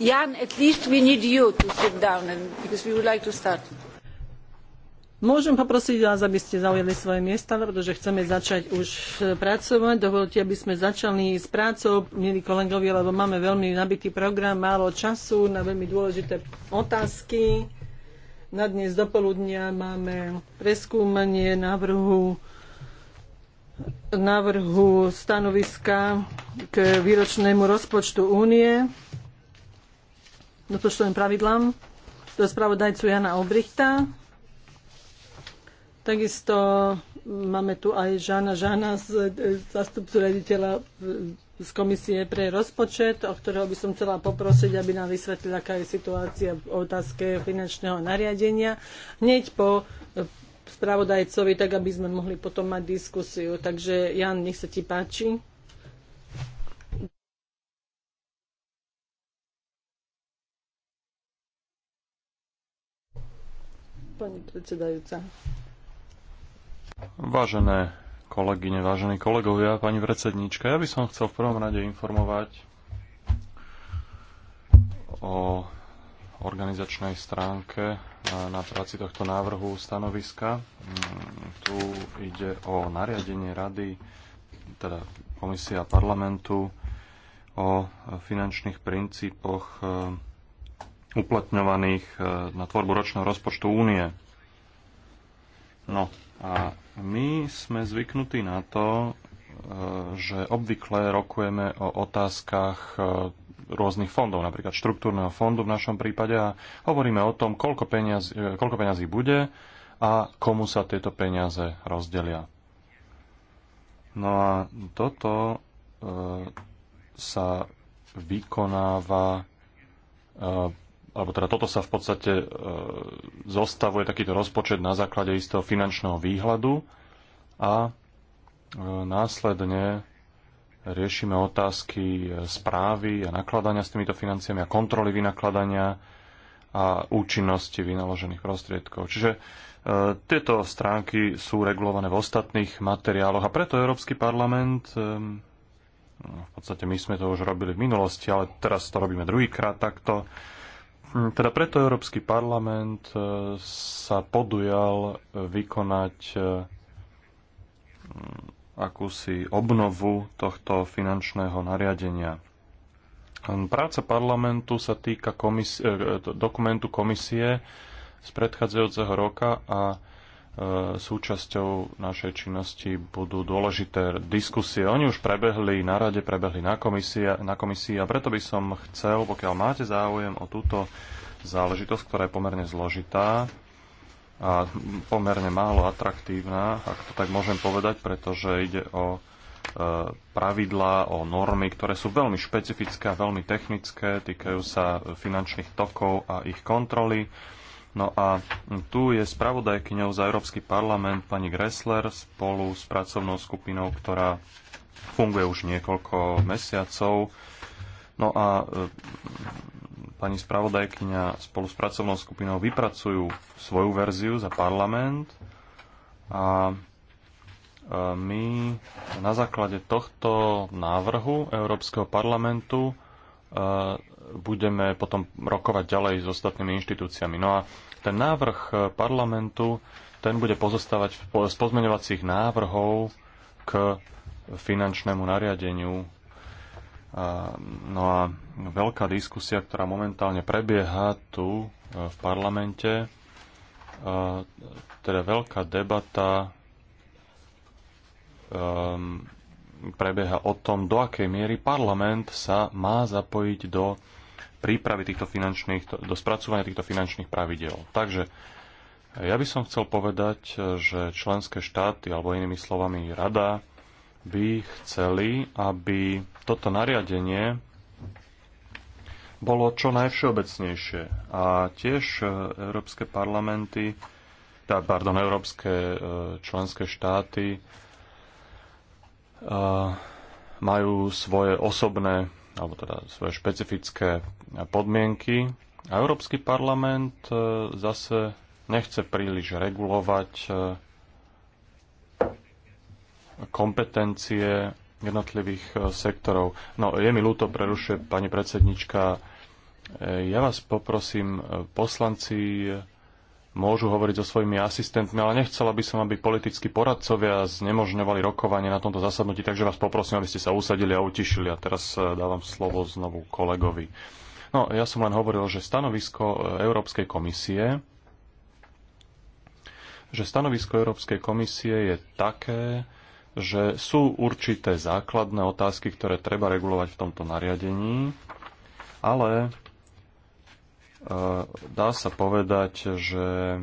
Jan, at least we need you to sit down and, because we would like to start. Môžem poprosiť vás, aby ste zaujali svoje miesta, pretože chceme začať už pracovať. Dovolte, aby sme začali s prácou, milí kolegovi, lebo máme veľmi nabitý program, málo času na veľmi dôležité otázky. Na dnes dopoludnia máme preskúmanie návrhu návrhu stanoviska k výročnému rozpočtu únie rozpočtovým pravidlám do spravodajcu Jana Obrichta. Takisto máme tu aj Žána Žána, zastupcu rediteľa z Komisie pre rozpočet, o ktorého by som chcela poprosiť, aby nám vysvetlil, aká je situácia v otázke finančného nariadenia. Hneď po spravodajcovi, tak aby sme mohli potom mať diskusiu. Takže Jan, nech sa ti páči. pani predsedajúca. Vážené kolegyne, vážení kolegovia, pani predsedníčka, ja by som chcel v prvom rade informovať o organizačnej stránke na práci tohto návrhu stanoviska. Mm, tu ide o nariadenie rady, teda komisia parlamentu o finančných princípoch e, uplatňovaných e, na tvorbu ročného rozpočtu únie. No a my sme zvyknutí na to, e, že obvykle rokujeme o otázkach e, rôznych fondov, napríklad štruktúrneho fondu v našom prípade a hovoríme o tom, koľko peňazí, koľko peniazí bude a komu sa tieto peniaze rozdelia. No a toto e, sa vykonáva e, alebo teda toto sa v podstate e, zostavuje takýto rozpočet na základe istého finančného výhľadu a e, následne riešime otázky e, správy a nakladania s týmito financiami a kontroly vynakladania a účinnosti vynaložených prostriedkov. Čiže e, tieto stránky sú regulované v ostatných materiáloch a preto Európsky parlament e, no, v podstate my sme to už robili v minulosti, ale teraz to robíme druhýkrát takto. Mm, teda preto Európsky parlament e, sa podujal e, vykonať e, mm, akúsi obnovu tohto finančného nariadenia. Práca parlamentu sa týka komisie, dokumentu komisie z predchádzajúceho roka a E, súčasťou našej činnosti budú dôležité diskusie. Oni už prebehli na rade, prebehli na komisii, na komisii a preto by som chcel, pokiaľ máte záujem o túto záležitosť, ktorá je pomerne zložitá a pomerne málo atraktívna, ak to tak môžem povedať, pretože ide o e, pravidlá, o normy, ktoré sú veľmi špecifické, veľmi technické, týkajú sa finančných tokov a ich kontroly No a tu je spravodajkyňou za Európsky parlament pani Gressler spolu s pracovnou skupinou, ktorá funguje už niekoľko mesiacov. No a e, pani spravodajkyňa spolu s pracovnou skupinou vypracujú svoju verziu za parlament a e, my na základe tohto návrhu Európskeho parlamentu e, budeme potom rokovať ďalej s ostatnými inštitúciami. No a ten návrh parlamentu, ten bude pozostávať z pozmeňovacích návrhov k finančnému nariadeniu. No a veľká diskusia, ktorá momentálne prebieha tu e, v parlamente, e, teda veľká debata ehm, prebieha o tom, do akej miery parlament sa má zapojiť do prípravy týchto finančných, do spracovania týchto finančných pravidel. Takže e, ja by som chcel povedať, e, že členské štáty, alebo inými slovami rada, by chceli, aby toto nariadenie bolo čo najvšeobecnejšie. A tiež e, európske parlamenty, pardon, európske členské štáty majú svoje osobné alebo teda svoje špecifické podmienky. A Európsky parlament e, zase nechce príliš regulovať e, kompetencie jednotlivých e, sektorov. No, je mi ľúto, prerušuje pani predsednička. Ja vás poprosím, poslanci môžu hovoriť so svojimi asistentmi, ale nechcela by som, aby politickí poradcovia znemožňovali rokovanie na tomto zasadnutí, takže vás poprosím, aby ste sa usadili a utišili. A teraz e, dávam slovo znovu kolegovi. No, ja som len hovoril, že stanovisko e, Európskej komisie že stanovisko Európskej komisie je také, že sú určité základné otázky, ktoré treba regulovať v tomto nariadení, ale dá sa povedať, že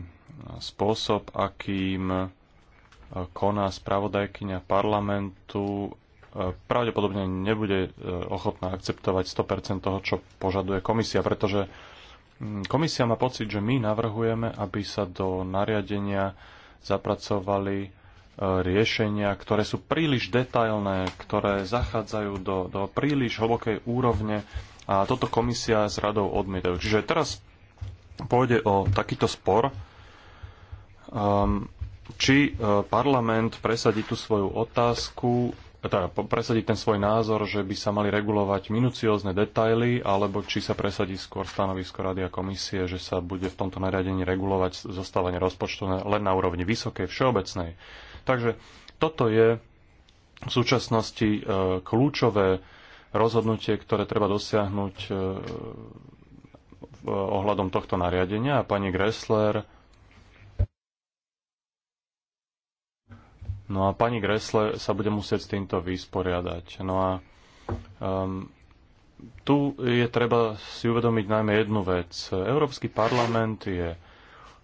spôsob, akým koná spravodajkyňa parlamentu, pravdepodobne nebude e, ochotná akceptovať 100% toho, čo požaduje komisia, pretože mm, komisia má pocit, že my navrhujeme, aby sa do nariadenia zapracovali e, riešenia, ktoré sú príliš detailné, ktoré zachádzajú do, do príliš hlbokej úrovne a toto komisia s radou odmietajú. Čiže teraz pôjde o takýto spor, um, či e, parlament presadí tú svoju otázku, teda presadí ten svoj názor, že by sa mali regulovať minuciózne detaily, alebo či sa presadí skôr stanovisko Rady a komisie, že sa bude v tomto nariadení regulovať zostávanie rozpočtu len na úrovni vysokej, všeobecnej. Takže toto je v súčasnosti e, kľúčové rozhodnutie, ktoré treba dosiahnuť e, e, ohľadom tohto nariadenia a pani Gressler No a pani Gressler sa bude musieť s týmto vysporiadať. No a um, tu je treba si uvedomiť najmä jednu vec. Európsky parlament je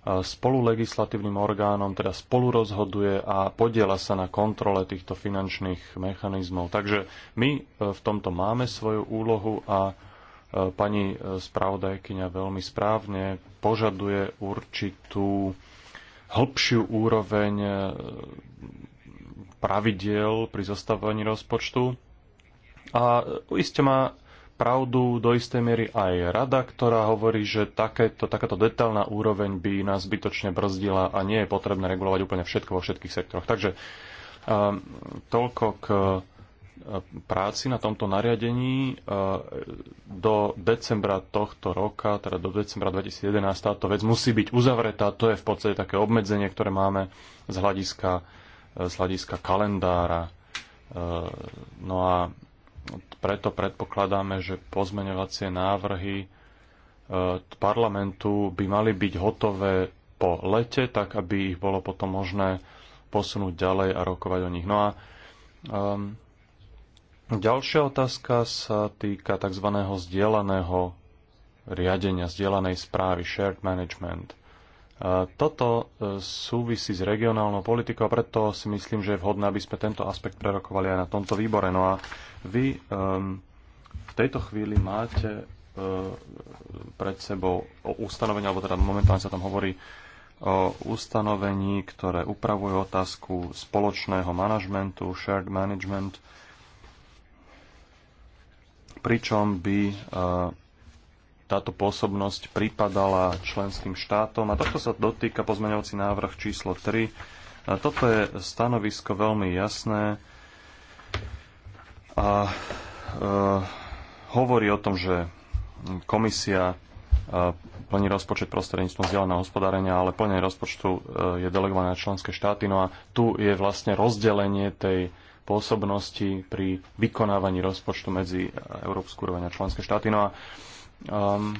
spolulegislatívnym orgánom, teda spolu rozhoduje a podiela sa na kontrole týchto finančných mechanizmov. Takže my e, v tomto máme svoju úlohu a e, pani e, spravodajkyňa veľmi správne požaduje určitú hlbšiu úroveň pravidiel pri zostavovaní rozpočtu. A iste má pravdu do istej miery aj rada, ktorá hovorí, že takéto, takáto detailná úroveň by nás zbytočne brzdila a nie je potrebné regulovať úplne všetko vo všetkých sektoroch. Takže ehm, toľko k e, práci na tomto nariadení. E, do decembra tohto roka, teda do decembra 2011, táto vec musí byť uzavretá. To je v podstate také obmedzenie, ktoré máme z hľadiska, e, z hľadiska kalendára. No a preto predpokladáme, že pozmeňovacie návrhy e, parlamentu by mali byť hotové po lete, tak aby ich bolo potom možné posunúť ďalej a rokovať o nich. No a um, ďalšia otázka sa týka tzv. zdieľaného riadenia, zdieľanej správy, shared management – toto e, súvisí s regionálnou politikou a preto si myslím, že je vhodné, aby sme tento aspekt prerokovali aj na tomto výbore. No a vy um, v tejto chvíli máte um, pred sebou ustanovenie, alebo teda momentálne sa tam hovorí o ustanovení, ktoré upravuje otázku spoločného manažmentu, shared management, pričom by uh, táto pôsobnosť pripadala členským štátom. A tohto sa dotýka pozmeňovací návrh číslo 3. A toto je stanovisko veľmi jasné a e, hovorí o tom, že komisia e, plní rozpočet prostredníctvom zeleného hospodárenia, ale plnenie rozpočtu e, je delegované na členské štáty. No a tu je vlastne rozdelenie tej pôsobnosti pri vykonávaní rozpočtu medzi e, Európsku úroveň a členské štáty. No a Um,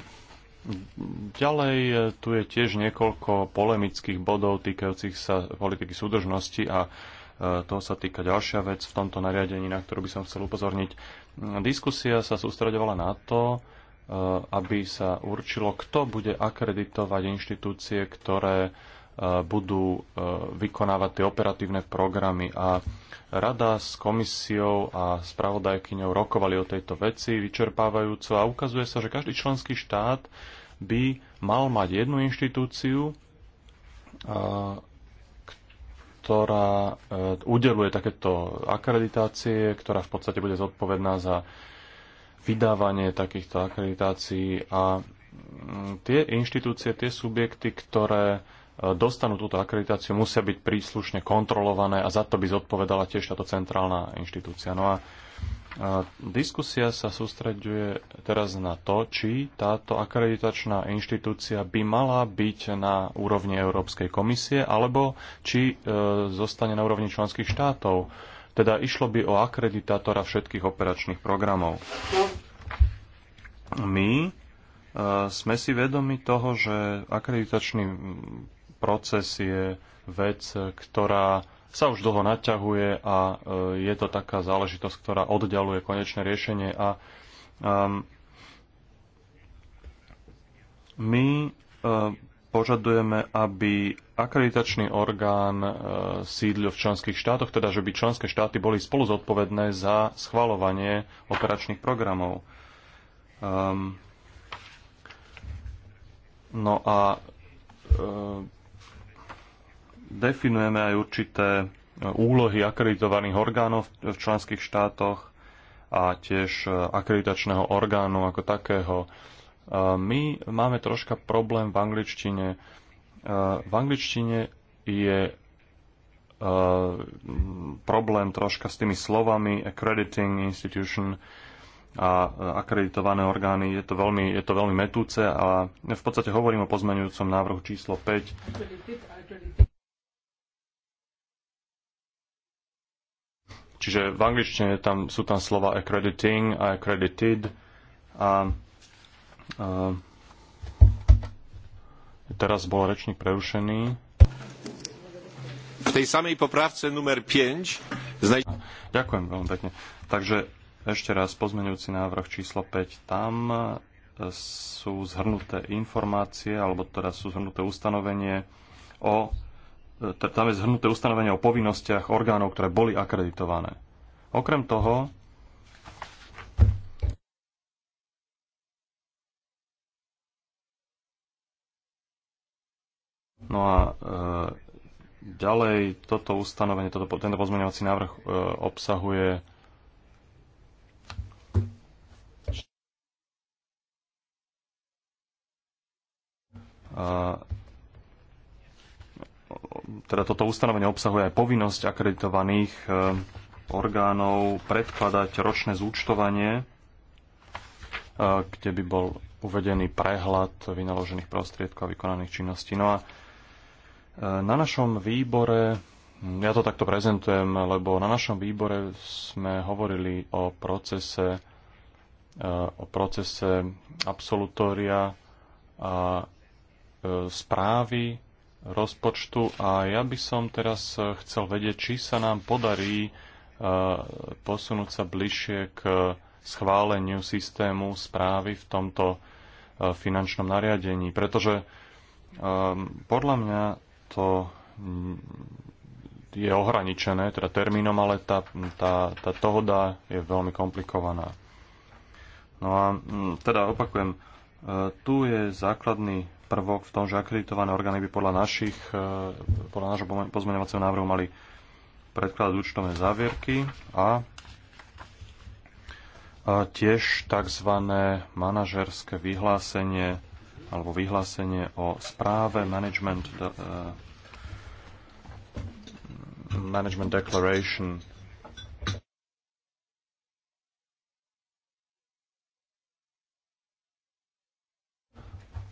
Ďalej e, tu je tiež niekoľko polemických bodov týkajúcich sa politiky súdržnosti a e, toho sa týka ďalšia vec v tomto nariadení, na ktorú by som chcel upozorniť. Mm, diskusia sa sústredovala na to, e, aby sa určilo, kto bude akreditovať inštitúcie, ktoré budú vykonávať tie operatívne programy a Rada s komisiou a spravodajkyňou rokovali o tejto veci vyčerpávajúco a ukazuje sa, že každý členský štát by mal mať jednu inštitúciu, ktorá e, udeluje takéto akreditácie, ktorá v podstate bude zodpovedná za vydávanie takýchto akreditácií a tie inštitúcie, tie subjekty, ktoré dostanú túto akreditáciu, musia byť príslušne kontrolované a za to by zodpovedala tiež táto centrálna inštitúcia. No a diskusia sa sústreďuje teraz na to, či táto akreditačná inštitúcia by mala byť na úrovni Európskej komisie alebo či e, zostane na úrovni členských štátov. Teda išlo by o akreditátora všetkých operačných programov. My e, sme si vedomi toho, že akreditačný proces je vec, ktorá sa už dlho naťahuje a e, je to taká záležitosť, ktorá oddialuje konečné riešenie. A ehm, my e, požadujeme, aby akreditačný orgán e, sídlil v členských štátoch, teda že by členské štáty boli spolu zodpovedné za schvalovanie operačných programov. Ehm, no a definujeme aj určité e, úlohy akreditovaných orgánov v členských štátoch a tiež e, akreditačného orgánu ako takého. E, my máme troška problém v angličtine. V angličtine je problém troška s tými slovami accrediting institution a akreditované orgány. Je to veľmi, je to veľmi metúce a v podstate hovorím o pozmeňujúcom návrhu číslo 5 Čiže v angličtine tam, sú tam slova accrediting a accredited a, a teraz bol rečník prerušený. V tej samej poprávce numer 5 znaj... Ďakujem veľmi pekne. Takže ešte raz pozmeňujúci návrh číslo 5. Tam e, sú zhrnuté informácie, alebo teda sú zhrnuté ustanovenie o tam je zhrnuté ustanovenie o povinnostiach orgánov, ktoré boli akreditované. Okrem toho, No a e, ďalej toto ustanovenie, toto, tento pozmeňovací návrh e, obsahuje e, teda toto ustanovenie obsahuje aj povinnosť akreditovaných eh, orgánov predkladať ročné zúčtovanie, eh, kde by bol uvedený prehľad vynaložených prostriedkov a vykonaných činností. No a eh, na našom výbore, ja to takto prezentujem, lebo na našom výbore sme hovorili o procese, o procese absolutória a správy rozpočtu a ja by som teraz eh, chcel vedieť, či sa nám podarí eh, posunúť sa bližšie k schváleniu systému správy v tomto eh, finančnom nariadení, pretože ehm, podľa mňa to je ohraničené, teda termínom, ale tá, tá, tá dohoda je veľmi komplikovaná. No a mm, teda opakujem, tu je základný prvok v tom, že akreditované orgány by podľa, našich, e, podľa nášho pozmeňovacieho návrhu mali predkladať účtovné závierky a tiež tzv. manažerské vyhlásenie alebo vyhlásenie o správe management, e, management declaration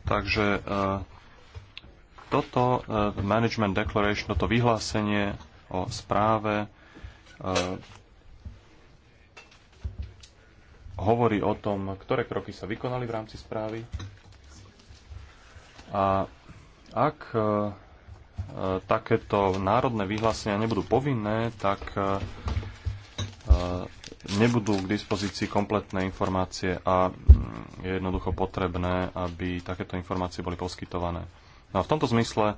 Takže e, toto e, Management Declaration, toto vyhlásenie o správe e, hovorí o tom, ktoré kroky sa vykonali v rámci správy. A ak takéto národné vyhlásenia nebudú povinné, tak nebudú k dispozícii kompletné informácie. A je jednoducho potrebné, aby takéto informácie boli poskytované. No a v tomto zmysle eh,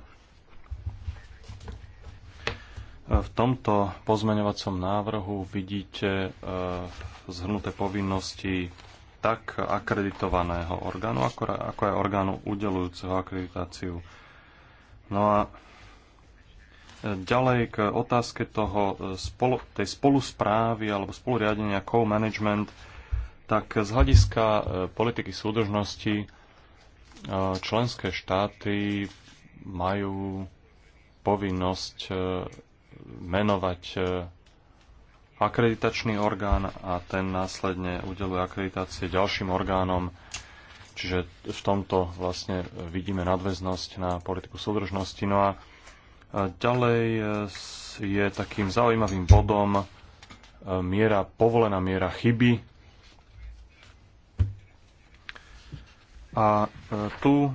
v tomto pozmeňovacom návrhu vidíte eh, zhrnuté povinnosti tak akreditovaného orgánu, ako aj orgánu udelujúceho akreditáciu. No a eh, ďalej k otázke toho, tej spolusprávy alebo spoluriadenia co-management tak z hľadiska e, politiky súdržnosti e, členské štáty majú povinnosť e, menovať akreditačný orgán a ten následne udeluje akreditácie ďalším orgánom. Čiže v tomto vlastne vidíme nadväznosť na politiku súdržnosti. No a ďalej je takým zaujímavým bodom miera, povolená miera chyby A e, tu,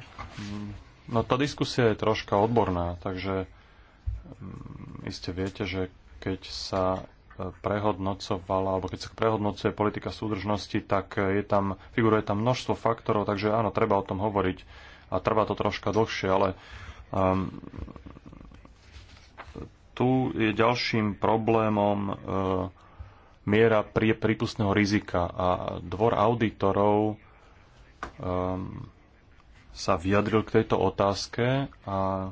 no tá diskusia je troška odborná, takže mm, iste viete, že keď sa e, prehodnocovala, alebo keď sa prehodnocuje politika súdržnosti, tak je tam, figuruje tam množstvo faktorov, takže áno, treba o tom hovoriť a trvá to troška dlhšie, ale um, tu je ďalším problémom uh, miera prípustného rizika a dvor auditorov Um, sa vyjadril k tejto otázke a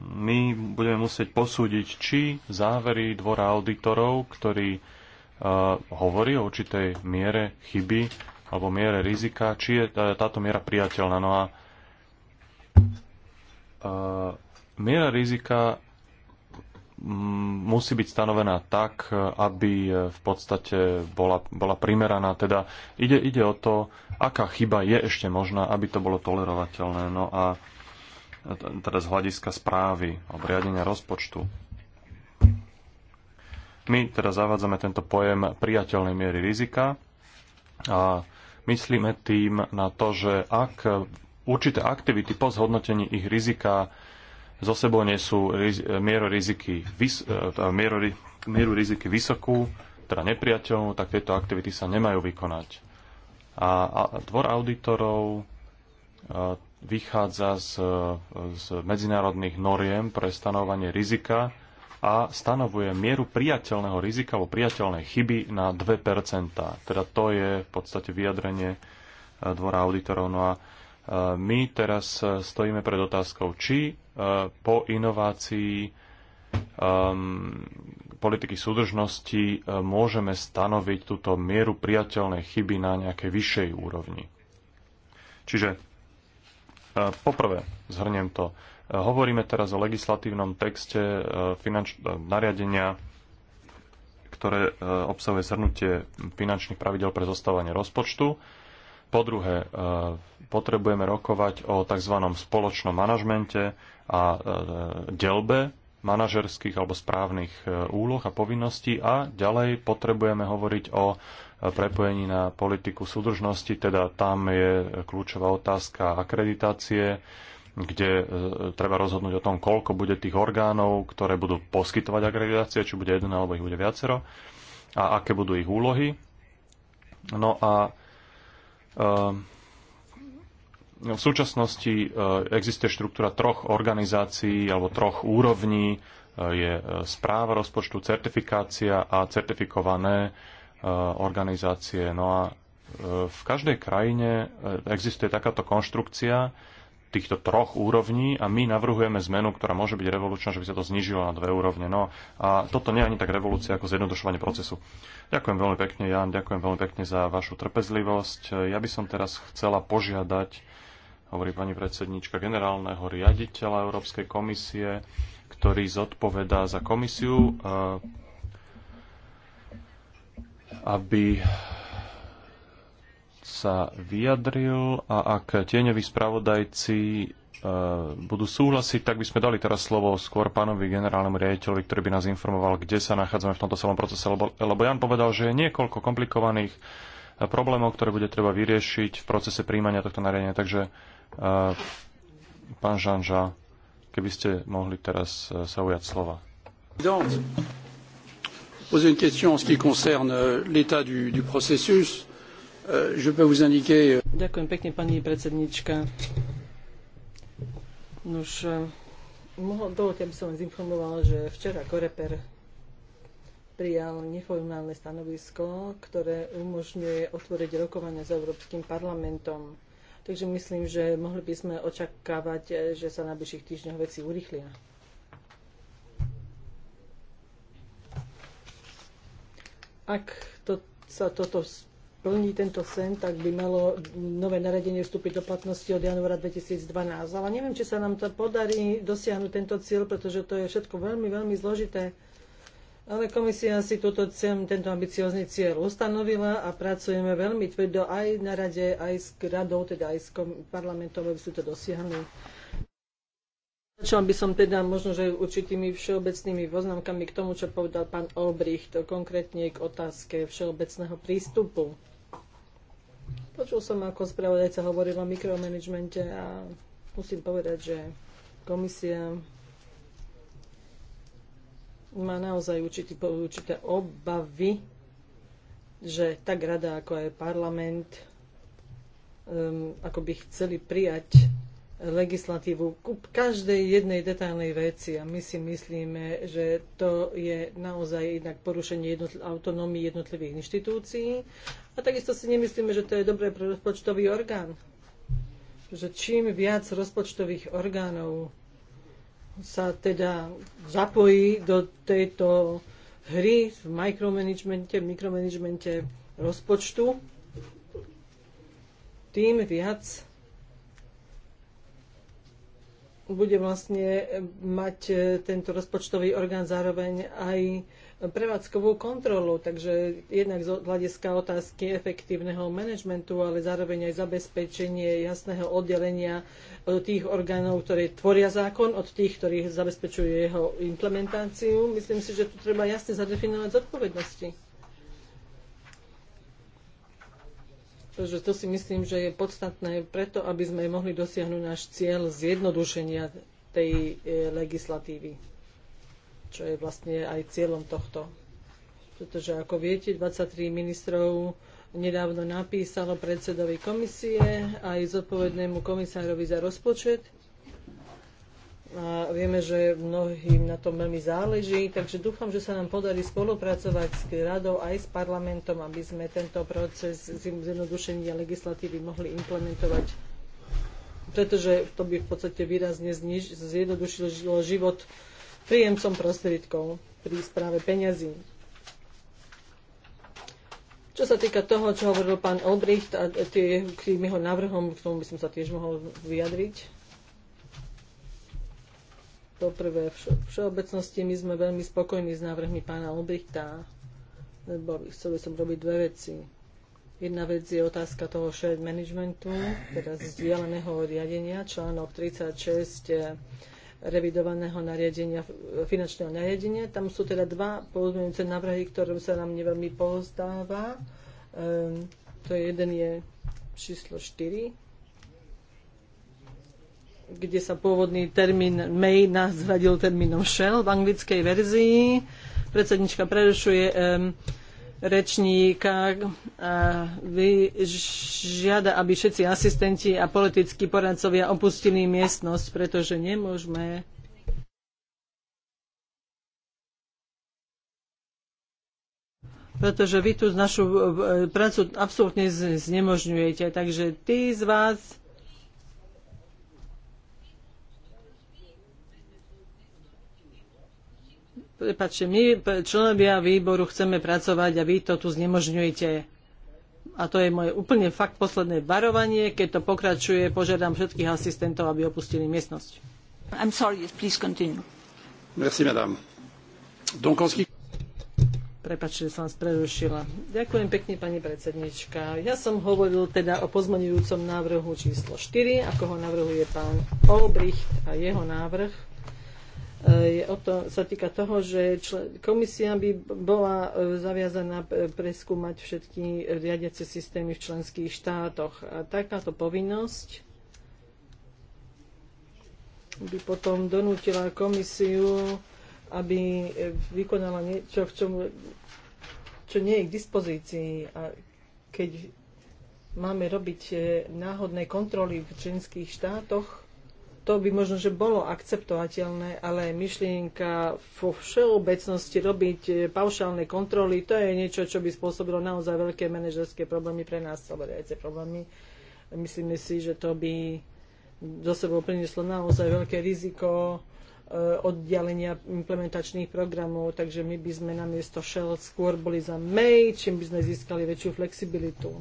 my budeme musieť posúdiť, či závery dvora auditorov, ktorý uh, hovorí o určitej miere chyby alebo miere rizika, či je uh, táto miera priateľná. No a uh, miera rizika Mm, musí byť stanovená tak, aby e, v podstate bola, bola primeraná. Teda ide, ide o to, aká chyba je ešte možná, aby to bolo tolerovateľné. No a teda z hľadiska správy alebo riadenia rozpočtu. My teda zavádzame tento pojem priateľnej miery rizika a myslíme tým na to, že ak určité aktivity po zhodnotení ich rizika zo sebou nesú mieru riziky, vys- e, mieru, mieru riziky vysokú, teda nepriateľnú, tak tieto aktivity sa nemajú vykonať. A, a dvor auditorov e, vychádza z, z medzinárodných noriem pre stanovanie rizika a stanovuje mieru priateľného rizika alebo priateľnej chyby na 2%. Teda to je v podstate vyjadrenie e, dvora auditorov. No a my teraz stojíme pred otázkou, či Eh, po inovácii ehm, politiky súdržnosti eh, môžeme stanoviť túto mieru priateľnej chyby na nejakej vyššej úrovni. Čiže eh, poprvé, zhrniem to, hovoríme teraz o legislatívnom texte finanč- nariadenia, ktoré obsahuje zhrnutie finančných pravidel pre zostávanie rozpočtu po druhé, e, potrebujeme rokovať o tzv. spoločnom manažmente a e, delbe manažerských alebo správnych e, úloh a povinností a ďalej potrebujeme hovoriť o prepojení na politiku súdržnosti, teda tam je kľúčová otázka akreditácie, kde treba rozhodnúť o tom, koľko bude tých orgánov, ktoré budú poskytovať akreditácie, či bude jeden alebo ich bude viacero a aké budú ich úlohy. No a Ehm, v súčasnosti ehm, existuje štruktúra troch organizácií alebo troch úrovní. Ehm, je správa rozpočtu, certifikácia a certifikované organizácie. No a v každej krajine existuje takáto konštrukcia, týchto troch úrovní a my navrhujeme zmenu, ktorá môže byť revolučná, že by sa to znížilo na dve úrovne. No a toto nie je ani tak revolúcia ako zjednodušovanie procesu. Ďakujem veľmi pekne, Jan, ďakujem veľmi pekne za vašu trpezlivosť. Ja by som teraz chcela požiadať, hovorí pani predsednička generálneho riaditeľa Európskej komisie, ktorý zodpovedá za komisiu, eh, aby sa vyjadril a ak tieňoví spravodajci e, budú súhlasiť, tak by sme dali teraz slovo skôr pánovi generálnemu riaditeľovi, ktorý by nás informoval, kde sa nachádzame v tomto celom procese, lebo, lebo Jan povedal, že je niekoľko komplikovaných e, problémov, ktoré bude treba vyriešiť v procese príjmania tohto nariadenia. Takže e, pán Žanža, keby ste mohli teraz sa ujať slova. Poser une question en ce qui concerne euh, l'état du, du processus. Euh, je peux vous indiquer... Euh, Ďakujem pekne, pani predsednička. Nož, eh, dovolte, aby som vás informovala, že včera Koreper prijal neformálne stanovisko, ktoré umožňuje otvoriť rokovania s Európskym parlamentom. Takže myslím, že mohli by sme očakávať, eh, že sa na bližších týždňoch veci urýchlia. Ak to, sa toto plní tento sen, tak by malo nové naredenie vstúpiť do platnosti od januára 2012. Ale neviem, či sa nám to podarí dosiahnuť tento cieľ, pretože to je všetko veľmi, veľmi zložité. Ale komisia si túto, tento ambiciózny cieľ ustanovila a pracujeme veľmi tvrdo aj na rade, aj s radou, teda aj s parlamentom, aby sme to dosiahli. Začal by som teda možno, že určitými všeobecnými poznámkami k tomu, čo povedal pán Olbricht, konkrétne k otázke všeobecného prístupu. Počul som, ako spravodajca hovoril o mikromanagemente a musím povedať, že komisia má naozaj určitý, určité obavy, že tak rada, ako aj parlament, um, ako by chceli prijať legislatívu ku každej jednej detailnej veci a my si myslíme, že to je naozaj jednak porušenie jednotl- autonómii jednotlivých inštitúcií a takisto si nemyslíme, že to je dobré pre rozpočtový orgán. Že čím viac rozpočtových orgánov sa teda zapojí do tejto hry v mikromanagemente, v mikromanagemente rozpočtu, tým viac bude vlastne mať tento rozpočtový orgán zároveň aj prevádzkovú kontrolu. Takže jednak z hľadiska otázky efektívneho manažmentu, ale zároveň aj zabezpečenie jasného oddelenia od e, tých orgánov, ktoré tvoria zákon, od tých, ktorí zabezpečujú jeho implementáciu. Myslím si, že tu treba jasne zadefinovať zodpovednosti. Takže to si myslím, že je podstatné preto, aby sme mohli dosiahnuť náš cieľ zjednodušenia tej e, legislatívy čo je vlastne aj cieľom tohto. Pretože ako viete, 23 ministrov nedávno napísalo predsedovi komisie aj zodpovednému komisárovi za rozpočet. A vieme, že mnohým na tom veľmi záleží, takže dúfam, že sa nám podarí spolupracovať s radou aj s parlamentom, aby sme tento proces zjednodušenia legislatívy mohli implementovať, pretože to by v podstate výrazne zjednodušilo život príjemcom prostriedkov pri správe peňazí. Čo sa týka toho, čo hovoril pán Elbricht a k tým jeho návrhom, k tomu by som sa tiež mohol vyjadriť. Poprvé, v všeobecnosti my sme veľmi spokojní s návrhmi pána Elbrichta, lebo chcel by som robiť dve veci. Jedna vec je otázka toho shared managementu, teda zdieľaného riadenia, článok 36 revidovaného nariadenia, finančného nariadenia. Tam sú teda dva pozmeňujúce návrhy, ktorým sa nám neveľmi pozdáva. Um, to je, jeden je číslo 4, kde sa pôvodný termín May nás termínom Shell v anglickej verzii. Predsednička prerušuje um, rečníka a žiada, aby všetci asistenti a politickí poradcovia opustili miestnosť, pretože nemôžeme pretože vy tu našu eh, prácu absolútne znemožňujete. Takže tí z vás, prepáčte, my členovia výboru chceme pracovať a vy to tu znemožňujete. A to je moje úplne fakt posledné varovanie. Keď to pokračuje, požiadam všetkých asistentov, aby opustili miestnosť. I'm sorry, please continue. Merci, madame. Prepačte, že som vás prerušila. Ďakujem pekne, pani predsednička. Ja som hovoril teda o pozmenujúcom návrhu číslo 4, ako ho navrhuje pán Olbricht a jeho návrh je o to, sa týka toho, že člen, komisia by bola e, zaviazaná e, preskúmať všetky riadiace systémy v členských štátoch. A takáto povinnosť by potom donútila komisiu, aby e, vykonala niečo, v čom, čo nie je k dispozícii. A keď máme robiť náhodné kontroly v členských štátoch, to by možno, že bolo akceptovateľné, ale myšlienka vo všeobecnosti robiť e, paušálne kontroly, to je niečo, čo by spôsobilo naozaj veľké manažerské problémy pre nás, alebo problémy. Myslíme si, že to by do sebou prinieslo naozaj veľké riziko e, oddialenia implementačných programov, takže my by sme namiesto Shell skôr boli za May, čím by sme získali väčšiu flexibilitu.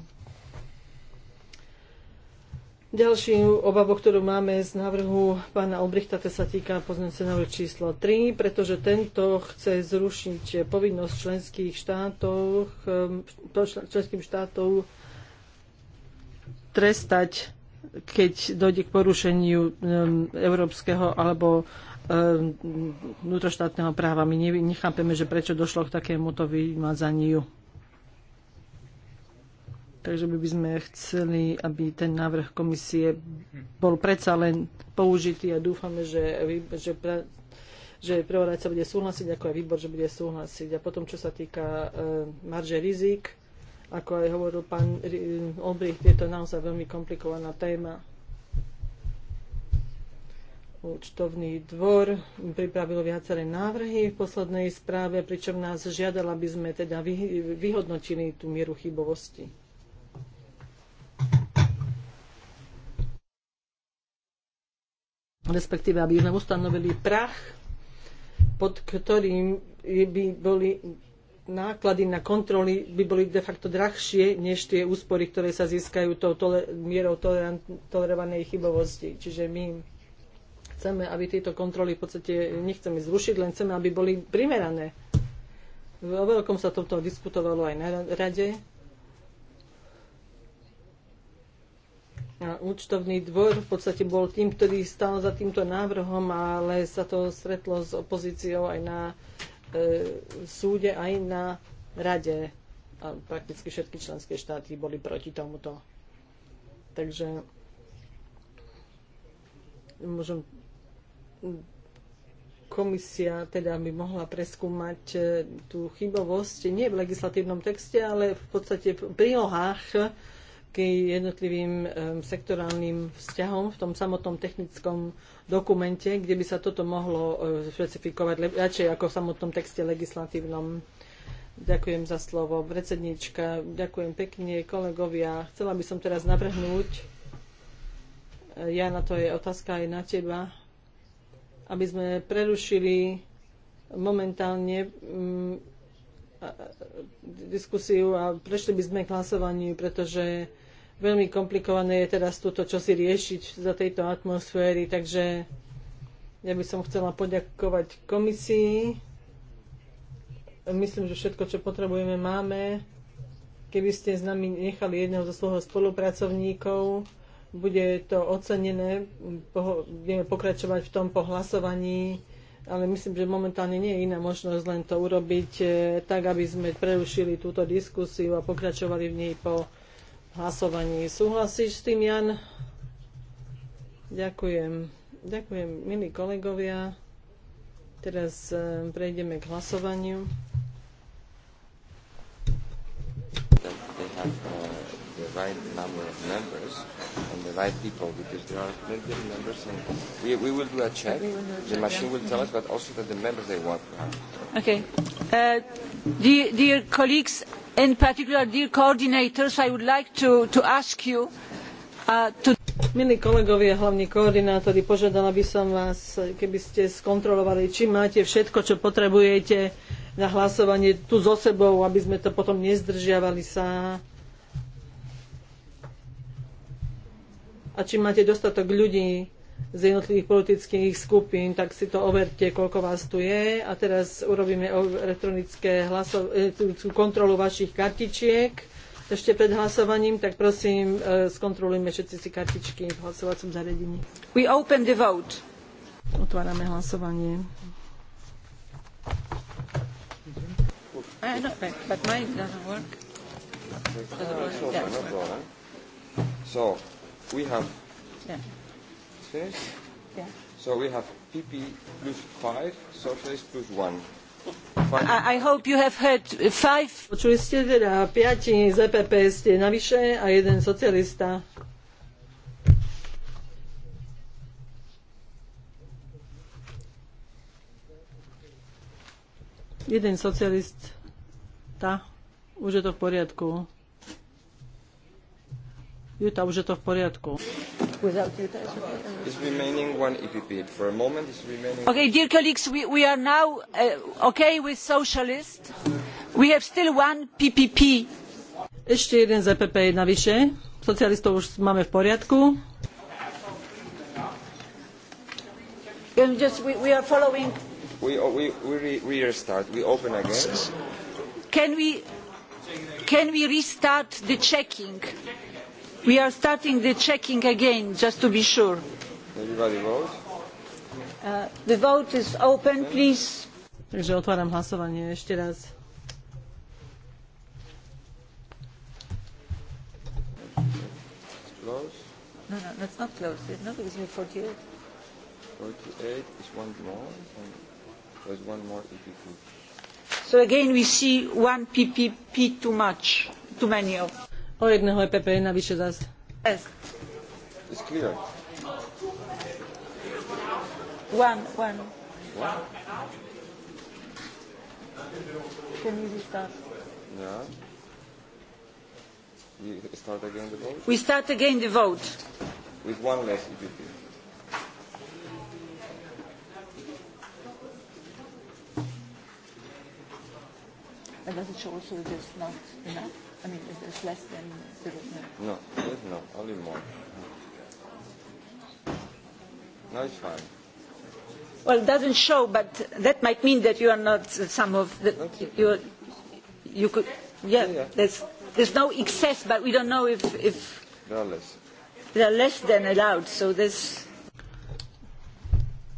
Ďalšiu obavu, ktorú máme z návrhu pána Obrichta, to sa týka poznáce návrh číslo 3, pretože tento chce zrušiť povinnosť členských štátov, ehm, členským štátov trestať, keď dojde k porušeniu ehm, európskeho alebo ehm, vnútroštátneho práva. My nechápeme, že prečo došlo k takémuto vymazaniu. Takže by, by sme chceli, aby ten návrh komisie bol predsa len použitý a dúfame, že, že, že prvoradca bude súhlasiť, ako aj výbor, že bude súhlasiť. A potom, čo sa týka uh, marže rizik, ako aj hovoril pán Olbrich, je to naozaj veľmi komplikovaná téma. Účtovný dvor pripravil viaceré návrhy v poslednej správe, pričom nás žiadala, aby sme teda vyhodnotili tú mieru chybovosti respektíve aby sme ustanovili prach, pod ktorým by boli náklady na kontroly by boli de facto drahšie než tie úspory, ktoré sa získajú tou tole, mierou tolerovanej chybovosti. Čiže my chceme, aby tieto kontroly v podstate nechceme zrušiť, len chceme, aby boli primerané. O veľkom sa toto diskutovalo aj na rade účtovný dvor v podstate bol tým, ktorý stal za týmto návrhom, ale sa to stretlo s opozíciou aj na e, súde, aj na rade. A prakticky všetky členské štáty boli proti tomuto. Takže môžem komisia teda by mohla preskúmať e, tú chybovosť nie v legislatívnom texte, ale v podstate v prílohách k jednotlivým sektorálnym vzťahom v tom samotnom technickom dokumente, kde by sa toto mohlo e, špecifikovať radšej ako v samotnom texte legislatívnom. Ďakujem za slovo, predsednička. Ďakujem pekne, kolegovia. Chcela by som teraz navrhnúť, e, ja na to je otázka aj na teba, aby sme prerušili momentálne mm, diskusiu a prešli by sme k hlasovaniu, pretože veľmi komplikované je teraz túto čosi riešiť za tejto atmosféry, takže ja by som chcela poďakovať komisii. Myslím, že všetko, čo potrebujeme, máme. Keby ste s nami nechali jedného zo svojho spolupracovníkov, bude to ocenené, budeme pokračovať v tom pohlasovaní, ale myslím, že momentálne nie je iná možnosť len to urobiť eh, tak, aby sme prerušili túto diskusiu a pokračovali v nej po hlasovaní. Súhlasíš s tým, Jan? Ďakujem. Ďakujem, milí kolegovia. Teraz eh, prejdeme k hlasovaniu. Eh, number of members right people because there are many different members and we, we will do a check. do a check the machine yeah. will tell mm-hmm. us, but also that the members they want to have. Okay. Uh, dear, dear colleagues, in particular dear coordinators, I would like to, to ask you uh, to... Milí kolegovia, hlavní koordinátori, požiadala by som vás, keby ste skontrolovali, či máte všetko, čo potrebujete na hlasovanie tu so sebou, aby sme to potom nezdržiavali sa. a či máte dostatok ľudí z jednotlivých politických skupín, tak si to overte, koľko vás tu je. A teraz urobíme elektronické hlasov- kontrolu vašich kartičiek ešte pred hlasovaním, tak prosím, e, skontrolujme všetci si kartičky v hlasovacom zariadení. We open the vote. Otvárame hlasovanie. I don't, but mine doesn't work. Doesn't work. Yeah. So, we have yeah. finished. Yeah. So we have PP plus five, socialist plus one. I, I hope you have heard five. Počuli ste teda piati z EPP ste navyše a jeden socialista. Jeden socialista. Už je to v poriadku. Juta, už je to v poriadku. E OK, dear colleagues, we, we are now uh, OK with socialists. We have still one PPP. Ešte jeden z EPP je navyše. Socialistov už máme v poriadku. Um, just, we, we are following. We, uh, we, we, re, we restart. We open again. Can we, can we restart the checking? We are starting the checking again, just to be sure. vote? Uh, the vote is open, please. Takže otváram hlasovanie ešte raz. No, no, that's not close. 48. 48 is one more. And there's one more e So again we see one PPP too much, too many of. O jedného EPP je navyše zás. Yes. It's clear. One, one. One? Can we restart? Yeah. No. We start again the vote? We start again the vote. With one less EPP. And does it show also just not enough? I mean, it is less than zero. No, no, only more. No, it's fine. Well, it doesn't show, but that might mean that you are not some of the. Okay. You, you could. Yeah, yeah, yeah. There's, there's no excess, but we don't know if. if there are less. There are less than allowed, so there's.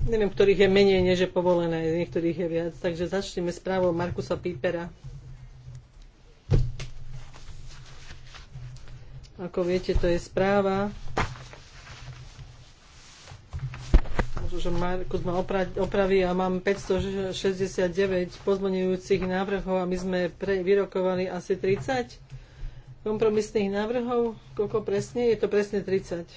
Neviem, ktorých je menej, než je povolené, niektorých je viac. Takže začneme s správou Markusa Pípera. Ako viete, to je správa. Možno, že Markus ma opraví a mám 569 pozmenujúcich návrhov a my sme pre, vyrokovali asi 30 kompromisných návrhov. Koľko presne? Je to presne 30.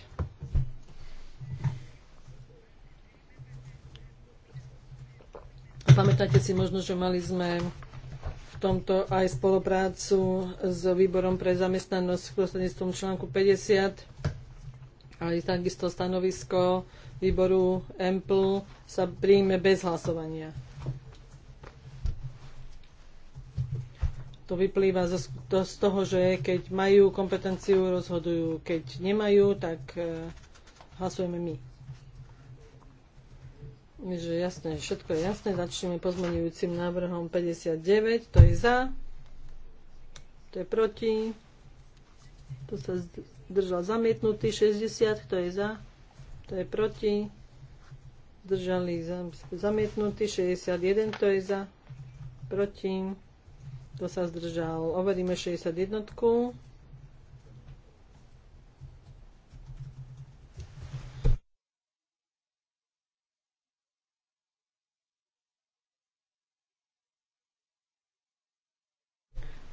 Pamätáte si možno, že mali sme tomto aj spoluprácu s výborom pre zamestnanosť prostredníctvom článku 50 aj takisto stanovisko výboru EMPL sa príjme bez hlasovania. To vyplýva z toho, že keď majú kompetenciu, rozhodujú. Keď nemajú, tak eh, hlasujeme my že jasné, všetko je jasné. Začneme pozmenujúcim návrhom 59. To je za. To je proti. To sa zdržal zamietnutý. 60. To je za. To je proti. zdržali, zamietnutý. 61. To je za. Proti. To sa zdržal. Overíme 61.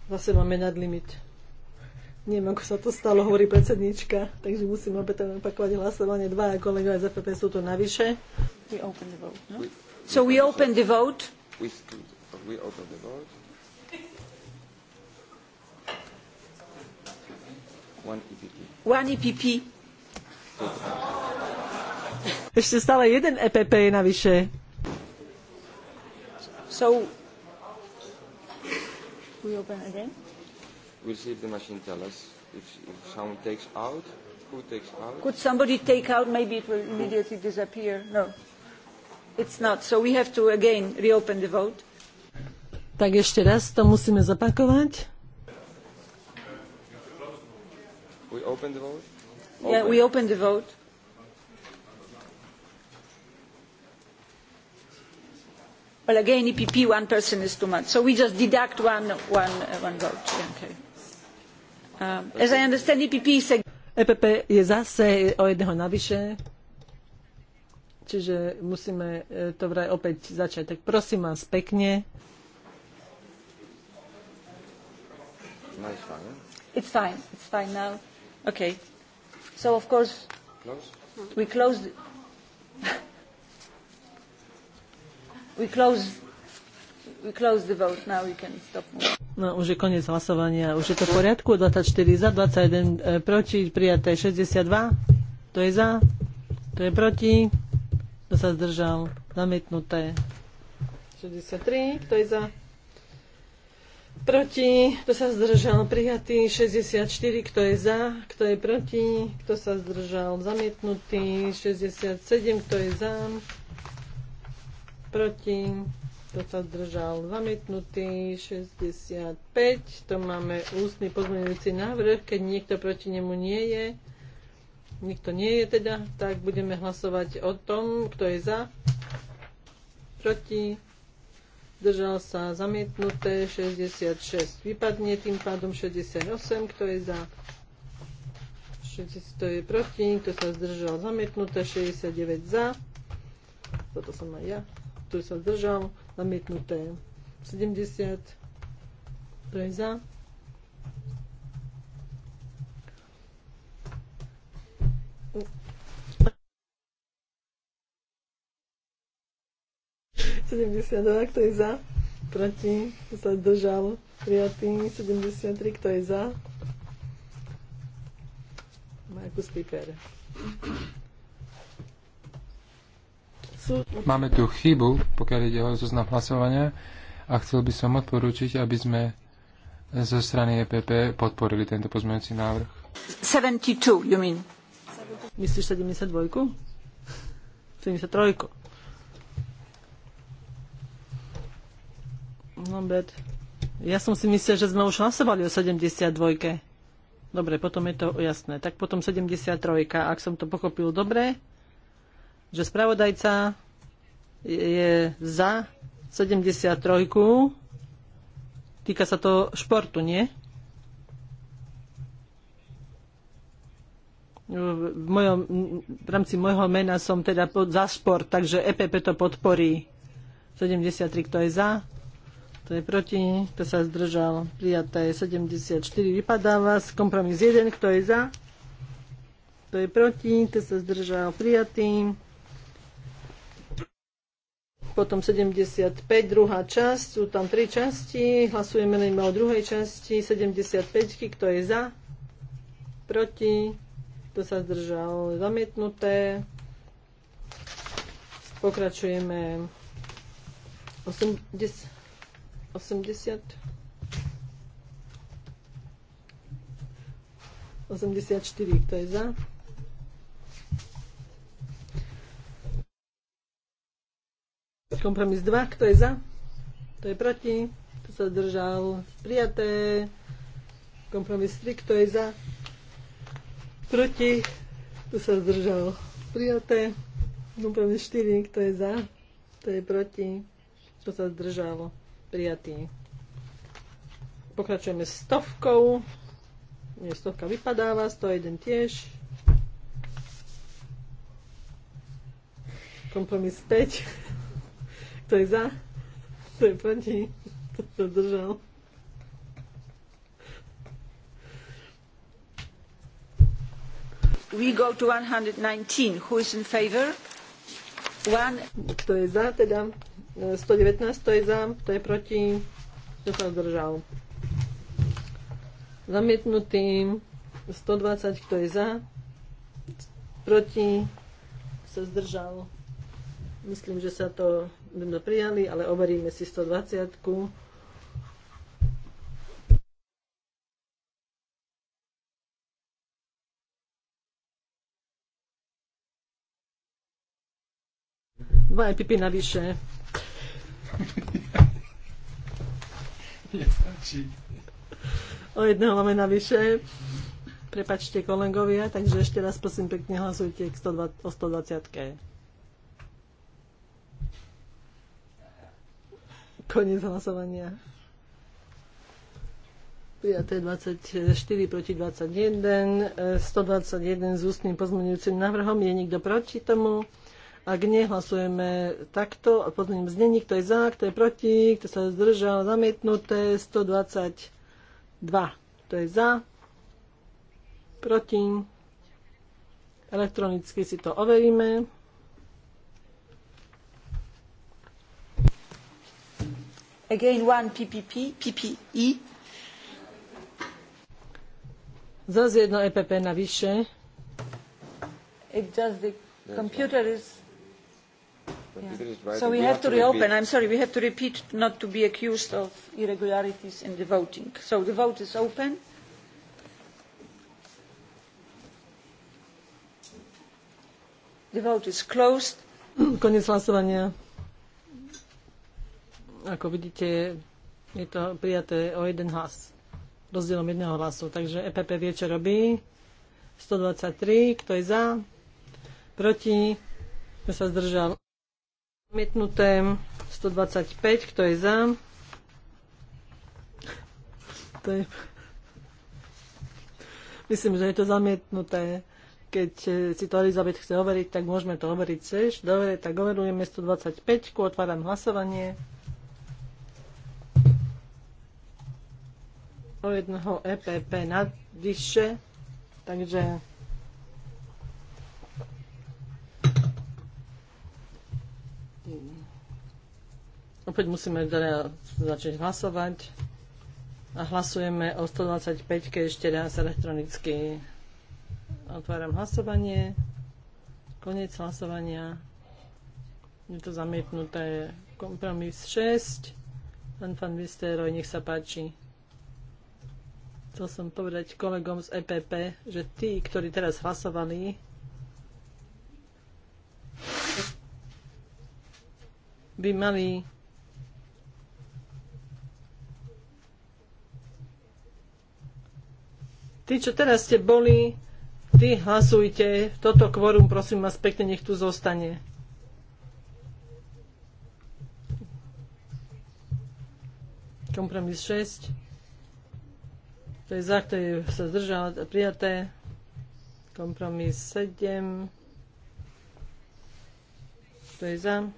Zase máme nadlimit. Neviem, ako sa to stalo, hovorí predsednička, takže musím opäť opakovať hlasovanie. Dva kolegovia z FPP sú tu navyše. We open the vote, no? So we open the vote. We, we open the vote. One EPP. One EPP. Ešte stále jeden EPP je navyše. So We open again. We'll see if the machine tells us if, if someone takes out. Who takes out? Could somebody take out? Maybe it will immediately disappear. No, it's not. So we have to again reopen the vote. Tak ešte raz to musíme zapakovať. We open the vote? Open. Yeah, we open the vote. Well, again, EPP, one person is too much. So we just deduct one, one, uh, one vote. Okay. Um, as I understand, EPP is... A... EPP je zase o jedného navyše, čiže musíme e, to vraj opäť začať. Tak prosím vás pekne. No, it's fine. It's fine. It's fine now. Okay. So of course, close. we closed. We close, we close the vote now, you can stop No, už je koniec hlasovania. Už je to v poriadku? 24 za, 21 e, proti, prijaté 62. To je za, to je proti. Kto sa zdržal? Zamietnuté. 63. Kto je za? Proti. Kto sa zdržal? Prijatý. 64. Kto je za? Kto je proti? Kto sa zdržal? Zamietnutý. 67. Kto je za? proti, kto sa zdržal, zamietnutý, 65, to máme ústny pozmeňujúci návrh, keď niekto proti nemu nie je, nikto nie je teda, tak budeme hlasovať o tom, kto je za, proti, zdržal sa, zamietnuté, 66, vypadne tým pádom 68, kto je za, 60, to je proti, kto sa zdržal, zamietnuté, 69 za, toto som aj ja, kto sa zdržal, zamietnuté. 70, kto je za. kto je za? Proti, kto sa zdržal, prijatý. 73, kto je za? Markus Piper. Máme tu chybu, pokiaľ ide o zoznam hlasovania a chcel by som odporúčiť, aby sme zo strany EPP podporili tento pozmeňujúci návrh. 72, you mean? Myslíš 72? 73. Lambert. Ja som si myslel, že sme už hlasovali o 72. Dobre, potom je to jasné. Tak potom 73. Ak som to pochopil dobre, že spravodajca je za 73. Týka sa to športu, nie? V, mojom, v rámci môjho mena som teda pod, za šport, takže EPP to podporí. 73, kto je za? To je proti? Kto sa zdržal? Prijaté 74. Vypadá vás kompromis 1. Kto je za? Kto je proti? Kto sa zdržal? Prijatý potom 75, druhá časť, sú tam tri časti, hlasujeme len o druhej časti, 75, kto je za, proti, kto sa zdržal, zamietnuté. Pokračujeme 80, 80 84, kto je za? Kompromis 2, kto je za? Kto je proti? Kto sa zdržal? Prijaté. Kompromis 3, kto je za? Proti? Kto sa zdržal? Prijaté. Kompromis 4, kto je za? Kto je proti? Kto sa zdržal? Prijatý. Pokračujeme stovkou. Nie, stovka vypadáva, 101 tiež. Kompromis 5. To je za? to je proti? to sa držal. We go to 119. Who is in favor? One. Kto je za, teda 119, e, to je za, to je proti, kto sa zdržal. Zamietnutý 120, kto je za, proti, sa zdržal. Myslím, že sa to prijali, ale overíme si 120. -ku. Dva e pipy navyše. O jedného máme navyše. Prepačte kolegovia, takže ešte raz prosím pekne hlasujte o 120. Koniec hlasovania. Prijaté 24 proti 21, 121 eh, s ústnym pozmeňujúcim návrhom. Je nikto proti tomu? Ak nie, hlasujeme takto a pozmením znení, kto je za, kto je proti, kto sa zdržal, zamietnuté, 122. Kto je za, proti. Elektronicky si to overíme. again one PPP, PPE. Zas jedno EPP navyše. It just the computer is... Yeah. So we have to reopen. I'm sorry, we have to repeat not to be accused of irregularities in the voting. So the vote is open. The vote is closed. Koniec hlasovania. Ako vidíte, je to prijaté o jeden hlas. Rozdielom jedného hlasu. Takže EPP vie, čo robí. 123. Kto je za? Proti? Kto sa zdržal? Mietnuté. 125. Kto je za? To je... Myslím, že je to zamietnuté. Keď si to Elizabeth chce overiť, tak môžeme to overiť tiež. Dobre, tak overujeme 125. Otváram hlasovanie. o jednoho EPP navyše, takže opäť musíme teda začať hlasovať a hlasujeme o 125 keď ešte raz elektronicky. Otváram hlasovanie. Koniec hlasovania. Je to zamietnuté. Kompromis 6. Pán pán Visteroj, nech sa páči. Chcel som povedať kolegom z EPP, že tí, ktorí teraz hlasovali, by mali Tí, čo teraz ste boli, tí hlasujte. Toto kvorum, prosím vás pekne, nech tu zostane. Kompromis 6. Kto je za, kto sa zdržal, prijaté. Kompromis 7. Kto je za?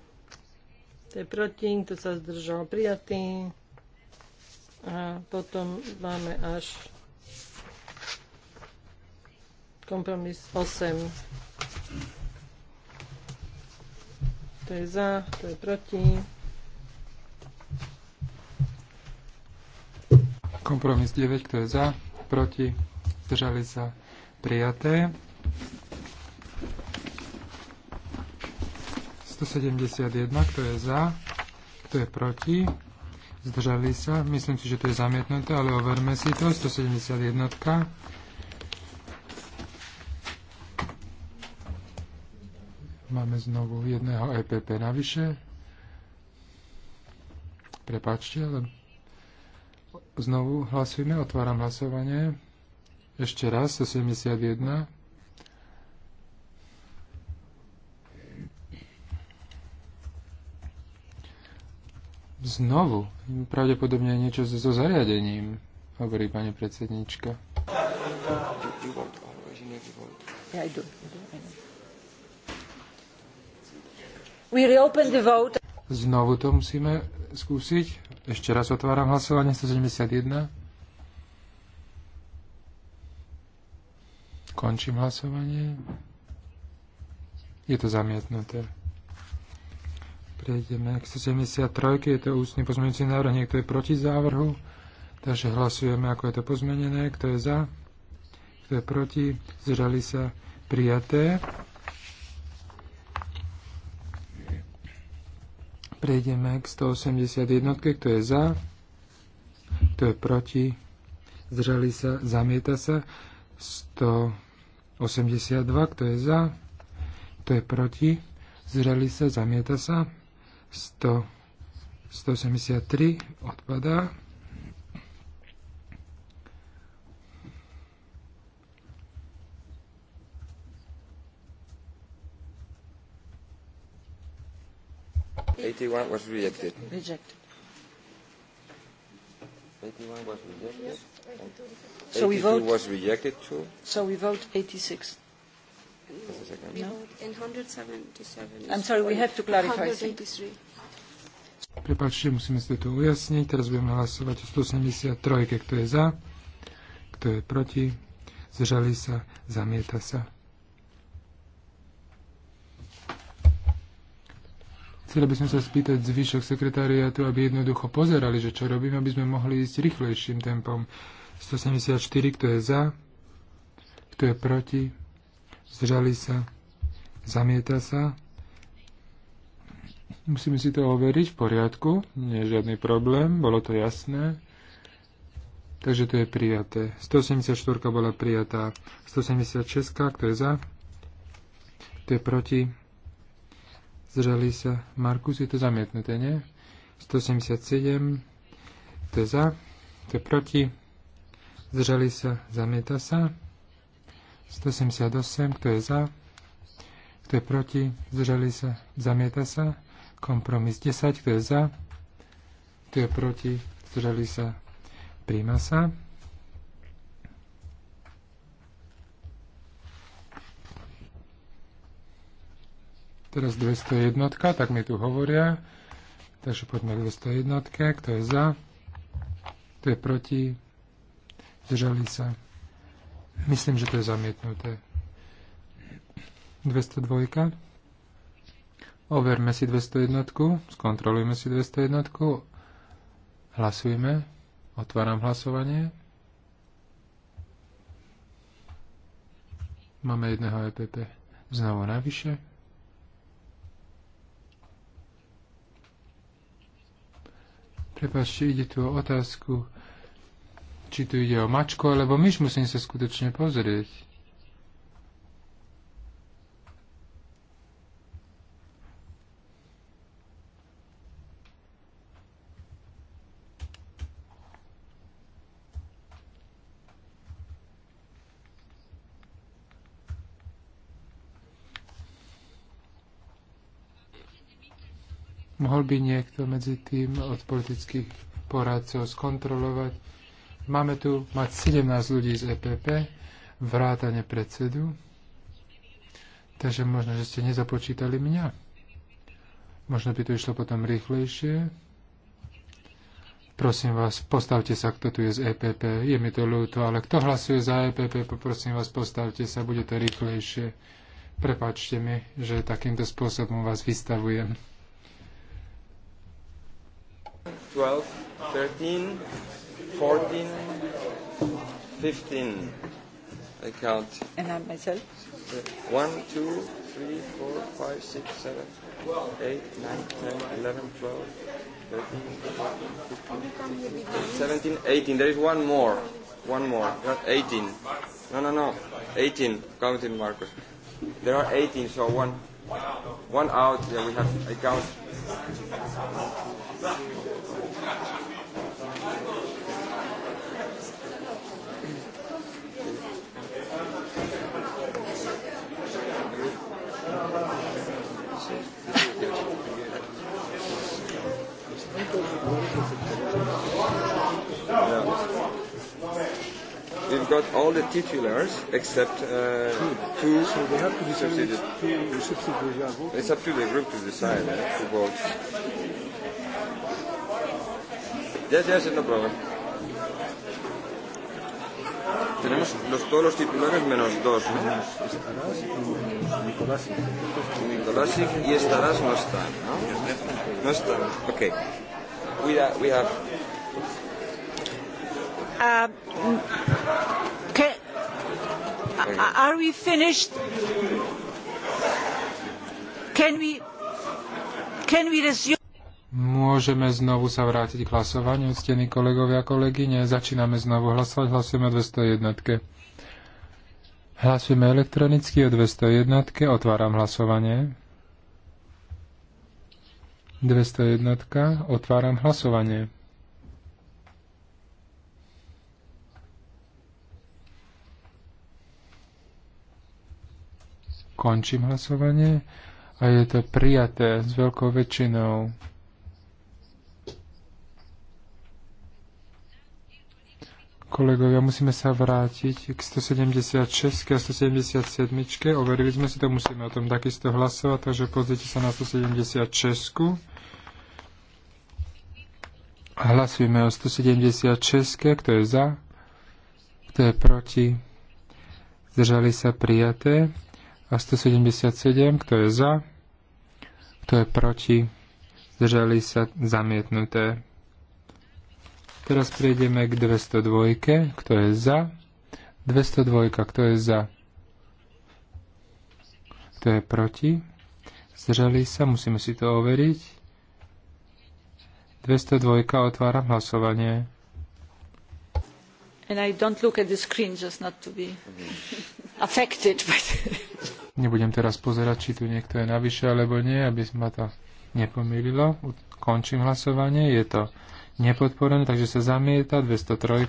Kto je proti? Kto sa zdržal? Prijatý. A potom máme až kompromis 8. Kto je za? Kto je proti? Kompromis 9, kto je za, proti, zdržali sa prijaté. 171, kto je za, kto je proti, zdržali sa. Myslím si, že to je zamietnuté, ale overme si to. 171. Máme znovu jedného EPP navyše. Prepačte, ale Znovu hlasujeme, otváram hlasovanie. Ešte raz, 71. Znovu. Pravdepodobne niečo so zariadením, hovorí pani predsednička. Znovu to musíme skúsiť. Ešte raz otváram hlasovanie 171. Končím hlasovanie. Je to zamietnuté. Prejdeme k 73. Je to ústny pozmenujúci návrh. Niekto je proti závrhu. Takže hlasujeme, ako je to pozmenené. Kto je za? Kto je proti? Zdržali sa? Prijaté. Prejdeme k 181, kto je za, kto je proti, zdržali sa, zamieta sa. 182, kto je za, kto je proti, zdržali sa, zamieta sa. 100, 183 odpadá. 81 was rejected. Rejected. 81 was rejected. Yes, 82. So we vote. was rejected too. So we vote 86. I'm sorry, we have to clarify. Prepačte, musíme si to ujasniť. Teraz budeme hlasovať o 183, kto je za, kto je proti, zdržali sa, zamieta sa. Chceli by sme sa spýtať zvyšok sekretariatu, aby jednoducho pozerali, že čo robíme, aby sme mohli ísť rýchlejším tempom. 174, kto je za, kto je proti, zdržali sa, zamieta sa. Musíme si to overiť v poriadku, nie je žiadny problém, bolo to jasné. Takže to je prijaté. 174 bola prijatá. 176, kto je za? Kto je proti? zdržali sa. Markus, je to zamietnuté, nie? 177, to je za, to je proti, zdržali sa, zamieta sa. 178, kto je za, kto je proti, zdržali sa, zamieta sa. Kompromis 10, kto je za, kto je proti, zdržali sa, príjma sa. Teraz 201, tak mi tu hovoria. Takže poďme k 201, kto je za, kto je proti, zdržali sa. Myslím, že to je zamietnuté. 202. Overme si 201, skontrolujme si 201, hlasujme, otváram hlasovanie. Máme jedného EPP znovu navyše. Prepašte, ide tu o otázku, či tu ide o mačku alebo myš, musím sa skutočne pozrieť. Mohol by niekto medzi tým od politických poradcov skontrolovať. Máme tu mať 17 ľudí z EPP, vrátane predsedu. Takže možno, že ste nezapočítali mňa. Možno by to išlo potom rýchlejšie. Prosím vás, postavte sa, kto tu je z EPP. Je mi to ľúto, ale kto hlasuje za EPP, poprosím vás, postavte sa, bude to rýchlejšie. Prepačte mi, že takýmto spôsobom vás vystavujem. 12, 13, 14, 15. I count. And I myself? One, two, three, four, five, six, seven, eight, nine, ten, eleven, twelve, thirteen, fourteen, fifteen, seventeen, eighteen. There is one more. One more. Not eighteen. No, no, no. Eighteen. Counting Marcus. There are eighteen, so one. One out. Yeah, we have. I count we've got all the titulars except uh, two. two. So they have to be substituted. It's up to the group to decide eh, who votes. Yes, yes, no problem. Tenemos los, todos los titulares menos dos, ¿no? Nicolasic. Nicolasic y Estarás no están, ¿no? No están. Ok. We, we have... Uh, can, uh, are we finished? Can we, can we resume? Môžeme znovu sa vrátiť k hlasovaniu, ctení kolegovia a kolegyne. Začíname znovu hlasovať, hlasujeme o 201. Hlasujeme elektronicky o 201. Otváram hlasovanie. 201. Otváram hlasovanie. Končím hlasovanie a je to prijaté s veľkou väčšinou. Kolegovia, musíme sa vrátiť k 176 a 177. Overili sme si to, musíme o tom takisto hlasovať, takže pozrite sa na 176. A hlasujeme o 176. Kto je za? Kto je proti? Zdržali sa prijaté. A 177. Kto je za? Kto je proti? Zdržali sa zamietnuté. Teraz prejdeme k 202. Kto je za? 202. Kto je za? Kto je proti? Zdržali sa? Musíme si to overiť. 202. Otváram hlasovanie. And I don't look at the screen just not to be affected. Nebudem teraz pozerať, či tu niekto je navyše alebo nie, aby ma to nepomýlilo. Končím hlasovanie. Je to nepodporené, takže sa zamieta 203.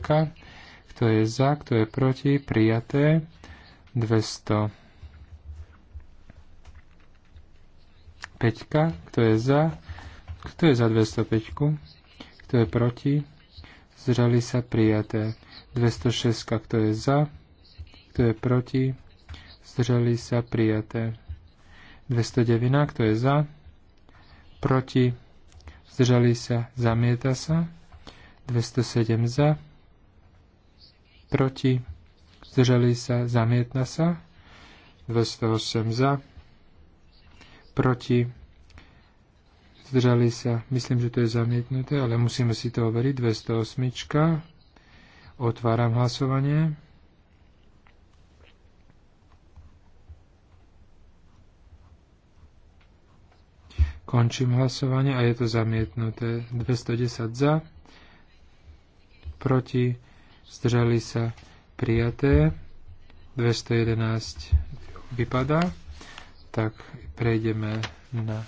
Kto je za, kto je proti, prijaté 200. Kto je za? Kto je za 205? Kto je proti? Zrali sa prijaté. 206. Kto je za? Kto je proti? Zdržali sa prijaté. 209. Kto je za? Proti? zdržali sa, zamieta sa, 207 za, proti, zdržali sa, zamietna sa, 208 za, proti, zdržali sa, myslím, že to je zamietnuté, ale musíme si to overiť, 208, otváram hlasovanie, Končím hlasovanie a je to zamietnuté. 210 za, proti, zdržali sa prijaté. 211 vypadá. Tak prejdeme na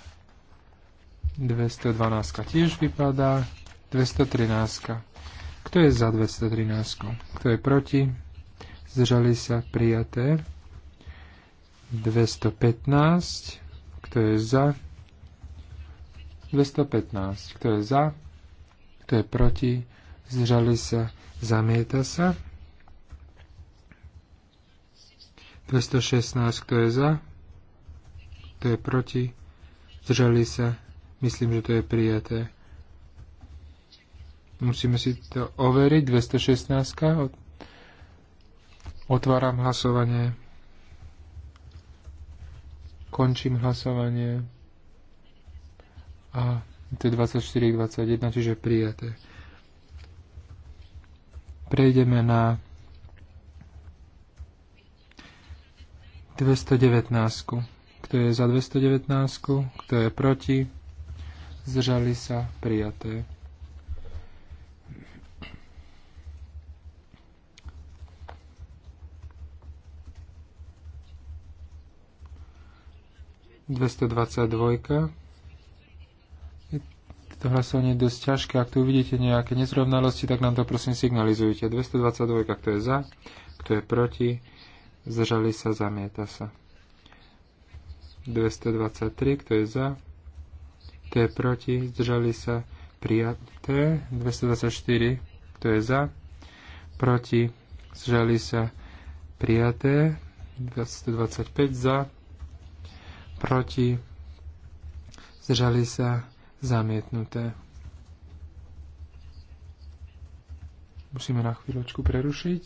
212 tiež vypadá. 213. Kto je za 213? Kto je proti? Zdržali sa prijaté. 215. Kto je za? 215. Kto je za? Kto je proti? Zdržali sa? Zamieta sa? 216. Kto je za? Kto je proti? Zdržali sa? Myslím, že to je prijaté. Musíme si to overiť. 216. Otváram hlasovanie. Končím hlasovanie a to je 24-21, čiže prijaté. Prejdeme na 219. Kto je za 219? Kto je proti? Zdržali sa prijaté. dvojka to hlasovanie je dosť ťažké. Ak tu uvidíte nejaké nezrovnalosti, tak nám to prosím signalizujte. 222, kto je za, kto je proti, zdržali sa, zamieta sa. 223, kto je za, kto je proti, zdržali sa, prijaté. 224, kto je za, proti, zdržali sa, prijaté. 225 za, proti, zdržali sa, prijaté zamietnuté. Musíme na chvíľočku prerušiť.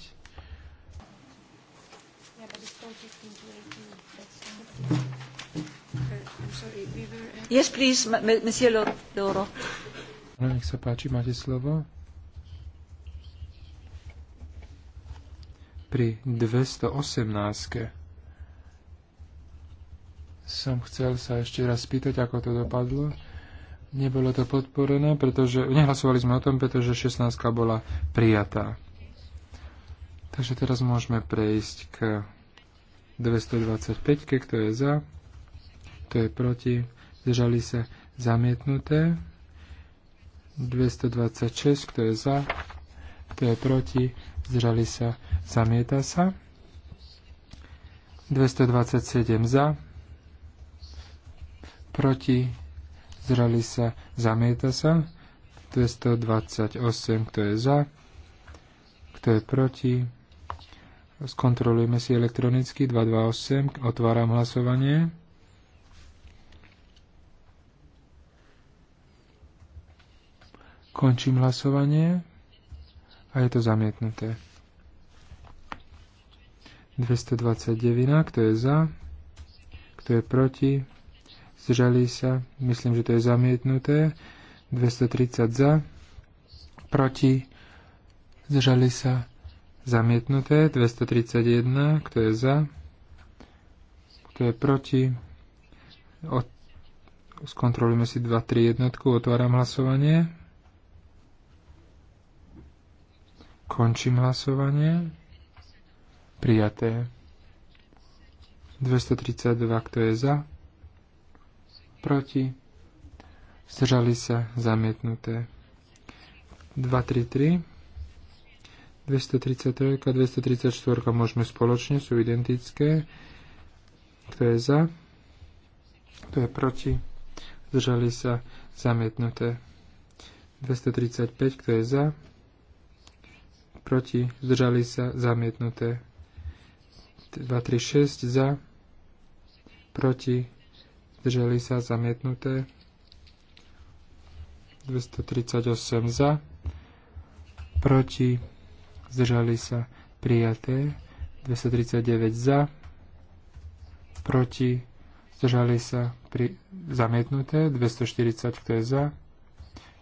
Yes, please, monsieur Loro. No, nech sa páči, máte slovo. Pri 218 som chcel sa ešte raz spýtať, ako to dopadlo. Nebolo to podporené, pretože nehlasovali sme o tom, pretože 16 bola prijatá. Takže teraz môžeme prejsť k 225, kto je za, kto je proti, zdržali sa zamietnuté. 226, kto je za, kto je proti, zdržali sa, zamieta sa. 227 za, proti, zdržali sa, zamieta sa. 228, kto je za, kto je proti. Skontrolujeme si elektronicky 228, otváram hlasovanie. Končím hlasovanie a je to zamietnuté. 229, kto je za, kto je proti zdržali sa, myslím, že to je zamietnuté, 230 za, proti, zdržali sa, zamietnuté, 231, kto je za, kto je proti, od, skontrolujeme si 2, jednotku, otváram hlasovanie, končím hlasovanie, prijaté, 232, kto je za, proti, zdržali sa zamietnuté. 233, 233, 234 môžeme spoločne, sú identické. Kto je za? Kto je proti? Zdržali sa zamietnuté. 235, kto je za? Proti, zdržali sa zamietnuté. 236 za, proti, zdržali sa zamietnuté, 238 za, proti, zdržali sa prijaté, 239 za, proti, zdržali sa pri, zamietnuté, 240 kto je za,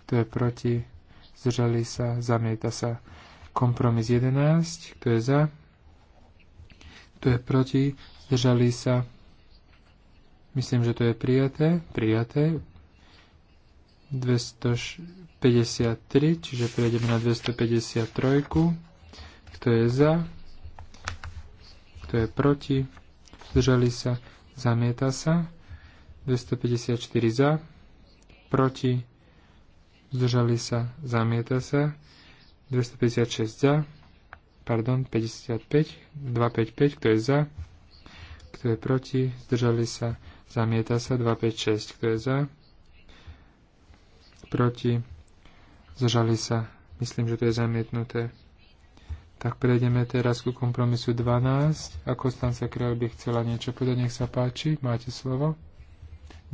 kto je proti, zdržali sa, zamieta sa. Kompromis 11, kto je za, kto je proti, zdržali sa, Myslím, že to je prijaté. Prijaté. 253, čiže prejdeme na 253. Kto je za? Kto je proti? Zdržali sa? Zamieta sa. 254 za. Proti? Zdržali sa? Zamieta sa. 256 za. Pardon, 55. 255. Kto je za? Kto je proti? Zdržali sa? Zamieta sa 256. Kto je za? Proti? zažali sa. Myslím, že to je zamietnuté. Tak prejdeme teraz ku kompromisu 12. A Konstanca Kráľ by chcela niečo povedať. Nech sa páči, máte slovo.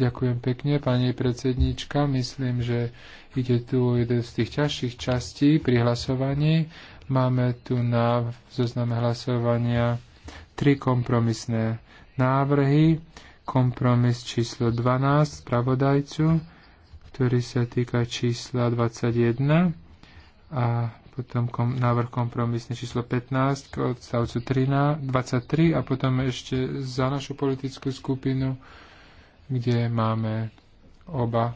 Ďakujem pekne, pani predsednička. Myslím, že ide tu o jeden z tých ťažších častí pri hlasovaní. Máme tu na zozname hlasovania tri kompromisné návrhy kompromis číslo 12 spravodajcu, ktorý sa týka čísla 21 a potom kom, návrh kompromisne číslo 15 k odstavcu 13, 23 a potom ešte za našu politickú skupinu, kde máme oba,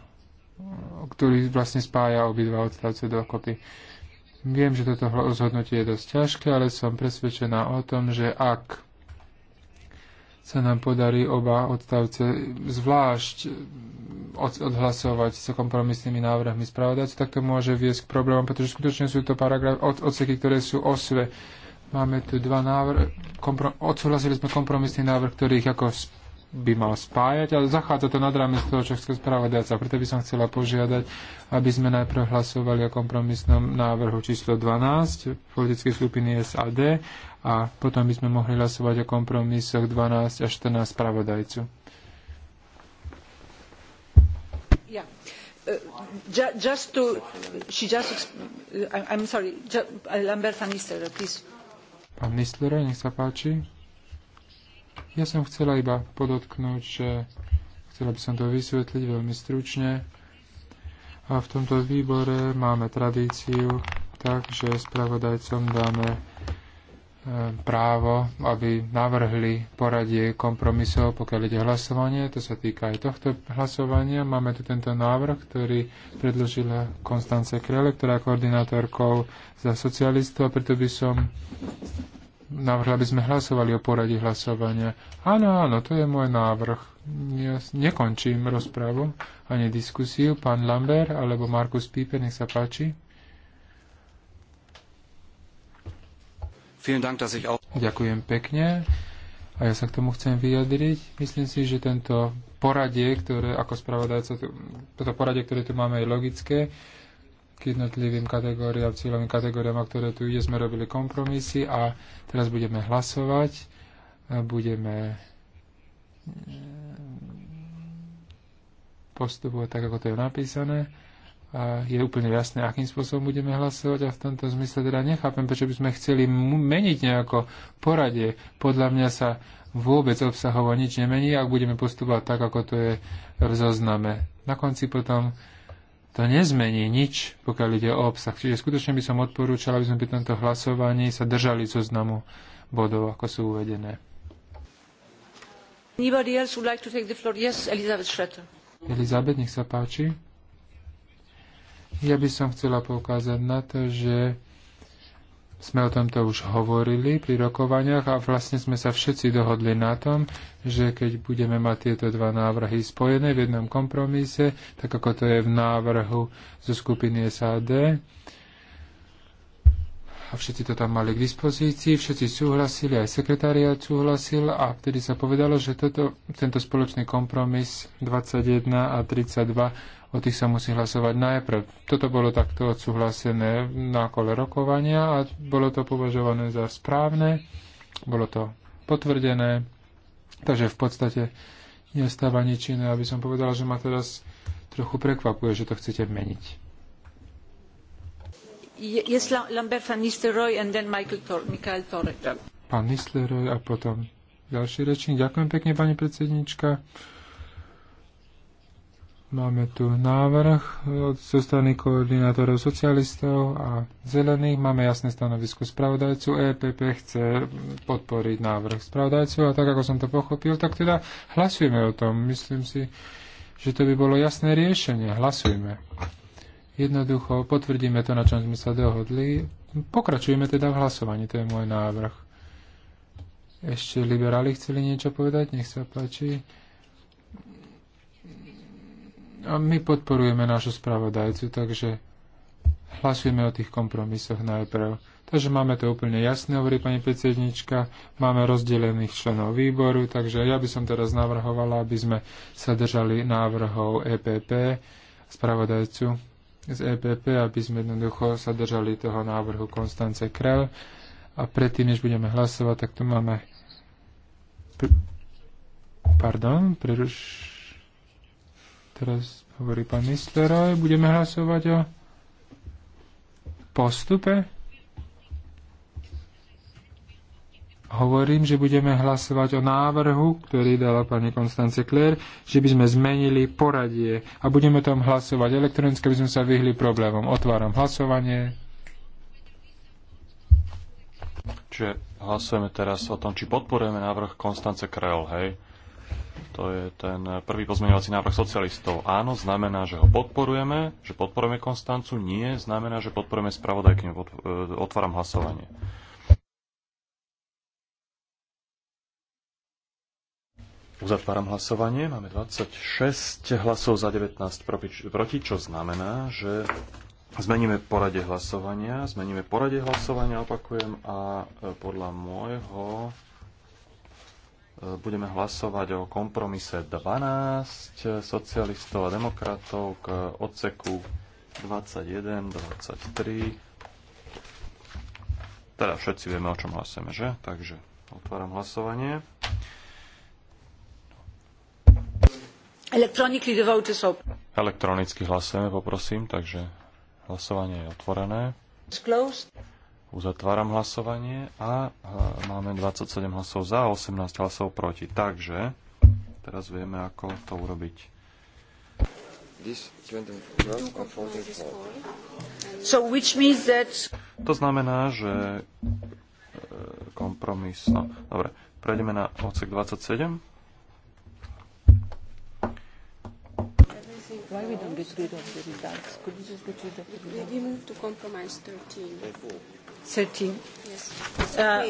ktorý vlastne spája obidva odstavce dokopy. Viem, že toto rozhodnutie je dosť ťažké, ale som presvedčená o tom, že ak sa nám podarí oba odstavce zvlášť odhlasovať sa kompromisnými návrhmi spravodajcu, tak to môže viesť k problémom, pretože skutočne sú to paragraf, od, odseky, ktoré sú osve. Máme tu dva návrhy. odsúhlasili sme kompromisný návrh, ich ako by mal spájať, ale zachádza to nad rámec toho, čo chce spravodajca. Preto by som chcela požiadať, aby sme najprv hlasovali o kompromisnom návrhu číslo 12 politickej skupiny SAD a potom by sme mohli hlasovať o kompromisoch 12 a 14 spravodajcu. Yeah. Uh, ju just to, she just, uh, I'm sorry, just, uh, Lambert van Nistelrooy, please. Pán Nistelrooy, nech sa páči. Ja som chcela iba podotknúť, že chcela by som to vysvetliť veľmi stručne. A v tomto výbore máme tradíciu tak, že spravodajcom dáme e, právo, aby navrhli poradie kompromisov, pokiaľ ide hlasovanie. To sa týka aj tohto hlasovania. Máme tu tento návrh, ktorý predložila Konstance Krele, ktorá je koordinátorkou za socialistov, a preto by som Návrh, aby sme hlasovali o poradí hlasovania. Áno, áno, to je môj návrh. Ja nekončím rozprávu ani diskusiu. Pán Lambert alebo Markus Píper, nech sa páči. Ďakujem pekne. A ja sa k tomu chcem vyjadriť. Myslím si, že tento poradie, ktoré, ako spravodajca, toto poradie, ktoré tu máme, je logické k jednotlivým kategóriám, cieľovým kategóriám, ktoré tu ide, sme robili kompromisy a teraz budeme hlasovať. Budeme eh, postupovať tak, ako to je napísané. A je úplne jasné, akým spôsobom budeme hlasovať a v tomto zmysle teda nechápem, prečo by sme chceli meniť nejako poradie. Podľa mňa sa vôbec obsahovo nič nemení, ak budeme postupovať tak, ako to je v zozname. Na konci potom to nezmení nič, pokiaľ ide o obsah. Čiže skutočne by som odporúčal, aby sme pri tomto hlasovaní sa držali zoznamu bodov, ako sú uvedené. Elizabeth, nech sa páči. Ja by som chcela poukázať na to, že sme o tomto už hovorili pri rokovaniach a vlastne sme sa všetci dohodli na tom, že keď budeme mať tieto dva návrhy spojené v jednom kompromise, tak ako to je v návrhu zo skupiny SAD, a všetci to tam mali k dispozícii, všetci súhlasili, aj sekretariat súhlasil a vtedy sa povedalo, že toto, tento spoločný kompromis 21 a 32 o tých sa musí hlasovať najprv. Toto bolo takto odsúhlasené na kole rokovania a bolo to považované za správne, bolo to potvrdené, takže v podstate nestáva nič iné, aby som povedal, že ma teraz trochu prekvapuje, že to chcete meniť. Yes, Lambert van Nistelrooy and then Michael Tor, Michael Torek. Pán Nistelrooy a potom ďalší rečník. Ďakujem pekne, pani predsednička. Máme tu návrh e, od zo strany koordinátorov socialistov a zelených. Máme jasné stanovisko spravodajcu. EPP chce podporiť návrh spravodajcu a tak, ako som to pochopil, tak teda hlasujeme o tom. Myslím si, že to by bolo jasné riešenie. Hlasujeme. Jednoducho potvrdíme to, na čom sme sa dohodli. Pokračujeme teda v hlasovaní. To je môj návrh. Ešte liberáli chceli niečo povedať? Nech sa páči. A my podporujeme nášho spravodajcu, takže hlasujeme o tých kompromisoch najprv. Takže máme to úplne jasné, hovorí pani predsednička, máme rozdelených členov výboru, takže ja by som teraz navrhovala, aby sme sa držali návrhov EPP, spravodajcu z EPP, aby sme jednoducho sa držali toho návrhu Konstance Krell. A predtým, než budeme hlasovať, tak tu máme... Pardon, preruš... Teraz hovorí pán Nisleroj, budeme hlasovať o postupe. Hovorím, že budeme hlasovať o návrhu, ktorý dala pani Konstance Kler, že by sme zmenili poradie a budeme tam hlasovať elektronicky, aby sme sa vyhli problémom. Otváram hlasovanie. Čiže hlasujeme teraz o tom, či podporujeme návrh Konstance Krell, hej? To je ten prvý pozmeňovací návrh socialistov. Áno, znamená, že ho podporujeme, že podporujeme Konstancu. Nie, znamená, že podporujeme spravodajkyňu. E, otváram hlasovanie. Uzatváram hlasovanie. Máme 26 hlasov za 19 proti, čo znamená, že zmeníme poradie hlasovania. Zmeníme poradie hlasovania, opakujem, a e, podľa môjho budeme hlasovať o kompromise 12 socialistov a demokratov k odseku 21, 23. Teda všetci vieme, o čom hlasujeme, že? Takže otváram hlasovanie. Elektronicky hlasujeme, poprosím, takže hlasovanie je otvorené. Uzatváram hlasovanie a máme 27 hlasov za a 18 hlasov proti. Takže teraz vieme, ako to urobiť. To znamená, že e, kompromis... No, dobre, prejdeme na odsek 27. Why we don't get rid of the results? Could you just get rid of the results? We move to compromise 13. Uh,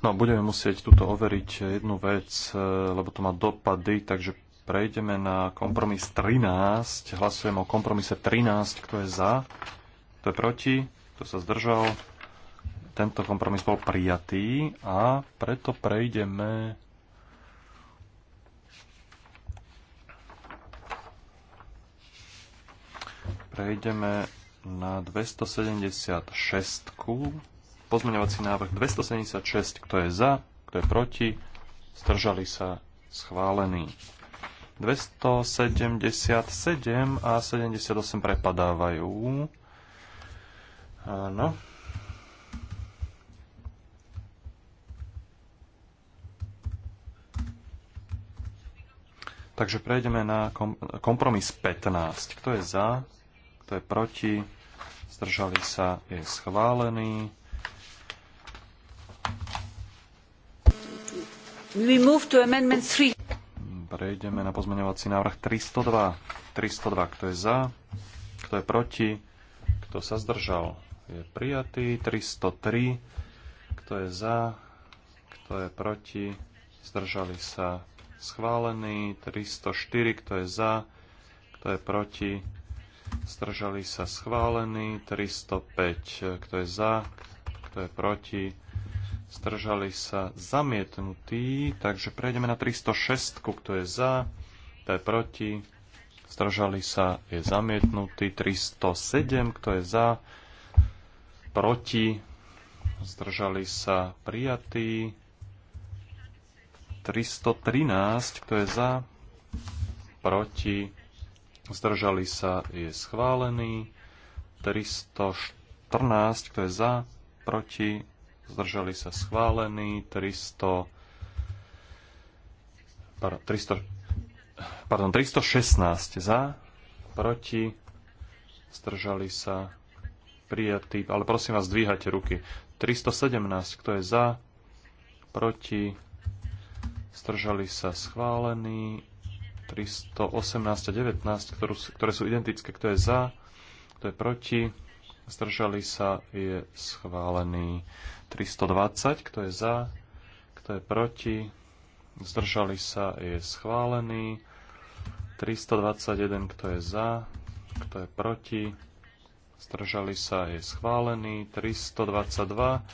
no, budeme musieť tuto overiť jednu vec, eh, lebo to má dopady, takže prejdeme na kompromis 13. Hlasujeme o kompromise 13, kto je za, kto je proti, kto sa zdržal. Tento kompromis bol prijatý a preto prejdeme prejdeme na 276. Pozmeňovací návrh 276. Kto je za? Kto je proti? stržali sa? Schválený. 277 a 78 prepadávajú. Áno. Takže prejdeme na kompromis 15. Kto je za? kto je proti, zdržali sa, je schválený. We move to amendment 3. Prejdeme na pozmeňovací návrh 302. 302, kto je za, kto je proti, kto sa zdržal, je prijatý. 303, kto je za, kto je proti, zdržali sa, schválený. 304, kto je za, kto je proti, zdržali sa schválení, 305, kto je za, kto je proti, zdržali sa zamietnutí, takže prejdeme na 306, kto je za, kto je proti, zdržali sa, je zamietnutý, 307, kto je za, proti, zdržali sa prijatí, 313, kto je za, proti, zdržali sa, je schválený. 314, kto je za, proti, zdržali sa, schválený. 300, pardon, 300, pardon, 316 za, proti, zdržali sa, prijatý, ale prosím vás, dvíhajte ruky. 317, kto je za, proti, zdržali sa, schválený. 318 a 19, ktorú, ktoré sú identické. Kto je za, kto je proti, zdržali sa, je schválený. 320, kto je za, kto je proti, zdržali sa, je schválený. 321, kto je za, kto je proti, zdržali sa, je schválený. 322,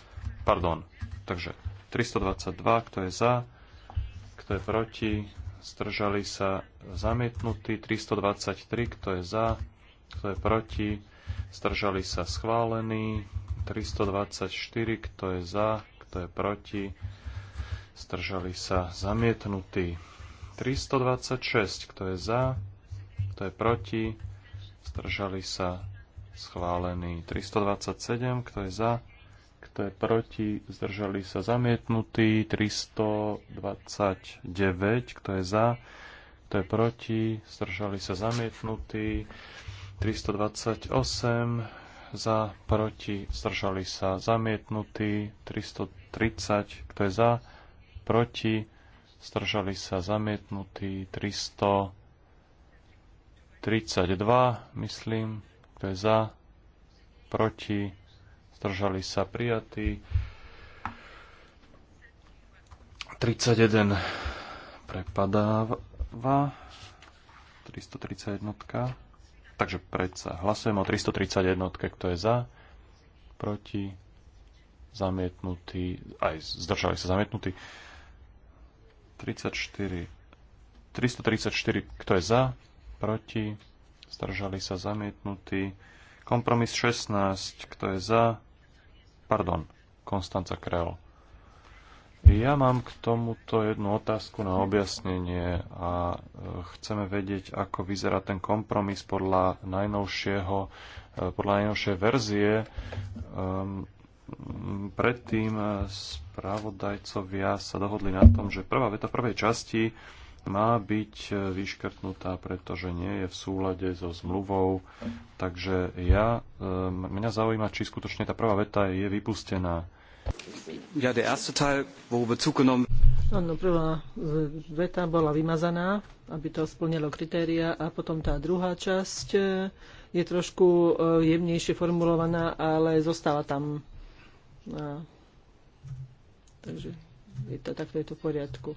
pardon, takže 322, kto je za, kto je proti, zdržali sa zamietnutí, 323, kto je za, kto je proti, zdržali sa schválení, 324, kto je za, kto je proti, zdržali sa zamietnutí, 326, kto je za, kto je proti, zdržali sa schválení, 327, kto je za, je proti, zdržali sa zamietnutí, 329, kto je za, kto je proti, zdržali sa zamietnutí, 328 za, proti, zdržali sa zamietnutí, 330, kto je za, proti, zdržali sa zamietnutí, 332, myslím, kto je za, proti, zdržali sa prijatí. 31 prepadáva. 331. Takže predsa. Hlasujem o 331, kto je za, proti, zamietnutý, aj zdržali sa zamietnutý. 34. 334, kto je za, proti, zdržali sa zamietnutý. Kompromis 16, kto je za, Pardon, Konstanca Krell. Ja mám k tomuto jednu otázku na objasnenie a e, chceme vedieť, ako vyzerá ten kompromis podľa najnovšieho, e, podľa najnovšej verzie. Ehm, predtým e, spravodajcovia sa dohodli na tom, že prvá veta v prvej časti má byť e, vyškrtnutá, pretože nie je v súlade so zmluvou. Takže ja, e, mňa zaujíma, či skutočne tá prvá veta je vypustená. Ja, der erste Teil, wo Bezug genommen... Áno, prvá e, veta bola vymazaná, aby to splnilo kritéria a potom tá druhá časť je trošku jemnejšie formulovaná, ale zostáva tam. A, takže je to, takto je to v poriadku.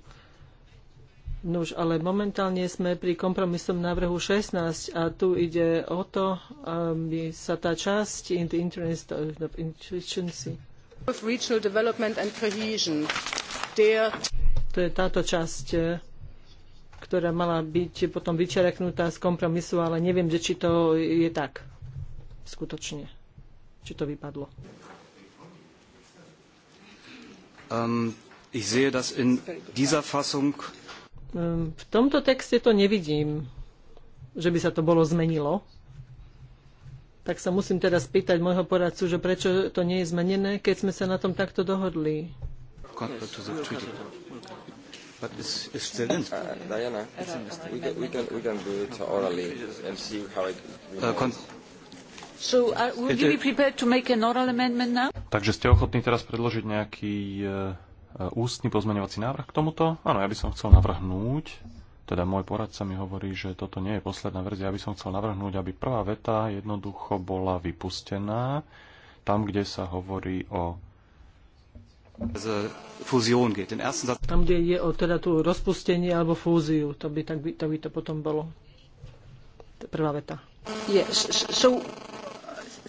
Nuž, ale momentálne sme pri kompromisom návrhu 16 a tu ide o to, aby sa tá časť in the interest of the efficiency. Of regional development and cohesion. Der... To je táto časť, eh, ktorá mala byť potom vyčereknutá z kompromisu, ale neviem, že či to je tak skutočne, či to vypadlo. Um, ich sehe, dass in dieser Fassung Ehm, v tomto texte to nevidím, že by sa to bolo zmenilo. Tak sa musím teraz spýtať môjho poradcu, že prečo to nie je zmenené, keď sme sa na tom takto dohodli. But it's, it's still in. Uh, Diana, we, can, we, can, we can do it orally and see how it... Uh, so uh, you be prepared to make an oral amendment now? Takže ste ochotní teraz predložiť nejaký uh, E, ústny pozmeňovací návrh k tomuto? Áno, ja by som chcel navrhnúť, teda môj poradca mi hovorí, že toto nie je posledná verzia, ja by som chcel navrhnúť, aby prvá veta jednoducho bola vypustená, tam, kde sa hovorí o tam, kde je o teda tú rozpustenie alebo fúziu, to by, tak by, to by to potom bolo. Prvá veta. so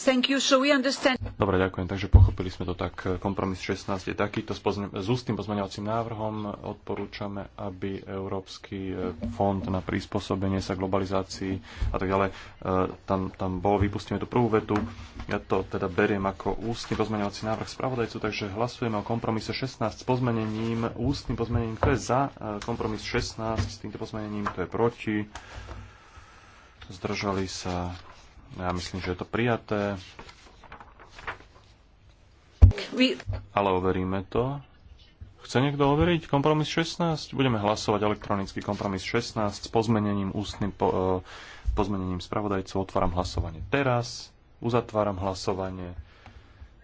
so understand... Dobre, ďakujem. Takže pochopili sme to tak. Kompromis 16 je takýto. S ústnym pozmeňovacím návrhom odporúčame, aby Európsky e, fond na prispôsobenie sa globalizácii a tak ďalej, e, tam, tam bol, vypustíme tú prvú vetu. Ja to teda beriem ako ústny pozmeňovací návrh spravodajcu, takže hlasujeme o kompromise 16 s pozmenením, ústnym pozmenením, kto je za e, kompromis 16 s týmto pozmenením, kto je proti. Zdržali sa ja myslím, že je to prijaté. Ale overíme to. Chce niekto overiť kompromis 16? Budeme hlasovať elektronický kompromis 16 s pozmenením ústnym po, e, pozmenením spravodajcov. Otváram hlasovanie teraz. Uzatváram hlasovanie.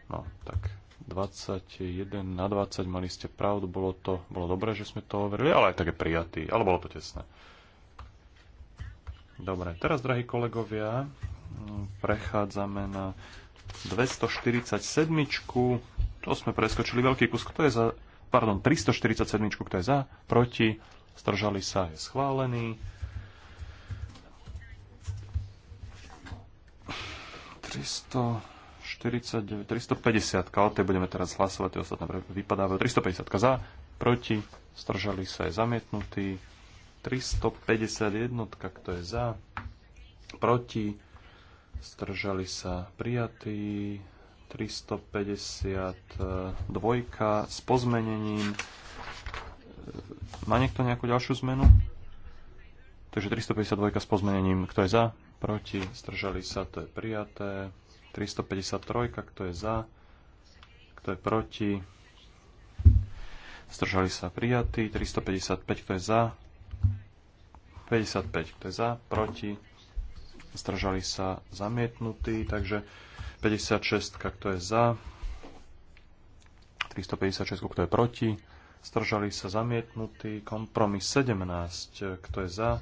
No, tak 21 na 20 mali ste pravdu. Bolo to, bolo dobré, že sme to overili, ale aj také prijatý. Ale bolo to tesné. Dobre, teraz, drahí kolegovia, prechádzame na 247. To sme preskočili veľký kus. Kto je za... Pardon, 347. Kto je za? Proti? stržali sa? Je schválený. 350, ale tie budeme teraz hlasovať, tie ostatné vypadávajú. 350 za, proti, stržali sa, je zamietnutý. 351, kto je za, proti, zdržali sa prijatí, 352 s pozmenením. Má niekto nejakú ďalšiu zmenu? Takže 352 s pozmenením. Kto je za? Proti? Zdržali sa? To je prijaté. 353, kto je za? Kto je proti? Zdržali sa prijatí. 355, kto je za? 55, kto je za? Proti? zdržali sa zamietnutí, takže 56, kto je za, 356, kto je proti, zdržali sa zamietnutí, kompromis 17, kto je za,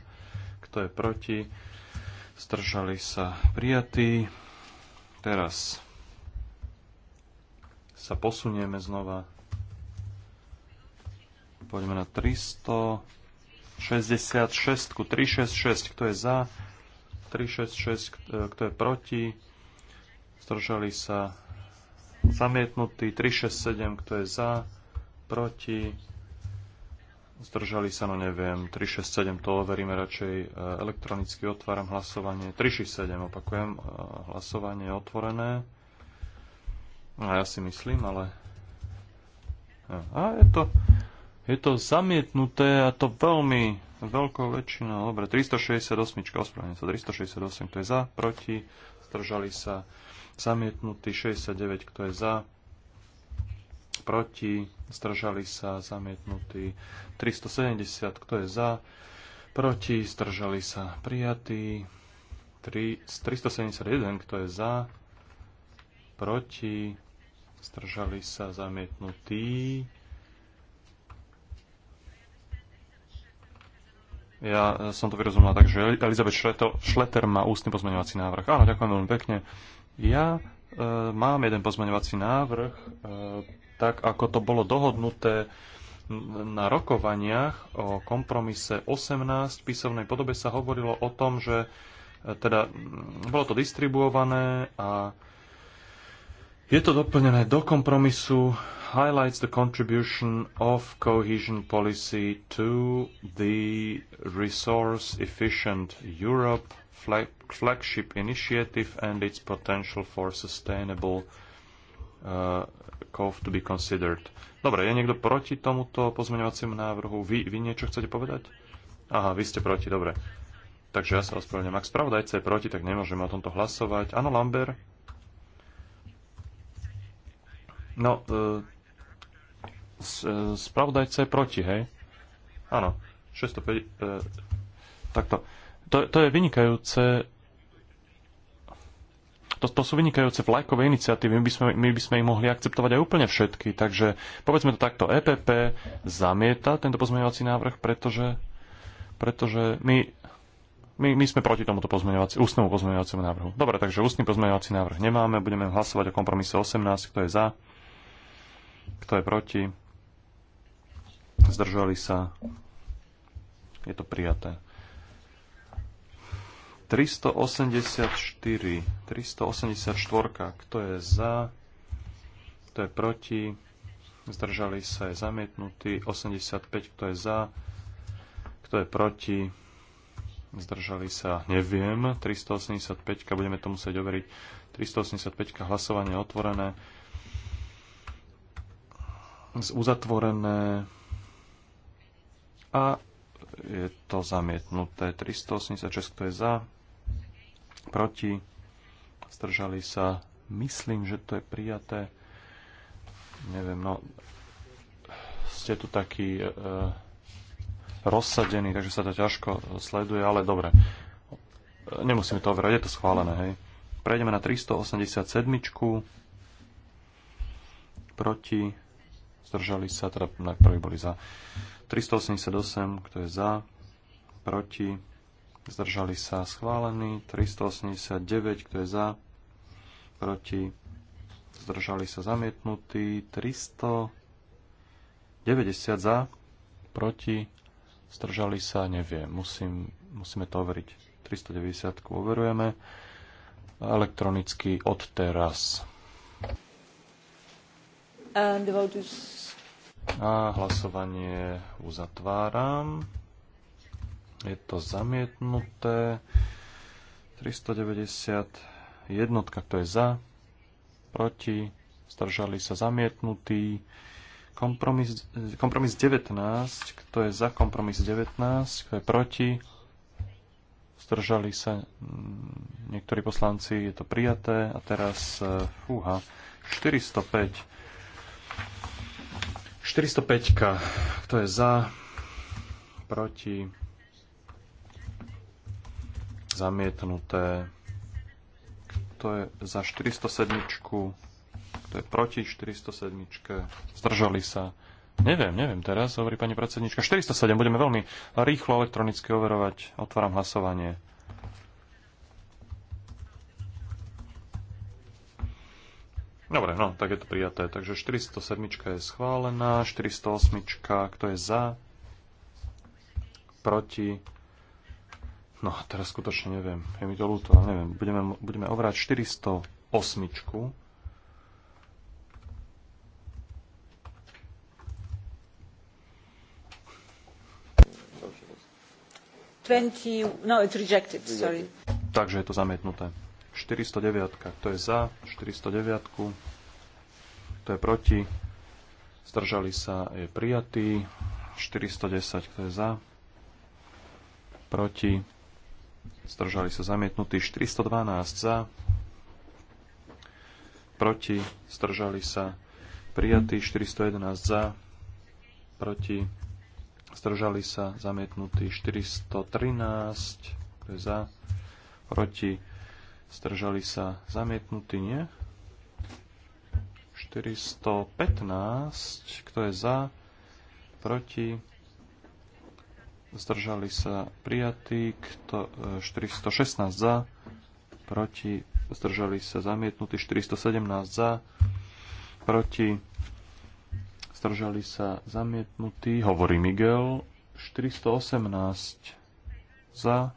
kto je proti, zdržali sa prijatí. Teraz sa posunieme znova. Poďme na 366, 366, kto je za, 366, e, kto je proti, zdržali sa zamietnutí, 367, kto je za, proti, zdržali sa, no neviem, 367, to overíme radšej e, elektronicky, otváram hlasovanie, 367, opakujem, e, hlasovanie je otvorené, a no, ja si myslím, ale a je to, je to zamietnuté a to veľmi veľkou väčšinou. Dobre, 368, ospravedlňujem sa, 368, kto je za, proti, zdržali sa, zamietnutý 69, kto je za, proti, zdržali sa, zamietnutý 370, kto je za, proti, zdržali sa, prijatý 371, kto je za, proti, zdržali sa, zamietnutý Ja e, som to vyrozumela tak, že Elizabeth Schletter má ústny pozmeňovací návrh. Áno, ďakujem veľmi pekne. Ja e, mám jeden pozmeňovací návrh, e, tak ako to bolo dohodnuté na rokovaniach o kompromise 18 v písomnej podobe sa hovorilo o tom, že e, teda bolo to distribuované a e, je to doplnené do kompromisu highlights the contribution of cohesion policy to the resource efficient Europe flag flagship initiative and its potential for sustainable uh, COF to be considered. Dobre, je niekto proti tomuto pozmeňovaciemu návrhu? Vy, vy niečo chcete povedať? Aha, vy ste proti, dobre. Takže ja sa ospravedlňujem. Ak spravodajca je proti, tak nemôžeme o tomto hlasovať. Áno, Lambert? No, e, e, spravodajca je proti, hej? Áno, 605, uh, e, takto. To, to je vynikajúce to, to sú vynikajúce vlajkové iniciatívy, my by, sme, my by sme ich mohli akceptovať aj úplne všetky. Takže povedzme to takto, EPP zamieta tento pozmeňovací návrh, pretože, pretože my, my, my sme proti tomuto pozmeňovací, ústnemu pozmeňovaciemu návrhu. Dobre, takže ústny pozmeňovací návrh nemáme, budeme hlasovať o kompromise 18, kto je za, kto je proti? Zdržali sa? Je to prijaté. 384. 384. Kto je za? Kto je proti? Zdržali sa? Je zamietnutý. 85. Kto je za? Kto je proti? Zdržali sa? Neviem. 385. Budeme to musieť overiť. 385. Hlasovanie otvorené uzatvorené a je to zamietnuté. 386, kto je za, proti, stržali sa. Myslím, že to je prijaté. Neviem, no, ste tu taký e, rozsadený, takže sa to ťažko sleduje, ale dobre. Nemusíme to overať, je to schválené, hej. Prejdeme na 387. Proti zdržali sa, teda prvý boli za. 388, kto je za, proti, zdržali sa, schválený. 389, kto je za, proti, zdržali sa, zamietnutý. 390 za, proti, zdržali sa, neviem, musím, musíme to overiť. 390 overujeme elektronicky od teraz. A hlasovanie uzatváram. Je to zamietnuté. 390 jednotka, kto je za, proti, zdržali sa zamietnutí. Kompromis, kompromis 19, kto je za kompromis 19, kto je proti, zdržali sa mm, niektorí poslanci, je to prijaté. A teraz, eh, fúha, 405 405. Kto je za? Proti? Zamietnuté. Kto je za 407? Kto je proti 407? Zdržali sa? Neviem, neviem teraz, hovorí pani predsednička. 407, budeme veľmi rýchlo elektronicky overovať. Otváram hlasovanie. Dobre, no, tak je to prijaté. Takže 407 je schválená, 408, kto je za, proti, no teraz skutočne neviem, je mi to ľúto, ale neviem, budeme, budeme overať 408. Twenty, no, it's rejected, sorry. Takže je to zamietnuté. 409. Kto je za 409? Kto je proti? Zdržali sa, je prijatý. 410, kto je za? Proti? Zdržali sa zamietnutí. 412 za. Proti? Zdržali sa prijatí. 411 za. Proti? Zdržali sa zamietnutí. 413, kto je za? Proti? zdržali sa zamietnutí, nie? 415, kto je za, proti, zdržali sa prijatí, kto, 416 e, za, proti, zdržali sa zamietnutí, 417 za, proti, zdržali sa zamietnutí, hovorí Miguel, 418 za,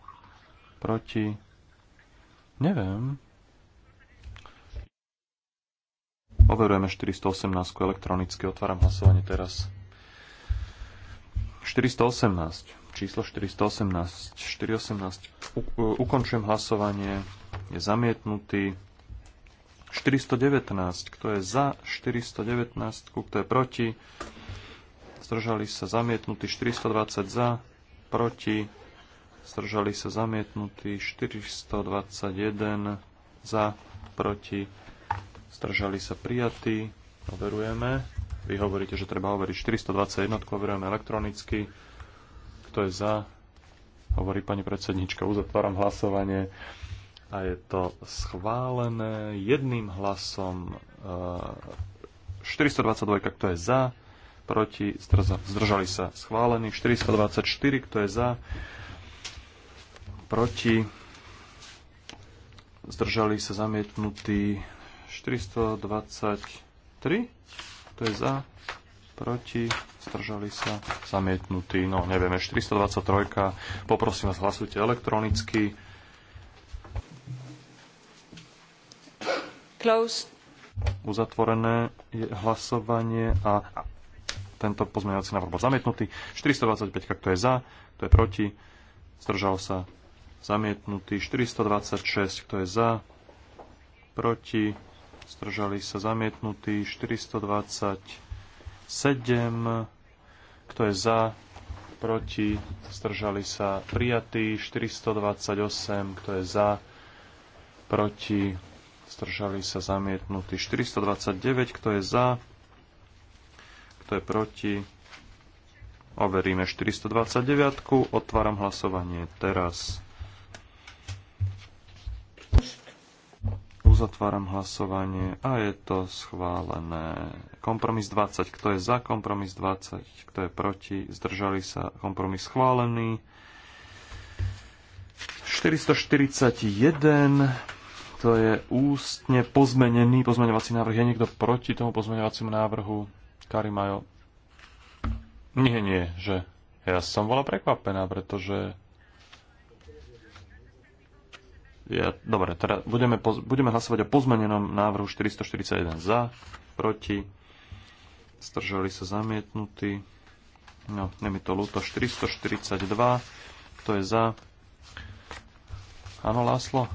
proti, Neviem. Overujeme 418 elektronicky, otváram hlasovanie teraz. 418, číslo 418, 418, u, ukončujem hlasovanie, je zamietnutý. 419, kto je za 419, kto je proti, zdržali sa zamietnutí, 420 za, proti, zdržali sa zamietnutí 421 za, proti, zdržali sa prijatí, overujeme. Vy hovoríte, že treba overiť 421, overujeme elektronicky. Kto je za? Hovorí pani predsednička, uzatváram hlasovanie a je to schválené jedným hlasom 422, e, kto je za, proti, zdržali sa schválený, 424, kto je za, proti, zdržali sa zamietnutí 423, to je za, proti, zdržali sa, zamietnutí, no nevieme, 423, poprosím vás, hlasujte elektronicky. Close. Uzatvorené je hlasovanie a tento pozmeňovací návrh bol zamietnutý. 425, kto je za, kto je proti, zdržal sa, zamietnutý. 426, kto je za, proti, zdržali sa zamietnutý, 427, kto je za, proti, zdržali sa prijatý, 428, kto je za, proti, zdržali sa zamietnutí. 429, kto je za, kto je proti, overíme 429. Otváram hlasovanie teraz. Uzatváram hlasovanie a je to schválené. Kompromis 20. Kto je za kompromis 20? Kto je proti? Zdržali sa. Kompromis schválený. 441. To je ústne pozmenený pozmeňovací návrh. Je niekto proti tomu pozmeňovacímu návrhu? Karimajo. Nie, nie, že ja som bola prekvapená, pretože ja, dobre, teda budeme, budeme hlasovať o pozmenenom návrhu 441 za, proti, stržali sa zamietnutí. No, je mi to ľúto. 442, kto je za? Áno, Láslo?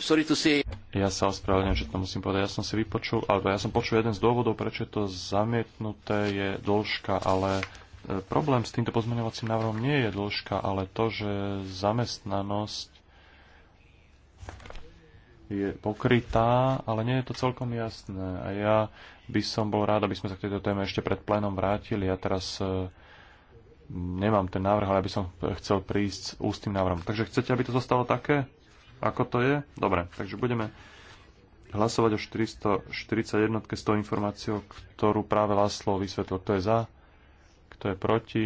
Sorry to say. Ja sa ospravedlňujem, že to musím povedať. Ja som si vypočul, alebo ja som počul jeden z dôvodov, prečo je to zamietnuté, je dĺžka, ale e, problém s týmto pozmeňovacím návrhom nie je dĺžka, ale to, že zamestnanosť je pokrytá, ale nie je to celkom jasné. A ja by som bol rád, aby sme sa k tejto téme ešte pred plénom vrátili. Ja teraz e, nemám ten návrh, ale aby som chcel prísť s ústnym návrhom. Takže chcete, aby to zostalo také, ako to je? Dobre, takže budeme hlasovať o 441 s tou informáciou, ktorú práve Laslo vysvetlil. Kto je za? Kto je proti?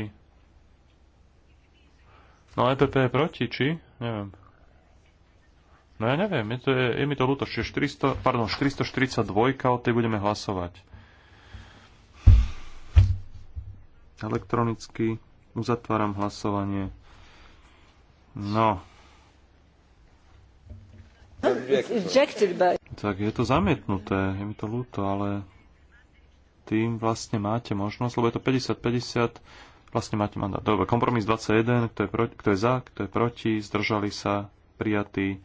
No EPP je proti, či? Neviem. No ja neviem, je, to, je, je mi to ľúto, čiže 400, pardon, 442, o tej budeme hlasovať. Elektronicky uzatváram hlasovanie. No. Tak je to zamietnuté, je mi to ľúto, ale tým vlastne máte možnosť, lebo je to 50-50, vlastne máte mandát. Dobre, kompromis 21, kto je, proti, kto je za, kto je proti, zdržali sa, prijatý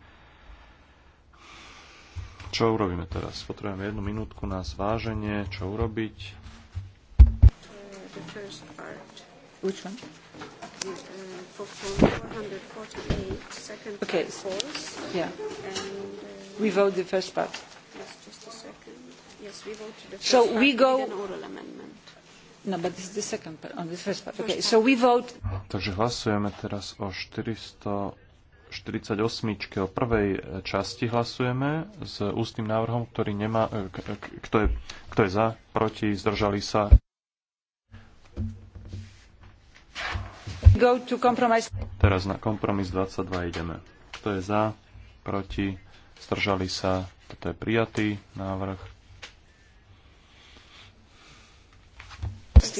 čo urobíme teraz? Potrebujeme jednu minútku na zváženie, čo urobiť. Which one? Okay. Yeah. Uh, we vote the first part. Yes, just a second. Yes, we vote the first so part. We go... an oral amendment. No, but this is the second part, on the first part. Okay, so we vote... Takže hlasujeme teraz o 400 48. o prvej časti hlasujeme s ústnym návrhom, ktorý nemá, e, e, kto je, kto je za, proti, zdržali sa. Go to compromise. Teraz na kompromis 22 ideme. Kto je za, proti, zdržali sa, toto je prijatý návrh. 461.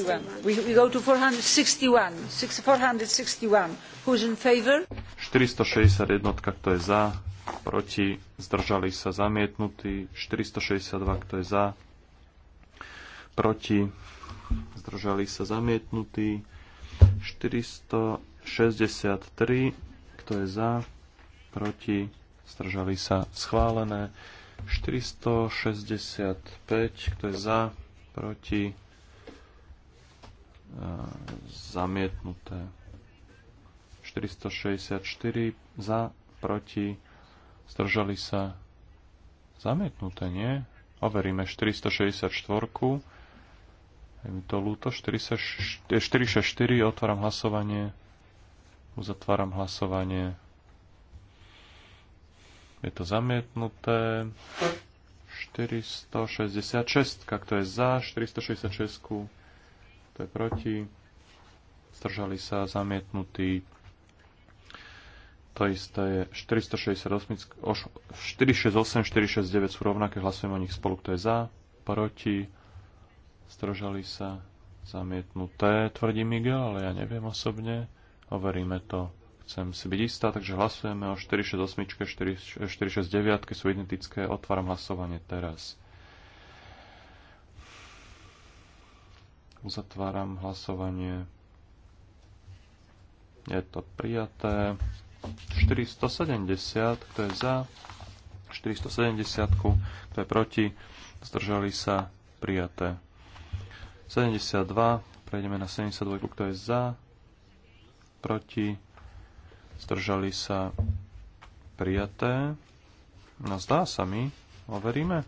kto je za, proti, zdržali sa zamietnutí. 462, kto je za, proti, zdržali sa zamietnutí. 463, kto je za, proti, zdržali sa schválené. 465, kto je za, proti, zamietnuté. 464 za, proti, zdržali sa zamietnuté, nie? Overíme 464. Je mi to ľúto. 464, eh, otváram hlasovanie. Uzatváram hlasovanie. Je to zamietnuté. 466, kto je za 466 to je proti, zdržali sa zamietnutí. To isté je 468, 468, 469 sú rovnaké, hlasujeme o nich spolu, kto je za, proti, zdržali sa zamietnuté, tvrdí Miguel, ale ja neviem osobne, overíme to. Chcem si byť istá, takže hlasujeme o 468, 469 sú identické, otváram hlasovanie teraz. Uzatváram hlasovanie. Je to prijaté. 470, kto je za, 470, kto je proti, zdržali sa, prijaté. 72, prejdeme na 72, kto je za, proti, zdržali sa, prijaté. No zdá sa mi, overíme.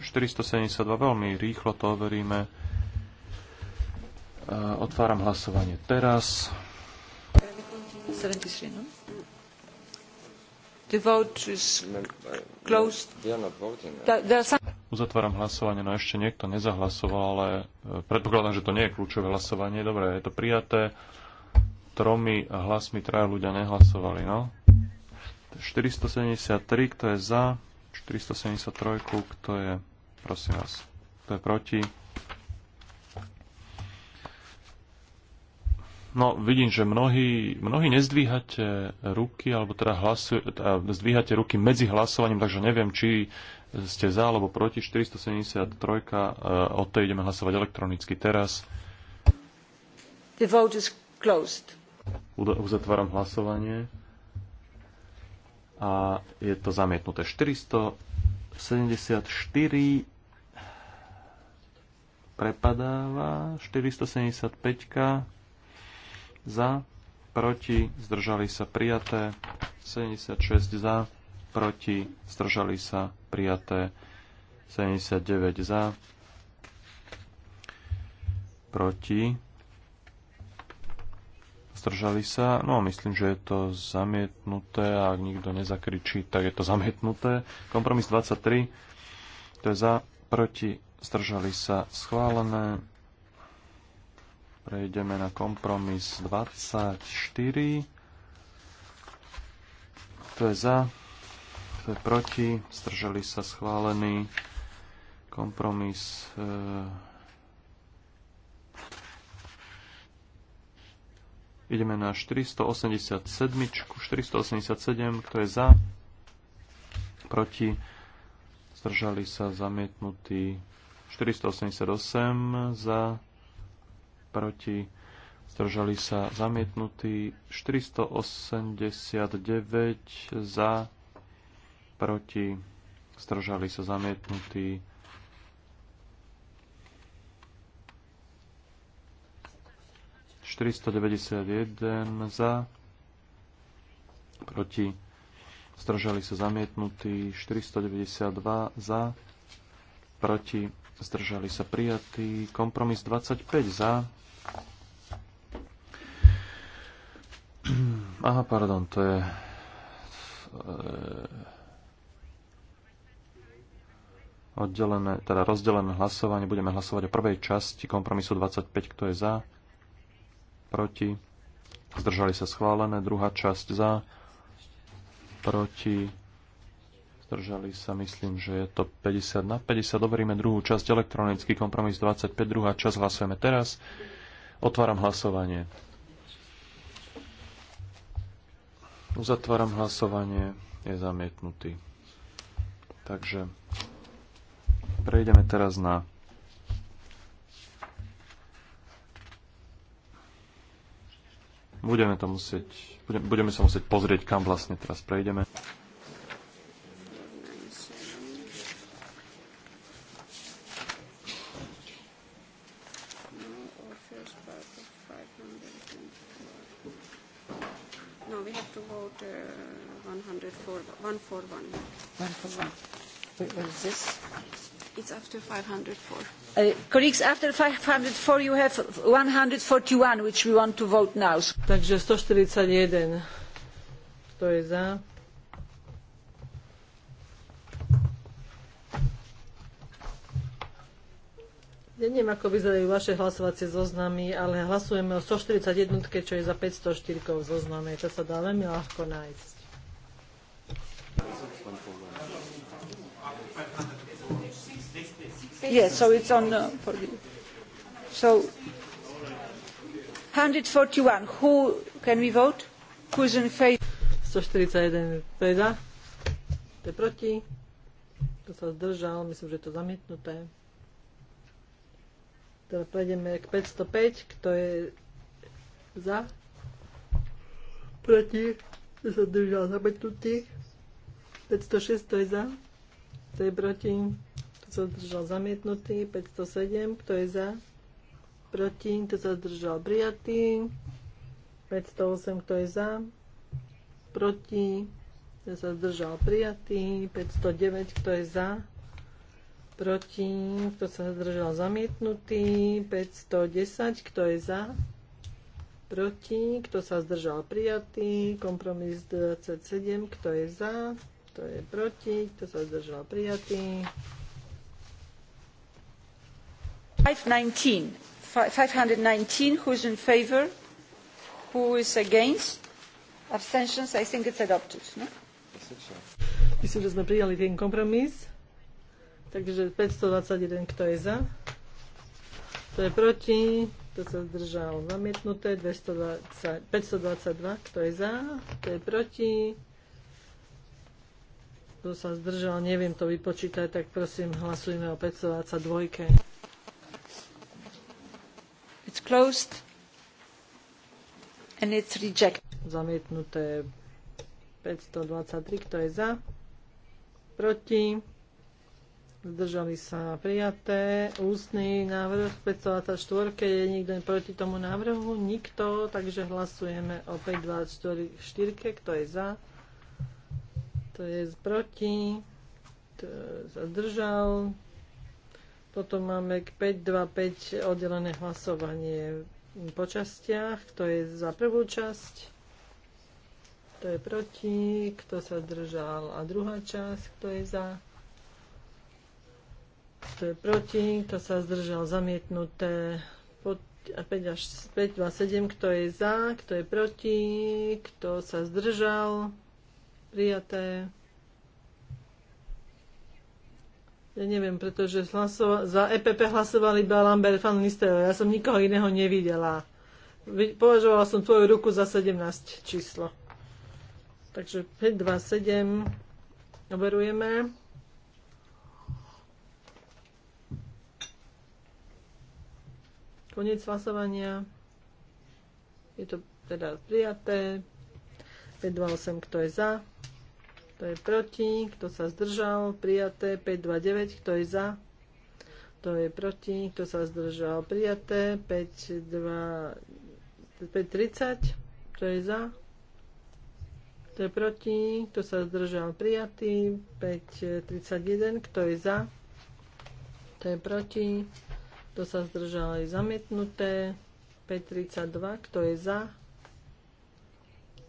472, veľmi rýchlo to overíme. Otváram hlasovanie teraz. No? The vote is closed. Eh? Uzatváram hlasovanie, no ešte niekto nezahlasoval, ale eh, predpokladám, že to nie je kľúčové hlasovanie. Dobre, je to prijaté. Tromi hlasmi traja ľudia nehlasovali, no. 473, kto je za, 473, kto je, prosím vás, kto je proti. No, vidím, že mnohí, mnohí nezdvíhate ruky, alebo teda, hlasu, teda zdvíhate ruky medzi hlasovaním, takže neviem, či ste za alebo proti 473. Eh, o tej ideme hlasovať elektronicky teraz. The vote is closed. Uzatváram hlasovanie. A je to zamietnuté 474 prepadáva 475 za, proti, zdržali sa prijaté, 76 za, proti, zdržali sa prijaté, 79 za, proti, zdržali sa, no myslím, že je to zamietnuté a ak nikto nezakričí, tak je to zamietnuté. Kompromis 23, to je za, proti, zdržali sa schválené, Prejdeme na kompromis 24. Kto je za? Kto je proti? Zdržali sa schválený kompromis e, Ideme na 487, 487, kto je za, proti, zdržali sa zamietnutí 488 za, proti, zdržali sa zamietnutí, 489 za, proti, zdržali sa zamietnutí, 491 za, proti, zdržali sa zamietnutí, 492 za, proti, zdržali sa prijatí, kompromis 25 za, Aha, pardon, to je... E, oddelené, teda rozdelené hlasovanie. Budeme hlasovať o prvej časti kompromisu 25, kto je za, proti, zdržali sa schválené. Druhá časť za, proti, zdržali sa, myslím, že je to 50 na 50. Overíme druhú časť elektronický kompromis 25, druhá časť hlasujeme teraz. Otváram hlasovanie. Uzatváram hlasovanie. Je zamietnutý. Takže prejdeme teraz na Budeme, to musieť, budeme sa musieť pozrieť, kam vlastne teraz prejdeme. 504. Uh, colleagues, after 504 you have 141, which we want to vote now. Takže 141. Kto je za? Neviem, ako vyzerajú vaše hlasovacie zoznamy, ale hlasujeme o 141, čo je za 504 v zozname. To sa dá veľmi ľahko nájsť. Yes, so it's on uh, for the, so Who can we vote? Who's in favor? 141 je za, to je proti, Kto sa zdržal, myslím, že je to zamietnuté. Teda prejdeme k 505, kto je za, proti, to sa zdržal, zamietnutý. 506 kto je za, Kto je proti, kto sa zdržal zamietnutý, 507, kto je za, proti, kto sa zdržal prijatý, 508, kto je za, proti, kto sa zdržal prijatý, 509, kto je za, proti, kto sa zdržal zamietnutý, 510, kto je za, proti, kto sa zdržal prijatý, kompromis 27, kto je za, kto je proti, kto sa zdržal prijatý. 519. Who is in favor? Who is against? Abstentions? I think it's adopted. No? Myslím, že sme prijali ten kompromis. Takže 521, kto je za? Kto je proti? Kto sa zdržal? Zamietnuté. 220, 522, kto je za? Kto je proti? Kto sa zdržal? Neviem to vypočítať, tak prosím, hlasujme o 522. Closed. And it's rejected. Zamietnuté 523, kto je za? Proti? Zdržali sa prijaté. Ústny návrh 524. Je nikto proti tomu návrhu? Nikto. Takže hlasujeme o 524. Kto je za? Kto je proti? Kto sa potom máme k 5.2.5 oddelené hlasovanie po častiach. Kto je za prvú časť? Kto je proti? Kto sa držal? A druhá časť, kto je za? Kto je proti? Kto sa zdržal? Zamietnuté. 5 až 5, 2, 7, kto je za, kto je proti, kto sa zdržal, prijaté. Ja neviem, pretože hlasova- za EPP hlasoval iba Lambert van Nistelrooy. Ja som nikoho iného nevidela. Považovala som tvoju ruku za 17 číslo. Takže 5, 2, 7 overujeme. Koniec hlasovania. Je to teda prijaté. 5, 2, 8, kto je za? kto je proti, kto sa zdržal, prijaté 529, kto je za, kto je proti, kto sa zdržal, prijaté 5, 5 30, kto je za, kto je proti, kto sa zdržal, prijatý 531, kto je za, kto je proti, kto sa zdržal, je zamietnuté 532, kto je za,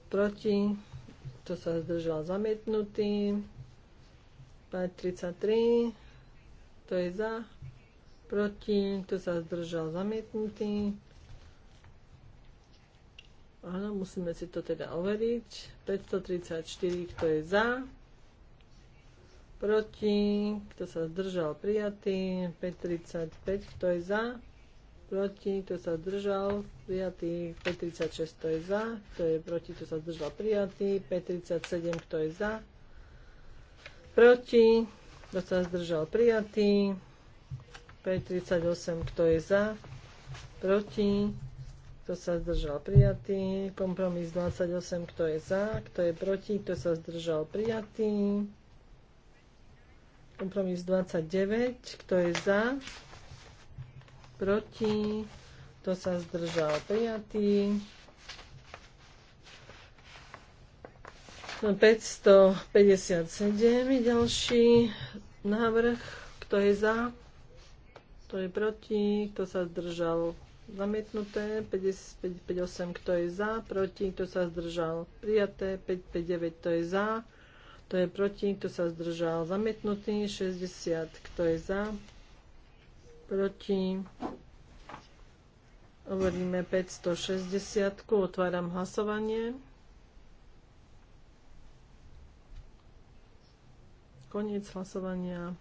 proti, kto sa zdržal zamietnutý. 33, to je za, proti, kto sa zdržal zamietnutý. Áno, musíme si to teda overiť. 534, kto je za, proti, kto sa zdržal prijatý. 535, kto je za, proti, kto sa zdržal, prijatý, P36, kto je za, kto je proti, kto sa zdržal, prijatý, P37, kto je za, proti, to sa zdržal, prijatý, P38, kto je za, proti, kto sa zdržal, prijatý, kompromis 28, kto je za, kto je proti, kto sa zdržal, prijatý, kompromis 29, kto je za, proti, kto sa zdržal prijatý. 557 no, je ďalší návrh, kto je za, kto je proti, kto sa zdržal zamietnuté, 558, kto je za, proti, kto sa zdržal prijaté, 559, kto je za, kto je proti, kto sa zdržal zamietnutý, 60, kto je za, proti. hovoríme 560. Otváram hlasovanie. Koniec hlasovania.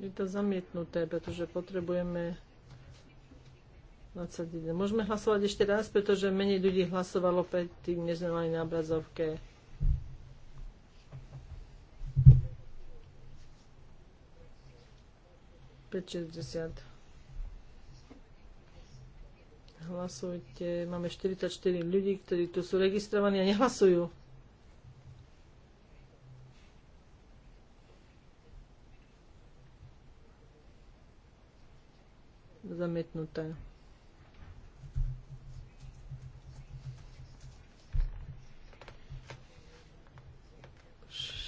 Je to zamietnuté, pretože potrebujeme 21. Môžeme hlasovať ešte raz, pretože menej ľudí hlasovalo predtým, než sme mali na obrazovke. 560. Hlasujte. Máme 44 ľudí, ktorí tu sú registrovaní a nehlasujú. Zamietnuté.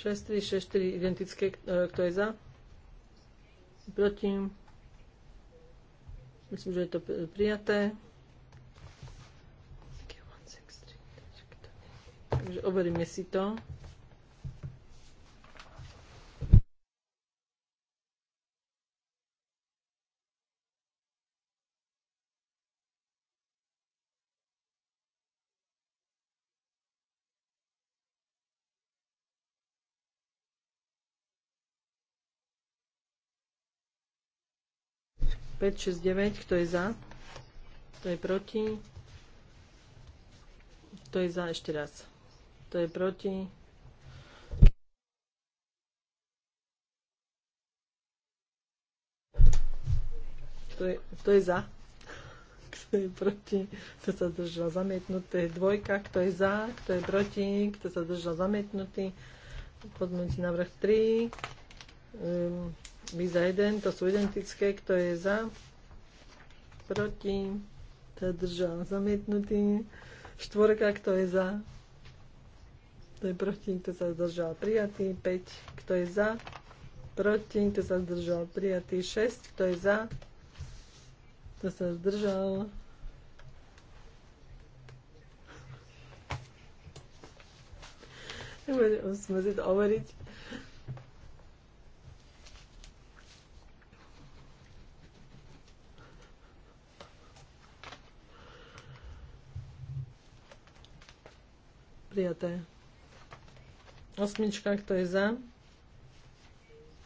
6, 3, 6, 4 identické. E, kto je za? proti. Myslím, že je to prijaté. Takže overíme si to. 5, 6, 9, kto je za? Kto je proti? Kto je za ešte raz? Kto je proti? Kto je, kto je za? Kto je proti? Kto sa držal zamietnutý? Dvojka. Kto je za? Kto je proti? Kto sa držal zamietnutý? Podmienci návrh 3. Um, ehm, my za jeden, to sú identické, kto je za, proti, držal zamietnutý, štvorka, kto je za, To je proti, kto sa zdržal, prijatý, 5, kto je za, proti, kto sa zdržal, prijatý, 6, kto je za, kto sa zdržal, Musíme si to overiť. prijaté. Osmička, kto je za?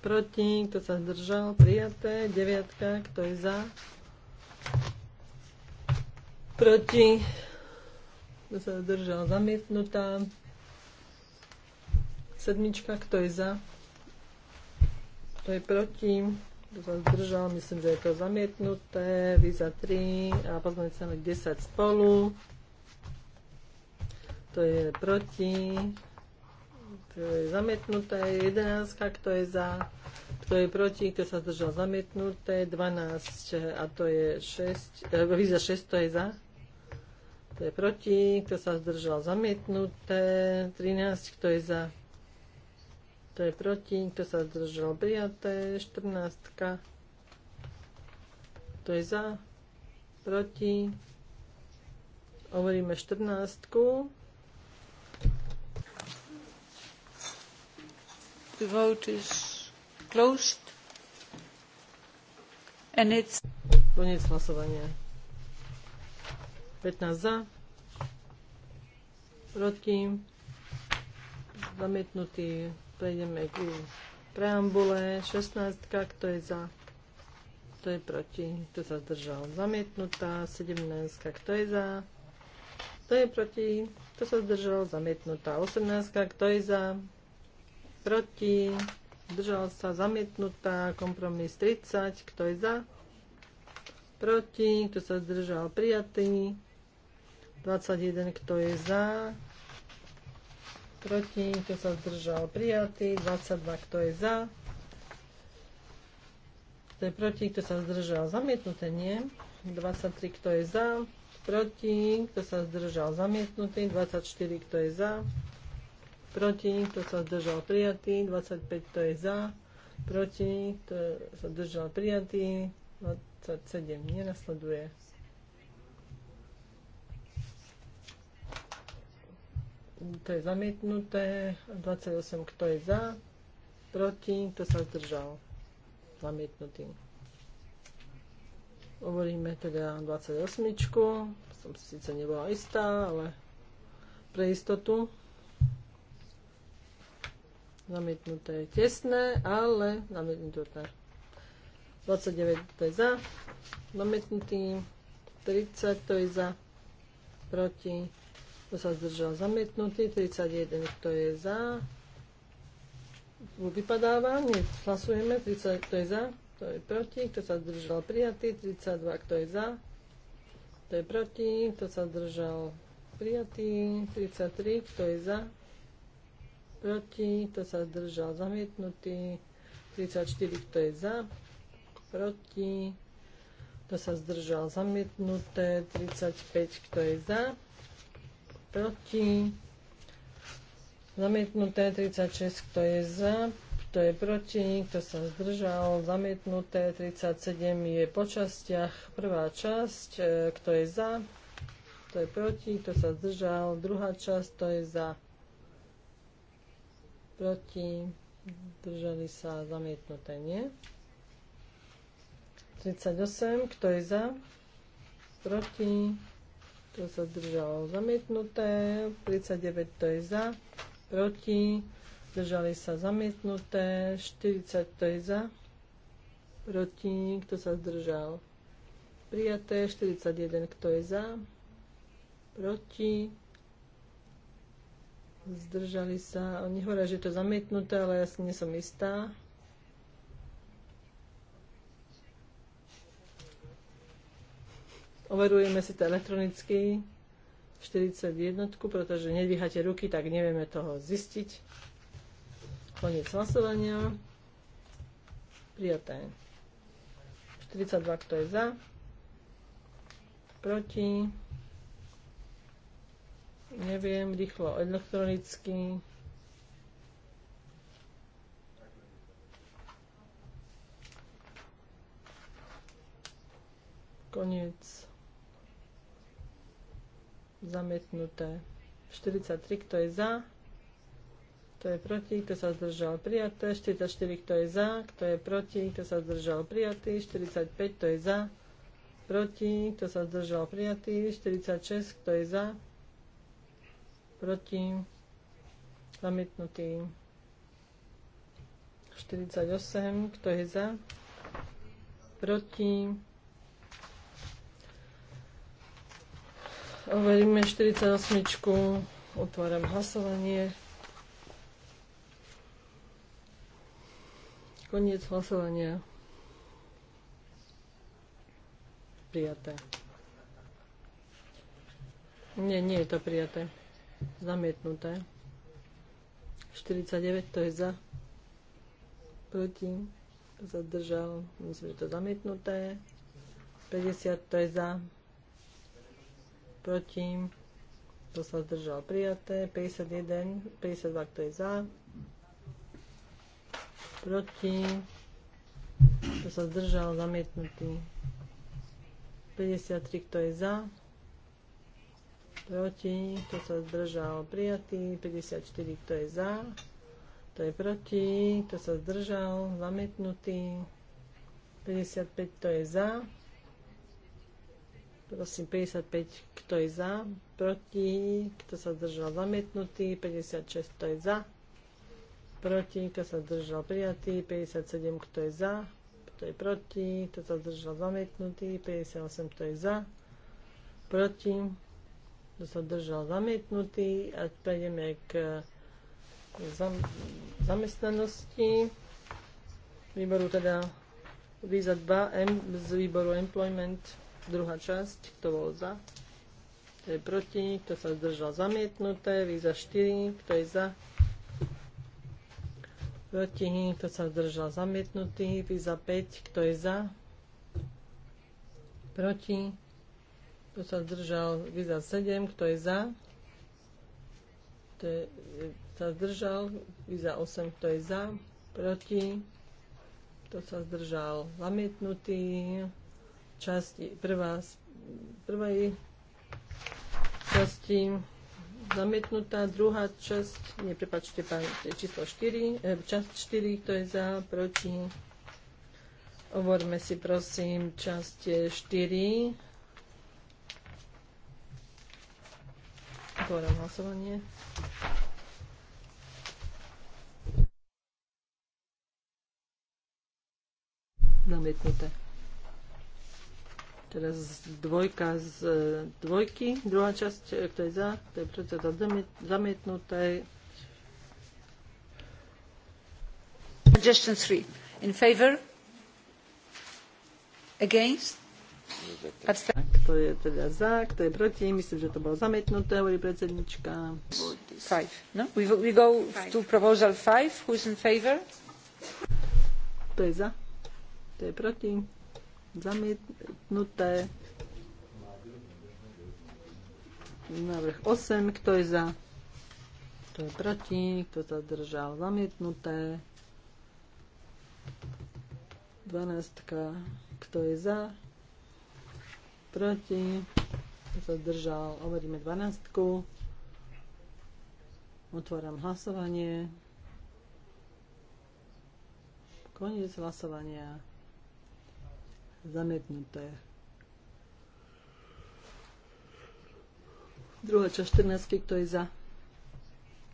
Proti, kto sa zdržal? Prijaté. Deviatka, kto je za? Proti, kto sa zdržal? Zamietnutá. Sedmička, kto je za? Kto je proti? Kto sa zdržal? Myslím, že je to zamietnuté. Vy za 3 a poznáte sa 10 spolu kto je proti, kto je zamietnuté, 11, kto je za, kto je proti, kto sa zdržal zamietnuté, 12 a to je 6, víza 6, to je za, kto je proti, kto sa zdržal zamietnuté, 13, kto je za, kto je proti, kto sa zdržal prijaté, 14, kto je za, proti, overíme 14. The vote is closed. And it's... Konec hlasovania. 15 za. Proti. Zamietnutý. Prejdeme k preambule. 16. Kto je za? Kto je proti? Kto sa zdržal? Zamietnutá. 17. Kto je za? Kto je proti? Kto sa zdržal? Zamietnutá. 18. Kto je za? proti, zdržal sa zamietnutá, kompromis 30, kto je za, proti, kto sa zdržal prijatý, 21, kto je za, proti, kto sa zdržal prijatý, 22, kto je za, kto je proti, kto sa zdržal zamietnuté, nie, 23, kto je za, proti, kto sa zdržal zamietnutý, 24, kto je za, proti, kto sa zdržal prijatý, 25 to je za, proti, kto sa zdržal prijatý, 27 nenasleduje. To je zamietnuté, 28 kto je za, proti, kto sa zdržal, zamietnutý. Hovoríme teda 28, som si síce nebola istá, ale pre istotu Zamietnuté je tesné, ale zamietnuté. 29 to je za. Zamietnutý. 30 to je za. Proti. To sa zdržal zamietnutý. 31 to je za. Vypadáva. Nie, hlasujeme. 30 to je za. To je proti. Kto sa zdržal prijatý. 32 kto je za. To je proti. Kto sa zdržal prijatý. 33 kto je za proti, kto sa zdržal zamietnutý, 34, kto je za, proti, to sa zdržal zamietnuté, 35, kto je za, proti, zamietnuté, 36, kto je za, kto je proti, kto sa zdržal, zamietnuté, 37 je po častiach, prvá časť, e, kto je za, kto je proti, kto sa zdržal, druhá časť, kto je za proti, držali sa zamietnuté, nie. 38, kto je za, proti, kto sa zdržal zamietnuté, 39, kto je za, proti, držali sa zamietnuté, 40, kto je za, proti, kto sa zdržal prijaté, 41, kto je za, proti, zdržali sa. Oni hovoria, že je to zamietnuté, ale ja si nie som istá. Overujeme si to elektronicky. 41, pretože nedvíhate ruky, tak nevieme toho zistiť. Koniec hlasovania. Prijaté. 42, kto je za? Proti? Neviem, rýchlo elektronicky. Koniec. Zametnuté. 43, kto je za? Kto je proti? Kto sa zdržal? Prijaté. 44, kto je za? Kto je proti? Kto sa zdržal? Prijatý. 45, kto je za? Proti? Kto sa zdržal? Prijatý. 46, kto je za? proti, zamietnutý. 48, kto je za, proti, overíme 48, otváram hlasovanie. Koniec hlasovania. Prijaté. Nie, nie je to prijaté. Zamietnuté. 49, to je za. Proti. Zadržal. Myslím, že to zamietnuté. 50, to je za. Proti. To sa zdržal prijaté. 51, 52, kto je za. Proti. To sa zdržal zamietnutý. 53, kto je za proti, kto sa zdržal, prijatý, 54, kto je za, kto je proti, kto sa zdržal, zamietnutý, 55, kto je za, prosím, 55, kto je za, proti, kto sa zdržal, zamietnutý, 56, kto je za, proti, kto sa zdržal, prijatý, 57, kto je za, kto je proti, kto sa zdržal, zamietnutý, 58, kto je za, proti, kto sa držal zamietnutý a prejdeme k e, zam, zamestnanosti výboru teda výza 2 M z výboru employment druhá časť, kto bol za kto je proti, kto sa zdržal zamietnuté výza 4, kto je za proti, kto sa zdržal zamietnutý výza 5, kto je za proti kto sa zdržal? Vyza 7. Kto je za? Kto je, sa zdržal? Vyza 8. Kto je za? Proti? Kto sa zdržal? Zamietnutý. Časť, prvá, prvej časti zamietnutá, druhá časť, nie, prepačte, pán, číslo 4, e, časť 4, kto je za, proti. Hovorme si, prosím, časť 4, Otváram hlasovanie. Zamietnuté. Teraz dvojka z e, dvojky, druhá časť, e, kto je za, to je predsa za zamietnuté. Suggestion 3. In favor? Against? Abstain? kto je teda za, kto je proti. Myslím, že to bolo zametnuté, hovorí predsednička. Five. No? We, we go five. to proposal five. Who's in favor? Kto je za? To je proti? Zamietnuté. Návrh 8. Kto je za? Kto je proti? Kto sa držal? Zamietnuté. 12. Kto je za? proti, zadržal, zdržal, overíme 12. Otváram hlasovanie. Koniec hlasovania. Zamietnuté. Druhá časť 14. Kto je za?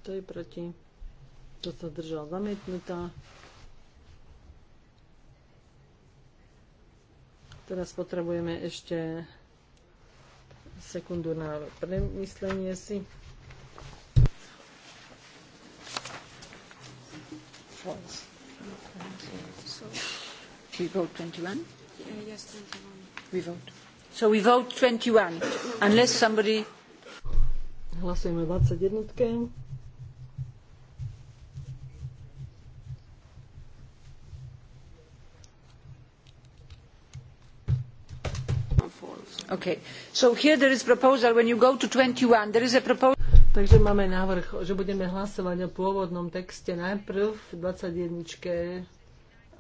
Kto je proti? Kto sa držal? Zamietnutá. Teraz potrebujeme ešte sekundu na premyslenie si. we vote 21? Uh, yes, 21. We vote. So we vote 21, unless somebody... Hlasujeme 21. Takže máme návrh, že budeme hlasovať o pôvodnom texte najprv v 21.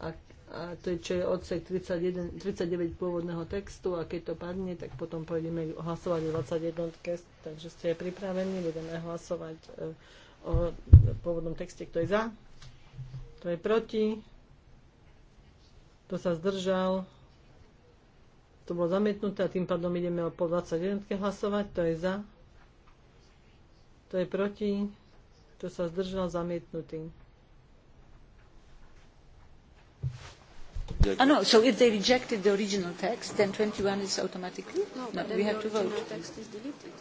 A, a to je, čo je odsek 31, 39 pôvodného textu a keď to padne, tak potom pôjdeme hlasovať o 21. Takže ste pripravení, budeme hlasovať e, o pôvodnom texte, kto je za, kto je proti, kto sa zdržal, to bolo zamietnuté a tým pádom ideme o po 21 hlasovať. To je za. To je proti. To sa zdržal zamietnutý. Ano, no, so if they rejected the original text, then 21 is automatically? No, no we have to vote. text is deleted.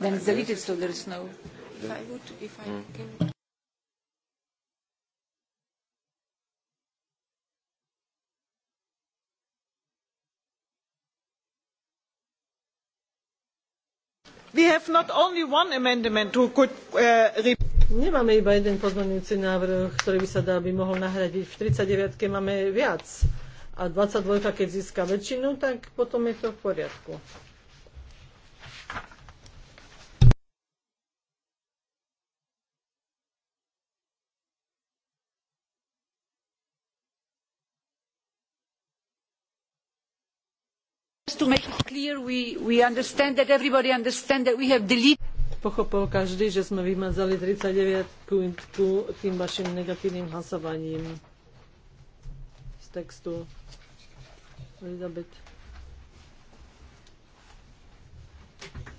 Then it's deleted, so there is no... If I would, if I mm. can... Uh, Nemáme iba jeden pozmeňujúci návrh, ktorý by sa dal by mohol nahradiť. V 39 máme viac. A 22, keď získa väčšinu, tak potom je to v poriadku. to make it clear, we, we understand that everybody understand that we have deleted pochopil každý, že sme vymazali 39 tým vašim negatívnym hlasovaním z textu. Elizabeth.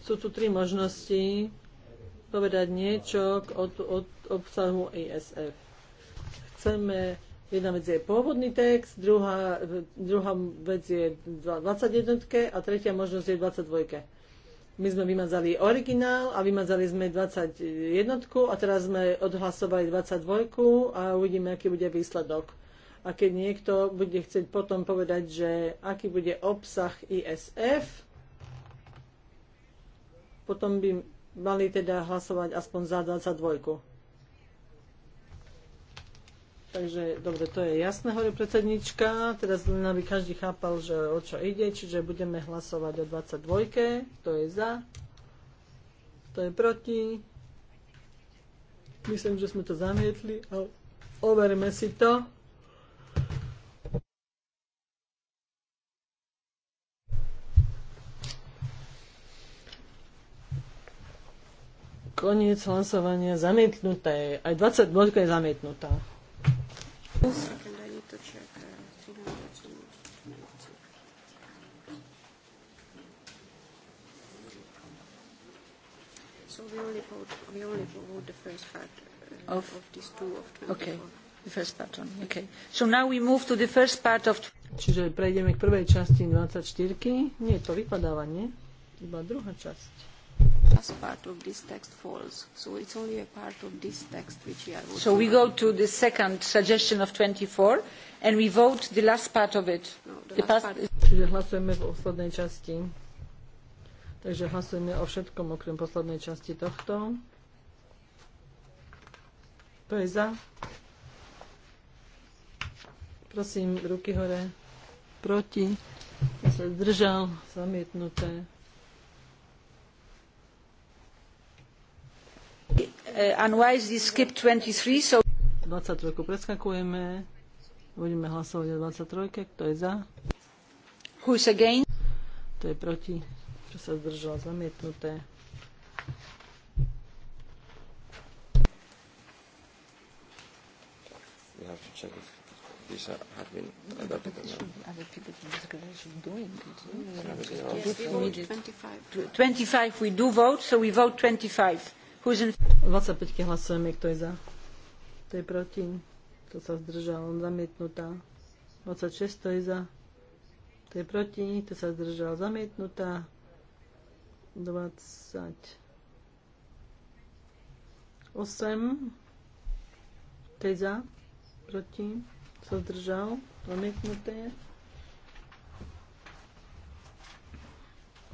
Sú tu tri možnosti povedať niečo k od, od obsahu ISF. Chceme Jedna vec je pôvodný text, druhá, druhá vec je 21 a tretia možnosť je 22. My sme vymazali originál a vymazali sme 21 a teraz sme odhlasovali 22 a uvidíme, aký bude výsledok. A keď niekto bude chcieť potom povedať, že aký bude obsah ISF, potom by mali teda hlasovať aspoň za 22. Takže dobre, to je jasné, hovorí predsednička. Teraz len aby každý chápal, že o čo ide, čiže budeme hlasovať o 22. Kto je za? Kto je proti? Myslím, že sme to zamietli, ale overme si to. Koniec hlasovania zamietnuté. Aj 22 je zamietnutá. So we only vote, we only vote the first part uh, of, of these two of 24. Okay. The first part on. Okay. So now we move to the first part of... Čiže prejdeme k prvej časti 24. -ky. Nie, to vypadáva, nie? Iba druhá časť last part of this text falls. So it's only a part of this text which we are voting So we go to the second suggestion of 24 and we vote the last part of it. No, the, the last part is... Čiže hlasujeme v poslednej časti. Takže hlasujeme o všetkom okrem poslednej časti tohto. To je za. Prosím, ruky hore. Proti. zdržal. Zamietnuté. Uh, and why is this skip 23 so 23 preskakujeme budeme hlasovať o 23 kto je za who is against kto je proti čo sa zdržalo zamietnuté We have to check if these are, have been adopted. But should other people in this gallery should do it. Yes, we vote 25. 25 we do vote, so we vote 25. 25 hlasujeme, kto je za. Kto je proti. Kto sa zdržal. Zamietnutá. 26 to je za. Kto je proti. Kto sa zdržal. Zamietnutá. 28. 8. To je za. Proti. Kto sa zdržal. Zamietnuté.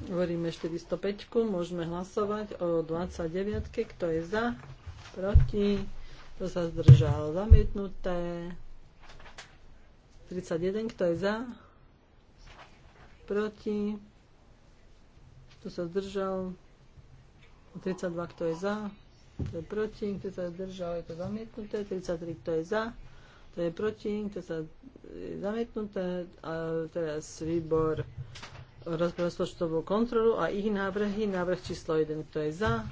Hovoríme 405, môžeme hlasovať o 29, kto je za, proti, kto sa zdržal, zamietnuté. 31, kto je za, proti, kto sa zdržal, 32, kto je za, kto je proti, kto sa zdržal, je to zamietnuté, 33, kto je za, kto je proti, kto sa je zamietnuté, a teraz výbor rozpočtovú kontrolu a ich návrhy. Návrh číslo 1, kto je za,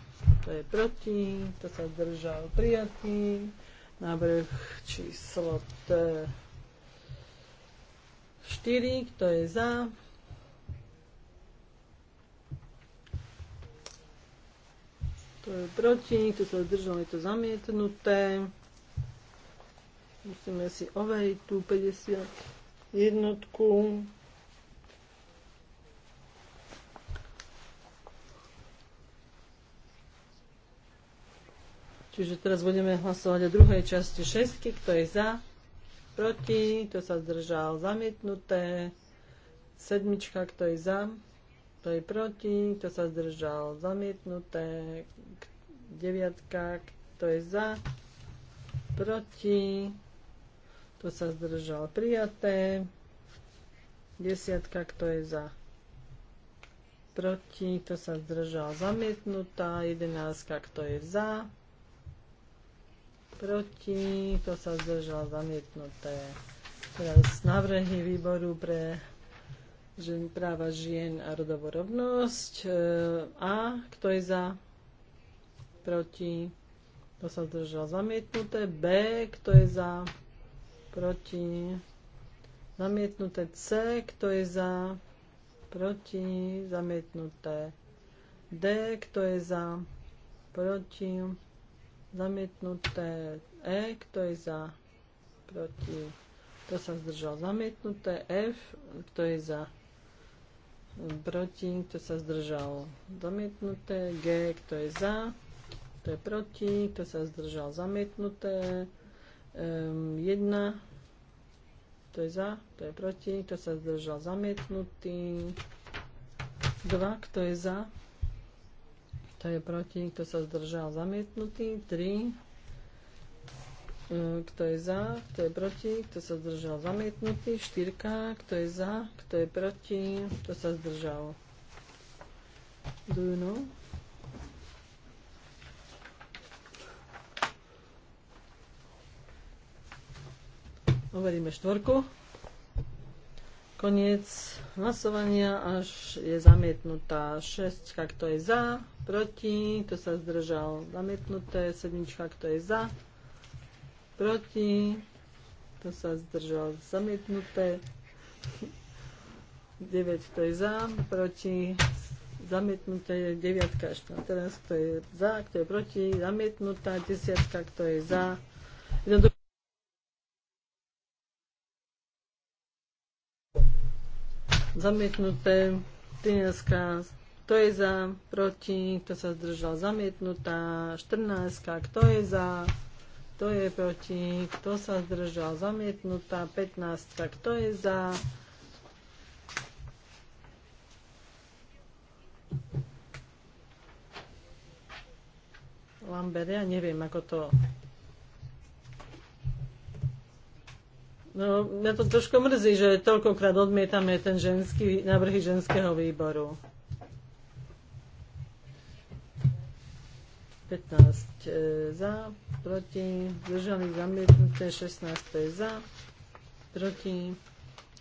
kto je proti, kto sa zdržal prijatý. Návrh číslo 4, kto je za, kto je proti, kto sa zdržal, je to zamietnuté. Musíme si overiť tú 50 jednotku. Čiže teraz budeme hlasovať o druhej časti šestky, kto je za, proti, kto sa zdržal, zamietnuté. Sedmička, kto je za, kto je proti, kto sa zdržal, zamietnuté. Deviatka, kto je za, proti, kto sa zdržal, prijaté. Desiatka, kto je za, proti, kto sa zdržal, zamietnutá. Jedenáctka, kto je za, proti, to sa zdržal zamietnuté. Teraz návrhy výboru pre žen, práva žien a rodovú rovnosť. E, a, kto je za? Proti, to sa zdržal zamietnuté. B, kto je za? Proti, zamietnuté. C, kto je za? Proti, zamietnuté. D, kto je za? Proti, zamietnuté E, kto je za, proti, kto sa zdržal, zamietnuté F, kto je za, proti, kto sa zdržal, zamietnuté G, kto je za, kto je proti, kto sa zdržal, zamietnuté 1, kto je za, kto je proti, kto sa zdržal, zamietnutý 2, kto je za, kto je proti? Kto sa zdržal? Zamietnutý. 3. E, kto je za? Kto je proti? Kto sa zdržal? Zamietnutý. 4. Kto je za? Kto je proti? Kto sa zdržal? Do you know? Overíme štvorku. Koniec hlasovania, až je zamietnutá šestka, kto je za, proti, to sa zdržal, zamietnuté, sedmička, kto je za, proti, to sa zdržal, zamietnuté, 9, kto je za, proti, zamietnuté, 9, až teraz, kto je za, kto je proti, zamietnutá, 10, kto je za, jednoducho zamietnuté, 13, kto je za, proti, kto sa zdržal, zamietnutá, 14, kto je za, kto je proti, kto sa zdržal, zamietnutá, 15, kto je za, Lambert, ja neviem, ako to No, mňa to trošku mrzí, že toľkokrát odmietame ten ženský, návrhy ženského výboru. 15 e, za, proti, zdržali zamietnuté, 16 je za, proti,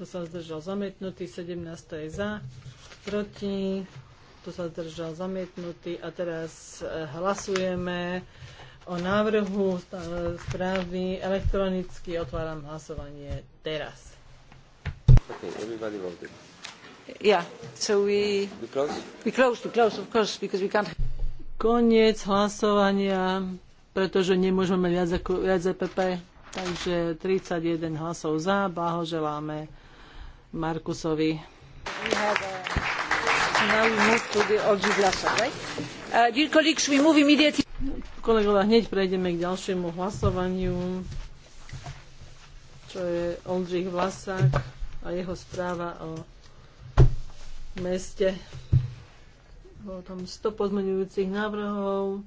to sa zdržal zamietnutý, 17 je za, proti, to sa zdržal zamietnutý a teraz e, hlasujeme o návrhu e, správy elektronicky otváram hlasovanie teraz. Okay, Koniec hlasovania, pretože nemôžeme mať viac, ako, viac EPP. Takže 31 hlasov za, blahoželáme Markusovi. We have a... Uh, now we move to the Kolegovia, hneď prejdeme k ďalšiemu hlasovaniu, čo je Oldřich Vlasák a jeho správa o meste. Bolo tam 100 pozmeňujúcich návrhov.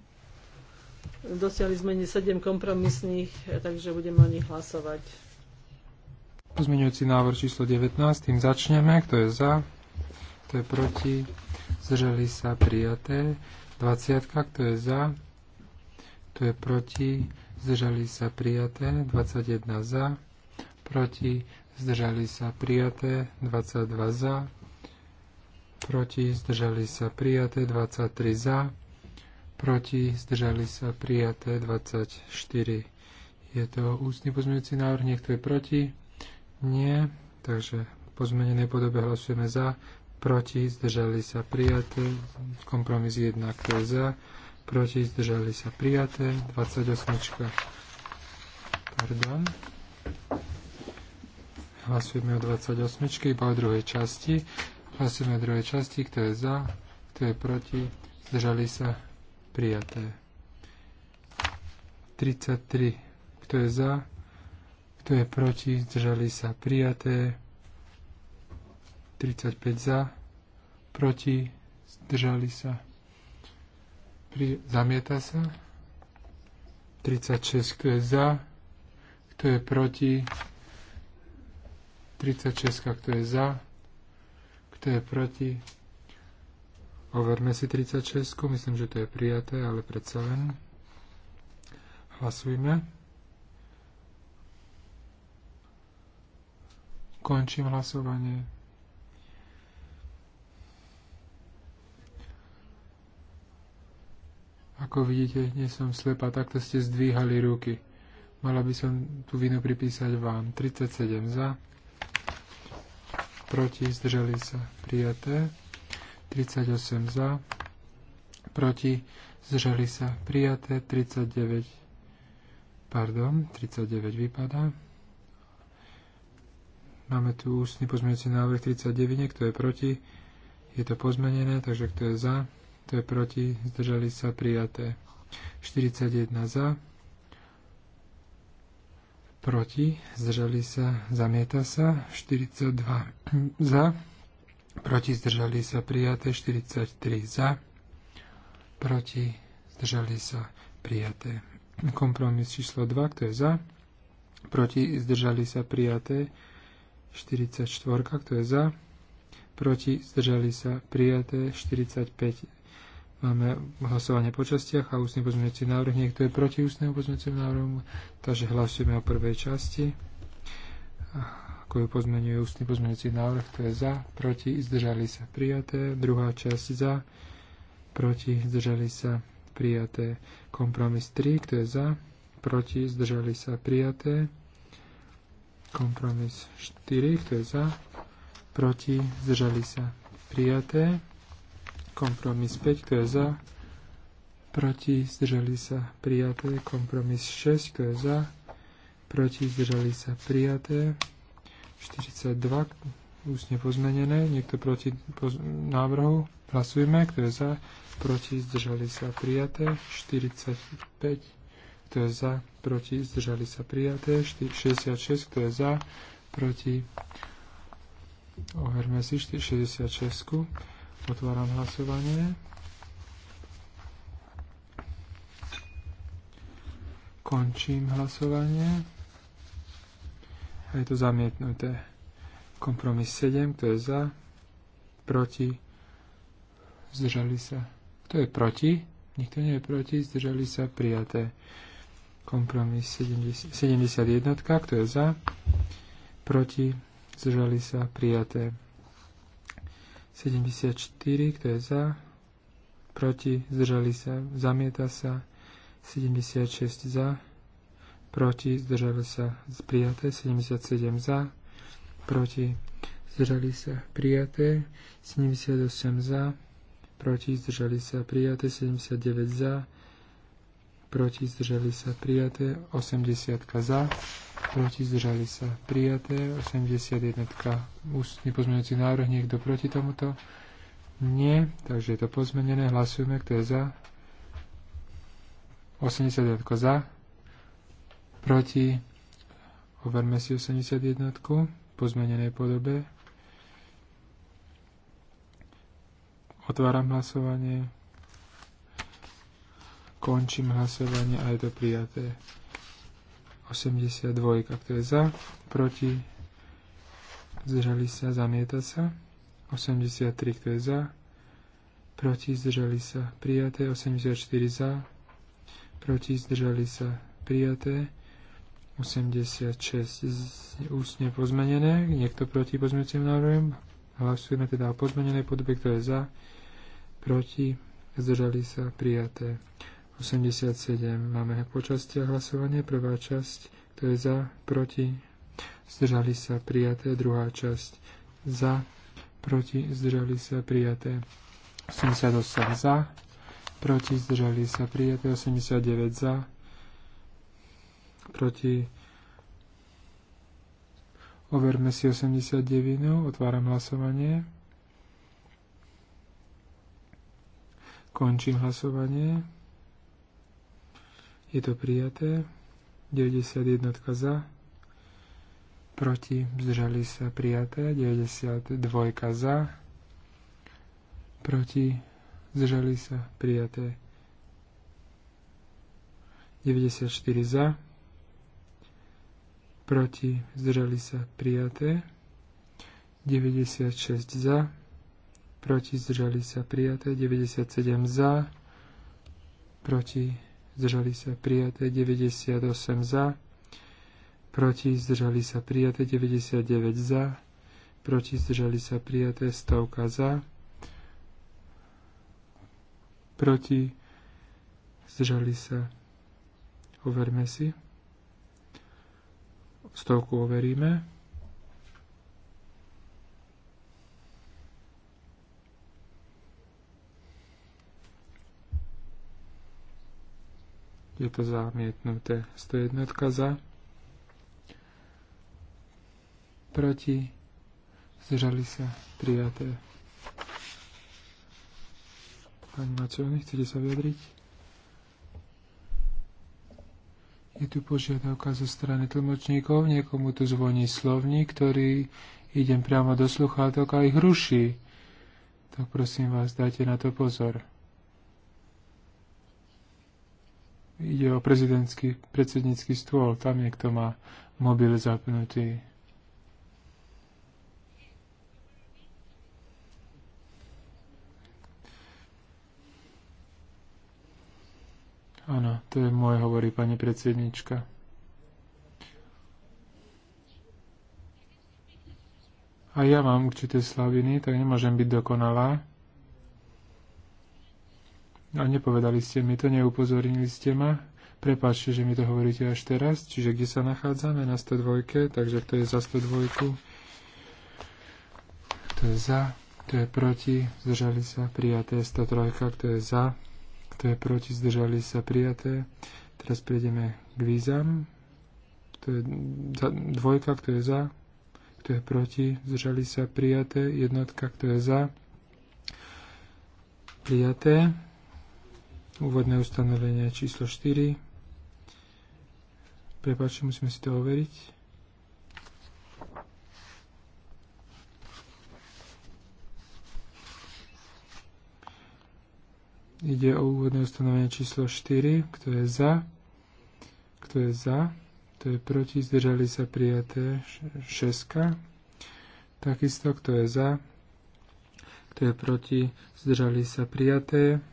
Dosiahli sme 7 kompromisných, takže budeme o nich hlasovať. Pozmeňujúci návrh číslo 19, tým začneme. Kto je za? Kto je proti? Zdržali sa prijaté. 20, kto je za? kto je proti, zdržali sa prijaté, 21 za, proti, zdržali sa prijaté, 22 za, proti, zdržali sa prijaté, 23 za, proti, zdržali sa prijaté, 24. Je to ústny pozmeňujúci návrh, niekto je proti? Nie, takže po zmenenej podobe hlasujeme za, proti, zdržali sa prijaté, kompromis 1, kto je za, proti, zdržali sa prijaté, 28. Pardon. Hlasujeme o 28. iba o druhej časti. Hlasujeme o druhej časti, kto je za, kto je proti, zdržali sa prijaté. 33. Kto je za, kto je proti, zdržali sa prijaté. 35 za, proti, zdržali sa prijaté. Pri, zamieta sa. 36, kto je za, kto je proti. 36, kto je za, kto je proti. Overme si 36, myslím, že to je prijaté, ale predsa len. Hlasujme. Končím hlasovanie. Ako vidíte, nie som slepa, takto ste zdvíhali ruky. Mala by som tú vinu pripísať vám. 37 za, proti, zdržali sa, prijaté. 38 za, proti, zdržali sa, prijaté. 39, pardon, 39 vypadá. Máme tu ústny pozmeňujúci návrh 39, kto je proti, je to pozmenené, takže kto je za, to je proti, zdržali sa prijaté. 41 za, proti, zdržali sa, zamieta sa, 42 za, proti, zdržali sa, prijaté, 43 za, proti, zdržali sa, prijaté. Kompromis číslo 2, kto je za, proti, zdržali sa, prijaté, 44, kto je za, proti, zdržali sa, prijaté, 45 Máme hlasovanie po častiach a ústny pozmeňujúci návrh. Niekto je proti ústnemu pozmeňujúcemu návrhu, takže hlasujeme o prvej časti. Ako ju pozmeňuje ústny pozmeňujúci návrh, to je za, proti, zdržali sa prijaté. Druhá časť za, proti, zdržali sa prijaté. Kompromis 3, kto je za, proti, zdržali sa prijaté. Kompromis 4, kto je za, proti, zdržali sa prijaté. Kompromis 5, kto je za? Proti, zdržali sa prijaté. Kompromis 6, kto je za? Proti, zdržali sa prijaté. 42, ústne pozmenené. Niekto proti poz, návrhu? Hlasujme, kto je za? Proti, zdržali sa prijaté. 45, kto je za? Proti, zdržali sa prijaté. 66, kto je za? Proti, overme si 66. Otváram hlasovanie. Končím hlasovanie. A je to zamietnuté. Kompromis 7, kto je za, proti, zdržali sa. Kto je proti? Nikto nie je proti, zdržali sa, prijaté. Kompromis 70, 71, kto je za, proti, zdržali sa, prijaté 74, kto je za, proti, zdržali sa, zamieta sa, 76 za, proti, zdržali sa, prijaté, 77 za, proti, zdržali sa, prijaté, 78 za, proti, zdržali sa, prijaté, 79 za, proti zdržali sa prijaté, 80 za, proti zdržali sa prijaté, 81 ústny pozmeňujúci návrh, niekto proti tomuto? Nie, takže je to pozmenené, hlasujeme, kto je za. 81 za, proti, overme si 81 pozmenené podobe. Otváram hlasovanie. Končím hlasovanie a je to prijaté. 82, kto je za, proti, zdržali sa, zamieta sa. 83, kto je za, proti, zdržali sa, prijaté. 84 za, proti, zdržali sa, prijaté. 86 ústne pozmenené, niekto proti pozmeňujúcim návrhom. Hlasujeme teda o pozmenenej podobe, kto je za, proti, zdržali sa, prijaté. 87. Máme po a hlasovanie. Prvá časť, to je za, proti, zdržali sa prijaté. Druhá časť, za, proti, zdržali sa prijaté. 88 za, proti, zdržali sa prijaté. 89 za, proti. Overme si 89. Otváram hlasovanie. Končím hlasovanie. Je to prijaté. 91 za. Proti. Zdržali sa prijaté. 92 za. Proti. Zdržali sa prijaté. 94 za. Proti. Zdržali sa prijaté. 96 za. Proti. Zdržali sa prijaté. 97 za. Proti zdržali sa prijaté 98 za, proti zdržali sa prijaté 99 za, proti zdržali sa prijaté stovka za, proti zdržali sa, overme si, stovku overíme, Je to zamietnuté. 101 za. Proti. Zdržali sa. Prijaté. Pani Macioni, chcete sa vyjadriť? Je tu požiadavka zo strany tlmočníkov. Niekomu tu zvoní slovník, ktorý idem priamo do sluchátok a ich ruší. Tak prosím vás, dajte na to pozor. ide o prezidentský, predsednícky stôl. Tam niekto má mobil zapnutý. Áno, to je môj, hovorí pani predsednička. A ja mám určité slaviny, tak nemôžem byť dokonalá. A nepovedali ste mi to, neupozornili ste ma. Prepáčte, že mi to hovoríte až teraz. Čiže kde sa nachádzame? Na 102. Takže kto je za 102? Kto je za? Kto je proti? Zdržali sa? Prijaté. 103. Kto je za? Kto je proti? Zdržali sa? Prijaté. Teraz prejdeme k vízam. Kto je za, dvojka? Kto je za? Kto je proti? Zdržali sa? Prijaté. Jednotka? Kto je za? Prijaté. Úvodné ustanovenie číslo 4. Prepačte, musíme si to overiť. Ide o úvodné ustanovenie číslo 4. Kto je za? Kto je za? Kto je proti? Zdržali sa prijaté 6. Takisto, kto je za? Kto je proti? Zdržali sa prijaté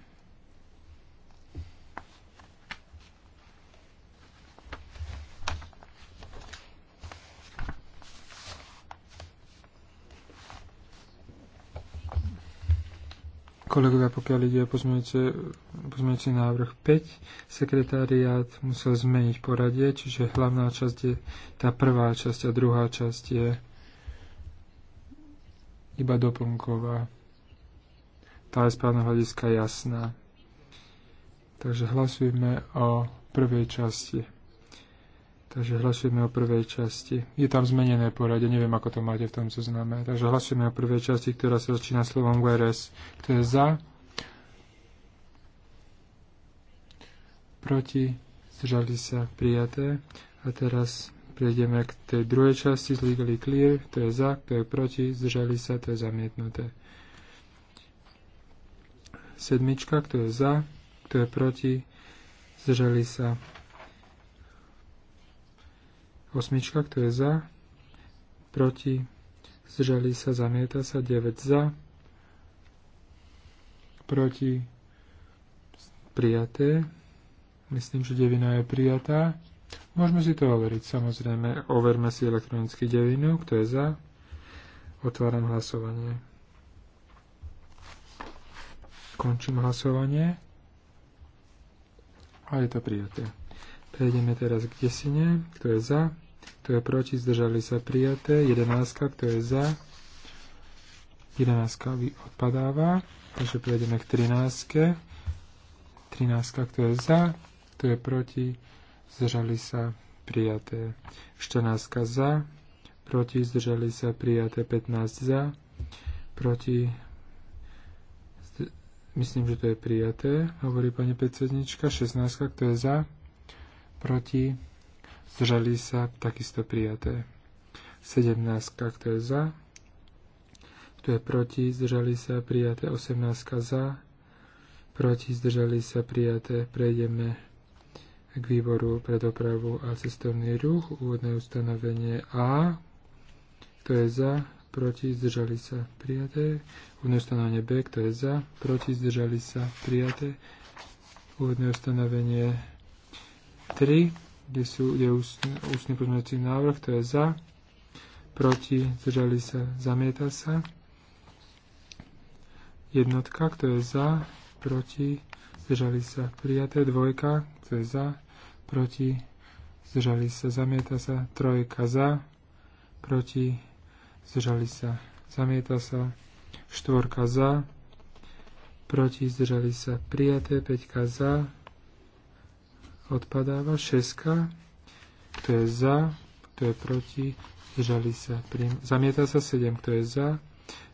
Kolegovia, pokiaľ ide o pozmeňujúci návrh 5, sekretariát musel zmeniť poradie, čiže hlavná časť je tá prvá časť a druhá časť je iba doplnková. Tá je z právneho hľadiska jasná. Takže hlasujme o prvej časti. Takže hlasujeme o prvej časti. Je tam zmenené poradie, neviem, ako to máte v tom zozname. Takže hlasujeme o prvej časti, ktorá sa začína slovom WRS. Kto je za? Proti? Zdržali sa prijaté. A teraz prejdeme k tej druhej časti z Legally Clear. To je za, to je proti, zdržali sa, to je zamietnuté. Sedmička, kto je za, kto je proti, zdržali sa, Osmička, kto je za, proti, zdržali sa, zamieta sa, 9 za, proti, prijaté. Myslím, že devina je prijatá. Môžeme si to overiť, samozrejme. Overme si elektronicky devinu, kto je za. Otváram hlasovanie. Končím hlasovanie. A je to prijaté. Prejdeme teraz k desine, kto je za kto je proti, zdržali sa prijaté, 11, kto je za, 11 odpadáva, takže prejdeme k 13, 13, kto je za, kto je proti, zdržali sa prijaté, 14 za, proti, zdržali sa prijaté, 15 za, proti, myslím, že to je prijaté, hovorí pani predsednička, 16, kto je za, proti, zdržali sa, takisto prijaté. 17, kto je za, kto je proti, zdržali sa, prijaté. 18 za, proti, zdržali sa, prijaté. Prejdeme k výboru pre dopravu a cestovný ruch. Úvodné ustanovenie A. Kto je za? Proti, zdržali sa, prijaté. Úvodné ustanovenie B. Kto je za? Proti, zdržali sa, prijaté. Úvodné ustanovenie 3 kde, sú, kde ústne, ústne ústny návrh, to je za, proti, zdržali sa, zamieta sa. Jednotka, kto je za, proti, zdržali sa, prijaté. Dvojka, kto je za, proti, zdržali sa, zamieta sa. Trojka za, proti, zdržali sa, zamieta sa. Štvorka za, proti, zdržali sa, prijaté. Peťka za, odpadáva. Šeska, kto je za, kto je proti, zdržali sa. Prim- zamieta sa sedem, kto je za,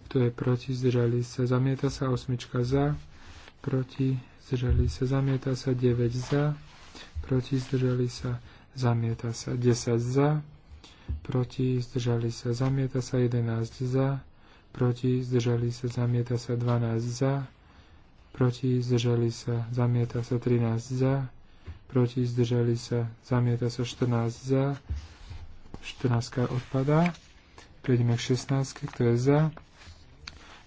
kto je proti, zdržali sa. Zamieta sa osmička za, proti, zdržali sa. Zamieta sa 9 za, proti, zdržali sa. Zamieta sa 10 za, proti, zdržali sa. Zamieta sa 11 za, proti, zdržali sa. Zamieta sa 12 za, proti, zdržali sa. Zamieta sa 13 za, proti, zdržali sa, zamieta sa 14 za, 14 odpadá, prejdeme k 16, kto je za,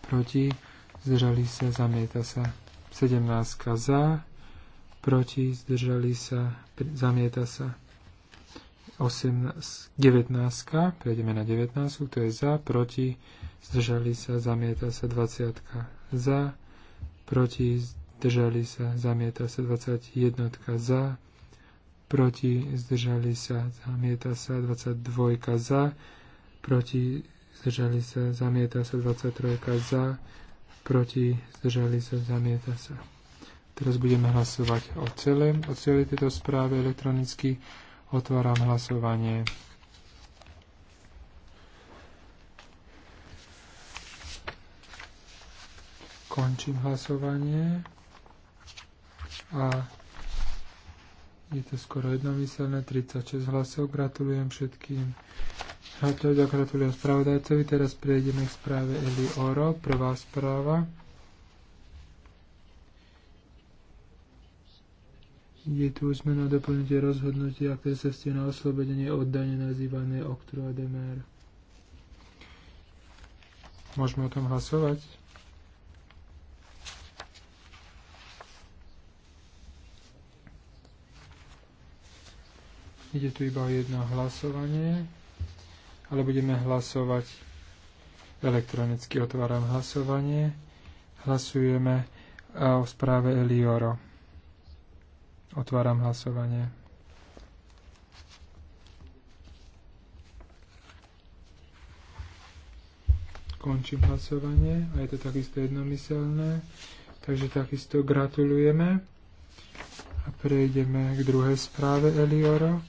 proti, zdržali sa, zamieta sa 17 za, proti, zdržali sa, zamieta sa 18, 19, prejdeme na 19, kto je za, proti, zdržali sa, zamieta sa 20, za, proti, zdržali sa, zamieta sa 21 za, proti, zdržali sa, zamieta sa 22 za, proti, zdržali sa, zamieta sa 23 za, proti, zdržali sa, zamieta sa. Teraz budeme hlasovať o celé, o celej tejto správe elektronicky. Otváram hlasovanie. Končím hlasovanie a je to skoro jednomyselné, 36 hlasov. Gratulujem všetkým. Gratulujem, gratulujem spravodajcovi. Teraz prejdeme k správe Eli Oro. Prvá správa. Je tu už zmena doplnitie rozhodnutia, ktoré sa ste na oslobodenie oddane nazývané octroi de mer. Môžeme o tom hlasovať? Ide tu iba o jedno hlasovanie, ale budeme hlasovať elektronicky. Otváram hlasovanie. Hlasujeme o správe Elioro. Otváram hlasovanie. Končím hlasovanie a je to takisto jednomyselné. Takže takisto gratulujeme a prejdeme k druhej správe Elioro.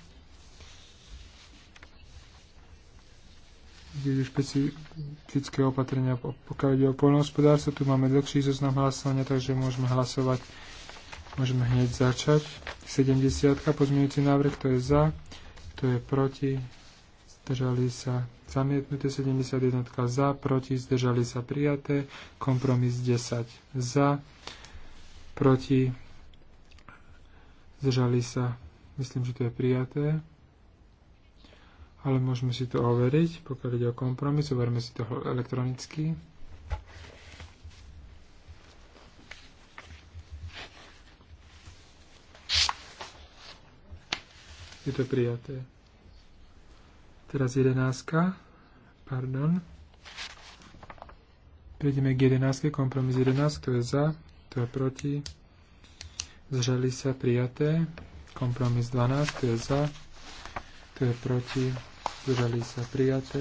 špecifické opatrenia, pokiaľ ide o poľnohospodárstvo. Tu máme dlhší zoznam hlasovania, takže môžeme hlasovať. Môžeme hneď začať. 70. pozmeňujúci návrh, kto je za, kto je proti, zdržali sa zamietnuté, 71 za, proti, zdržali sa prijaté, kompromis 10 za, proti, zdržali sa, myslím, že to je prijaté ale môžeme si to overiť, pokiaľ ide o kompromis, overme si to elektronicky. Je to prijaté. Teraz jedenáctka, pardon. Prejdeme k jedenáctke, kompromis 11, kto je za, kto je proti. Zžali sa prijaté. Kompromis 12, kto je za, to je proti zdržali sa prijaté,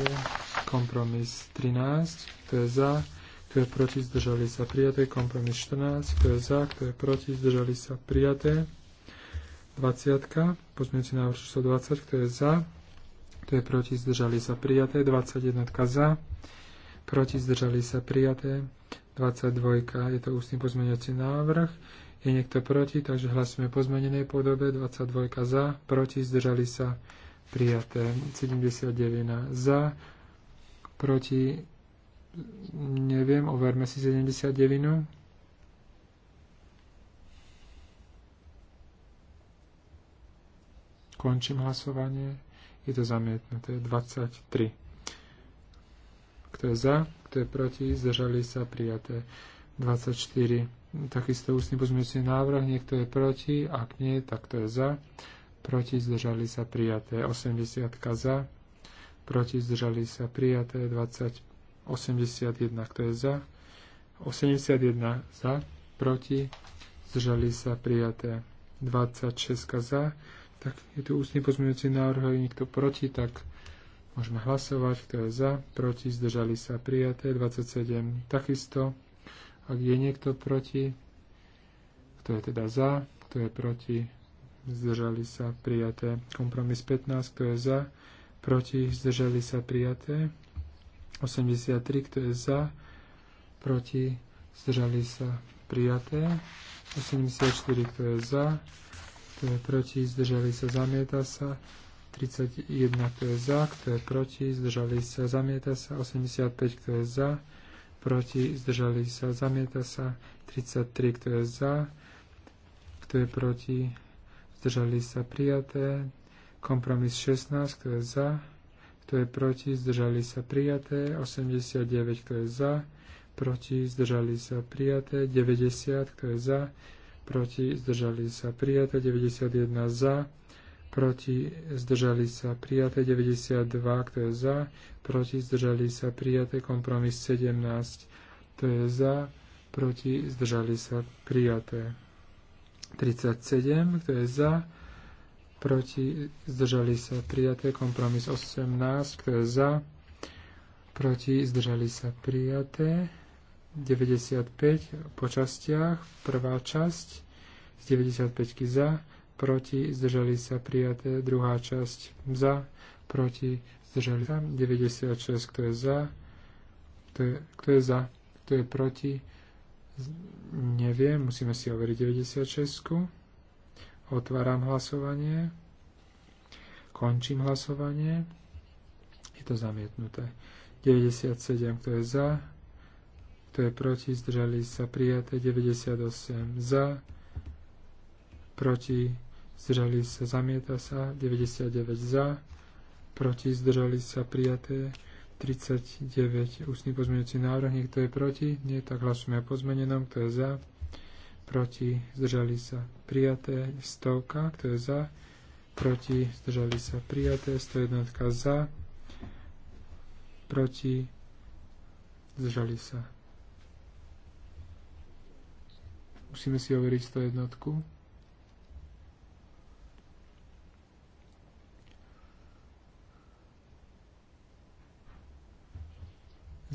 kompromis 13, kto je za, kto je proti, zdržali sa prijaté, kompromis 14, kto je za, kto je proti, zdržali sa prijaté, 20, pozmeňujúci návrh číslo 20, kto je za, kto je proti, zdržali sa prijaté, 21 za, proti, zdržali sa prijaté, 22 je to ústny pozmeňujúci návrh, je niekto proti, takže hlasujeme po zmenenej podobe, 22 za, proti, zdržali sa prijaté, prijaté. 79 za, proti, neviem, overme si 79. Končím hlasovanie. Je to zamietnuté. 23. Kto je za, kto je proti, zdržali sa prijaté. 24. Takisto ústny pozmeňujúci návrh, niekto je proti, ak nie, tak to je za proti zdržali sa prijaté 80 za, proti zdržali sa prijaté 20, 81, kto je za, 81 za, proti zdržali sa prijaté 26 za, tak je tu ústny pozmeňujúci návrh, je niekto proti, tak môžeme hlasovať, kto je za, proti, zdržali sa prijaté 27 takisto, ak je niekto proti, kto je teda za, kto je proti, zdržali sa prijaté. Kompromis 15, kto je za, proti, zdržali sa prijaté. 83, kto je za, proti, zdržali sa prijaté. 84, kto je za, kto je proti, zdržali sa, zamieta sa. 31, kto je za, kto je proti, zdržali sa, zamieta sa. 85, kto je za, proti, zdržali sa, zamieta sa. 33, kto je za, kto je proti, zdržali sa prijaté, kompromis 16, kto je za, kto je proti, zdržali sa prijaté, 89, kto je za, proti, zdržali sa prijaté, 90, kto je za, proti, zdržali sa prijaté, 91 za, proti, zdržali sa prijaté, 92, kto je za, proti, zdržali sa prijaté, kompromis 17, kto je za, proti, zdržali sa prijaté. 37, kto je za, proti, zdržali sa prijaté, kompromis 18, kto je za, proti, zdržali sa prijaté, 95 po častiach, prvá časť, z 95 za, proti, zdržali sa prijaté, druhá časť za, proti, zdržali sa, 96, kto je za, kto je, kto je za, kto je proti, Neviem, musíme si overiť 96. Otváram hlasovanie. Končím hlasovanie. Je to zamietnuté. 97, kto je za, kto je proti, zdržali sa prijaté. 98 za, proti, zdržali sa, zamieta sa. 99 za, proti, zdržali sa prijaté. 39 ústny pozmeňujúci návrh. Niekto je proti? Nie, tak hlasujeme o pozmenenom. Kto je za? Proti? Zdržali sa? Prijaté. Stovka. Kto je za? Proti? Zdržali sa? Prijaté. 101 za? Proti? Zdržali sa? Musíme si overiť 101.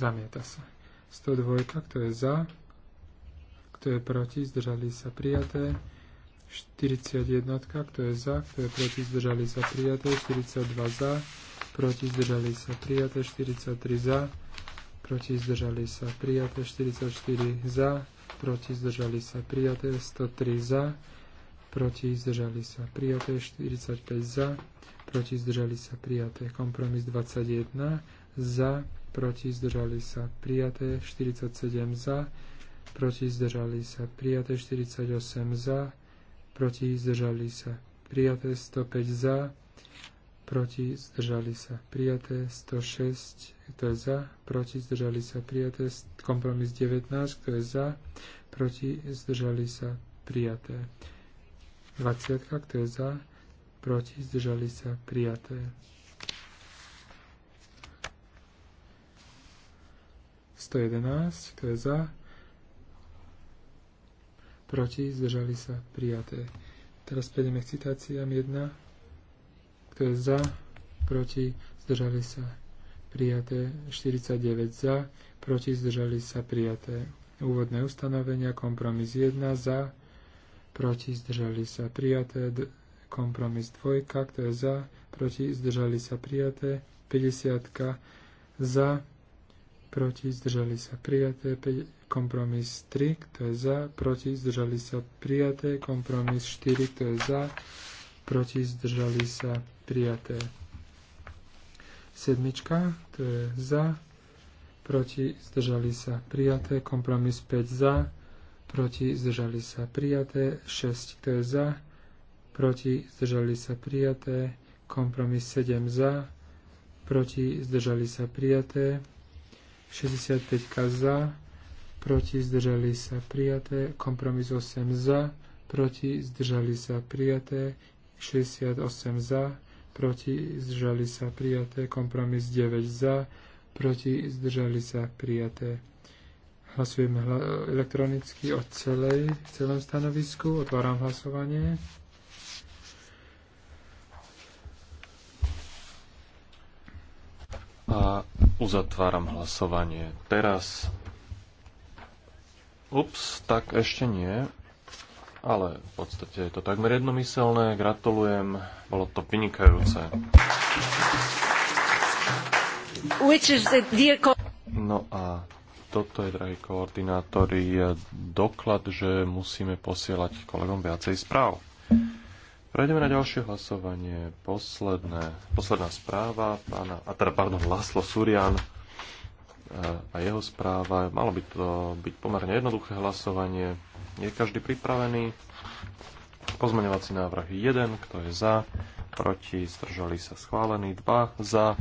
Zamieta sa. 102, kto je za, kto je proti, zdržali sa prijaté. 41, kto je za, kto je proti, zdržali sa prijaté. 42 za, proti, zdržali sa prijaté. 43 za, proti, zdržali sa prijaté. 44 za, proti, zdržali sa prijaté. 103 za, proti, zdržali sa prijaté. 45 za, proti, zdržali sa prijaté. Kompromis 21 za, proti zdržali sa prijaté 47 za, proti zdržali sa prijaté 48 za, proti zdržali sa prijaté 105 za, proti zdržali sa prijaté 106, kto je za, proti zdržali sa prijaté kompromis 19, kto je za, proti zdržali sa prijaté 20, kto je za, proti zdržali sa prijaté 111, kto je za, proti, zdržali sa, prijaté. Teraz prejdeme k citáciám 1, kto je za, proti, zdržali sa, prijaté. 49 za, proti, zdržali sa, prijaté. Úvodné ustanovenia, kompromis 1 za, proti, zdržali sa, prijaté. Kompromis 2, kto je za, proti, zdržali sa, prijaté. 50 za, proti, zdržali sa prijaté, kompromis 3, kto je za, proti, zdržali sa prijaté, kompromis 4, kto je za, proti, zdržali sa prijaté. Sedmička, to je za, proti, zdržali sa prijaté, kompromis 5 za, proti, zdržali sa prijaté, 6, to je za, proti, zdržali sa prijaté, kompromis 7 za, proti, zdržali sa prijaté, 65 za, proti zdržali sa prijaté, kompromis 8 za, proti zdržali sa prijaté, 68 za, proti zdržali sa prijaté, kompromis 9 za, proti zdržali sa prijaté. Hlasujeme hla elektronicky o celej, celom stanovisku, otváram hlasovanie. A Uzatváram hlasovanie. Teraz... Ups, tak ešte nie. Ale v podstate je to takmer jednomyselné. Gratulujem. Bolo to vynikajúce. No a toto je, drahí koordinátori, doklad, že musíme posielať kolegom viacej správ. Prejdeme na ďalšie hlasovanie. Posledné, posledná správa pána, a teda, pardon, Laslo Surian e, a jeho správa. Malo by to byť pomerne jednoduché hlasovanie. Je každý pripravený? Pozmeňovací návrh 1, kto je za, proti, zdržali sa schválený, 2 za,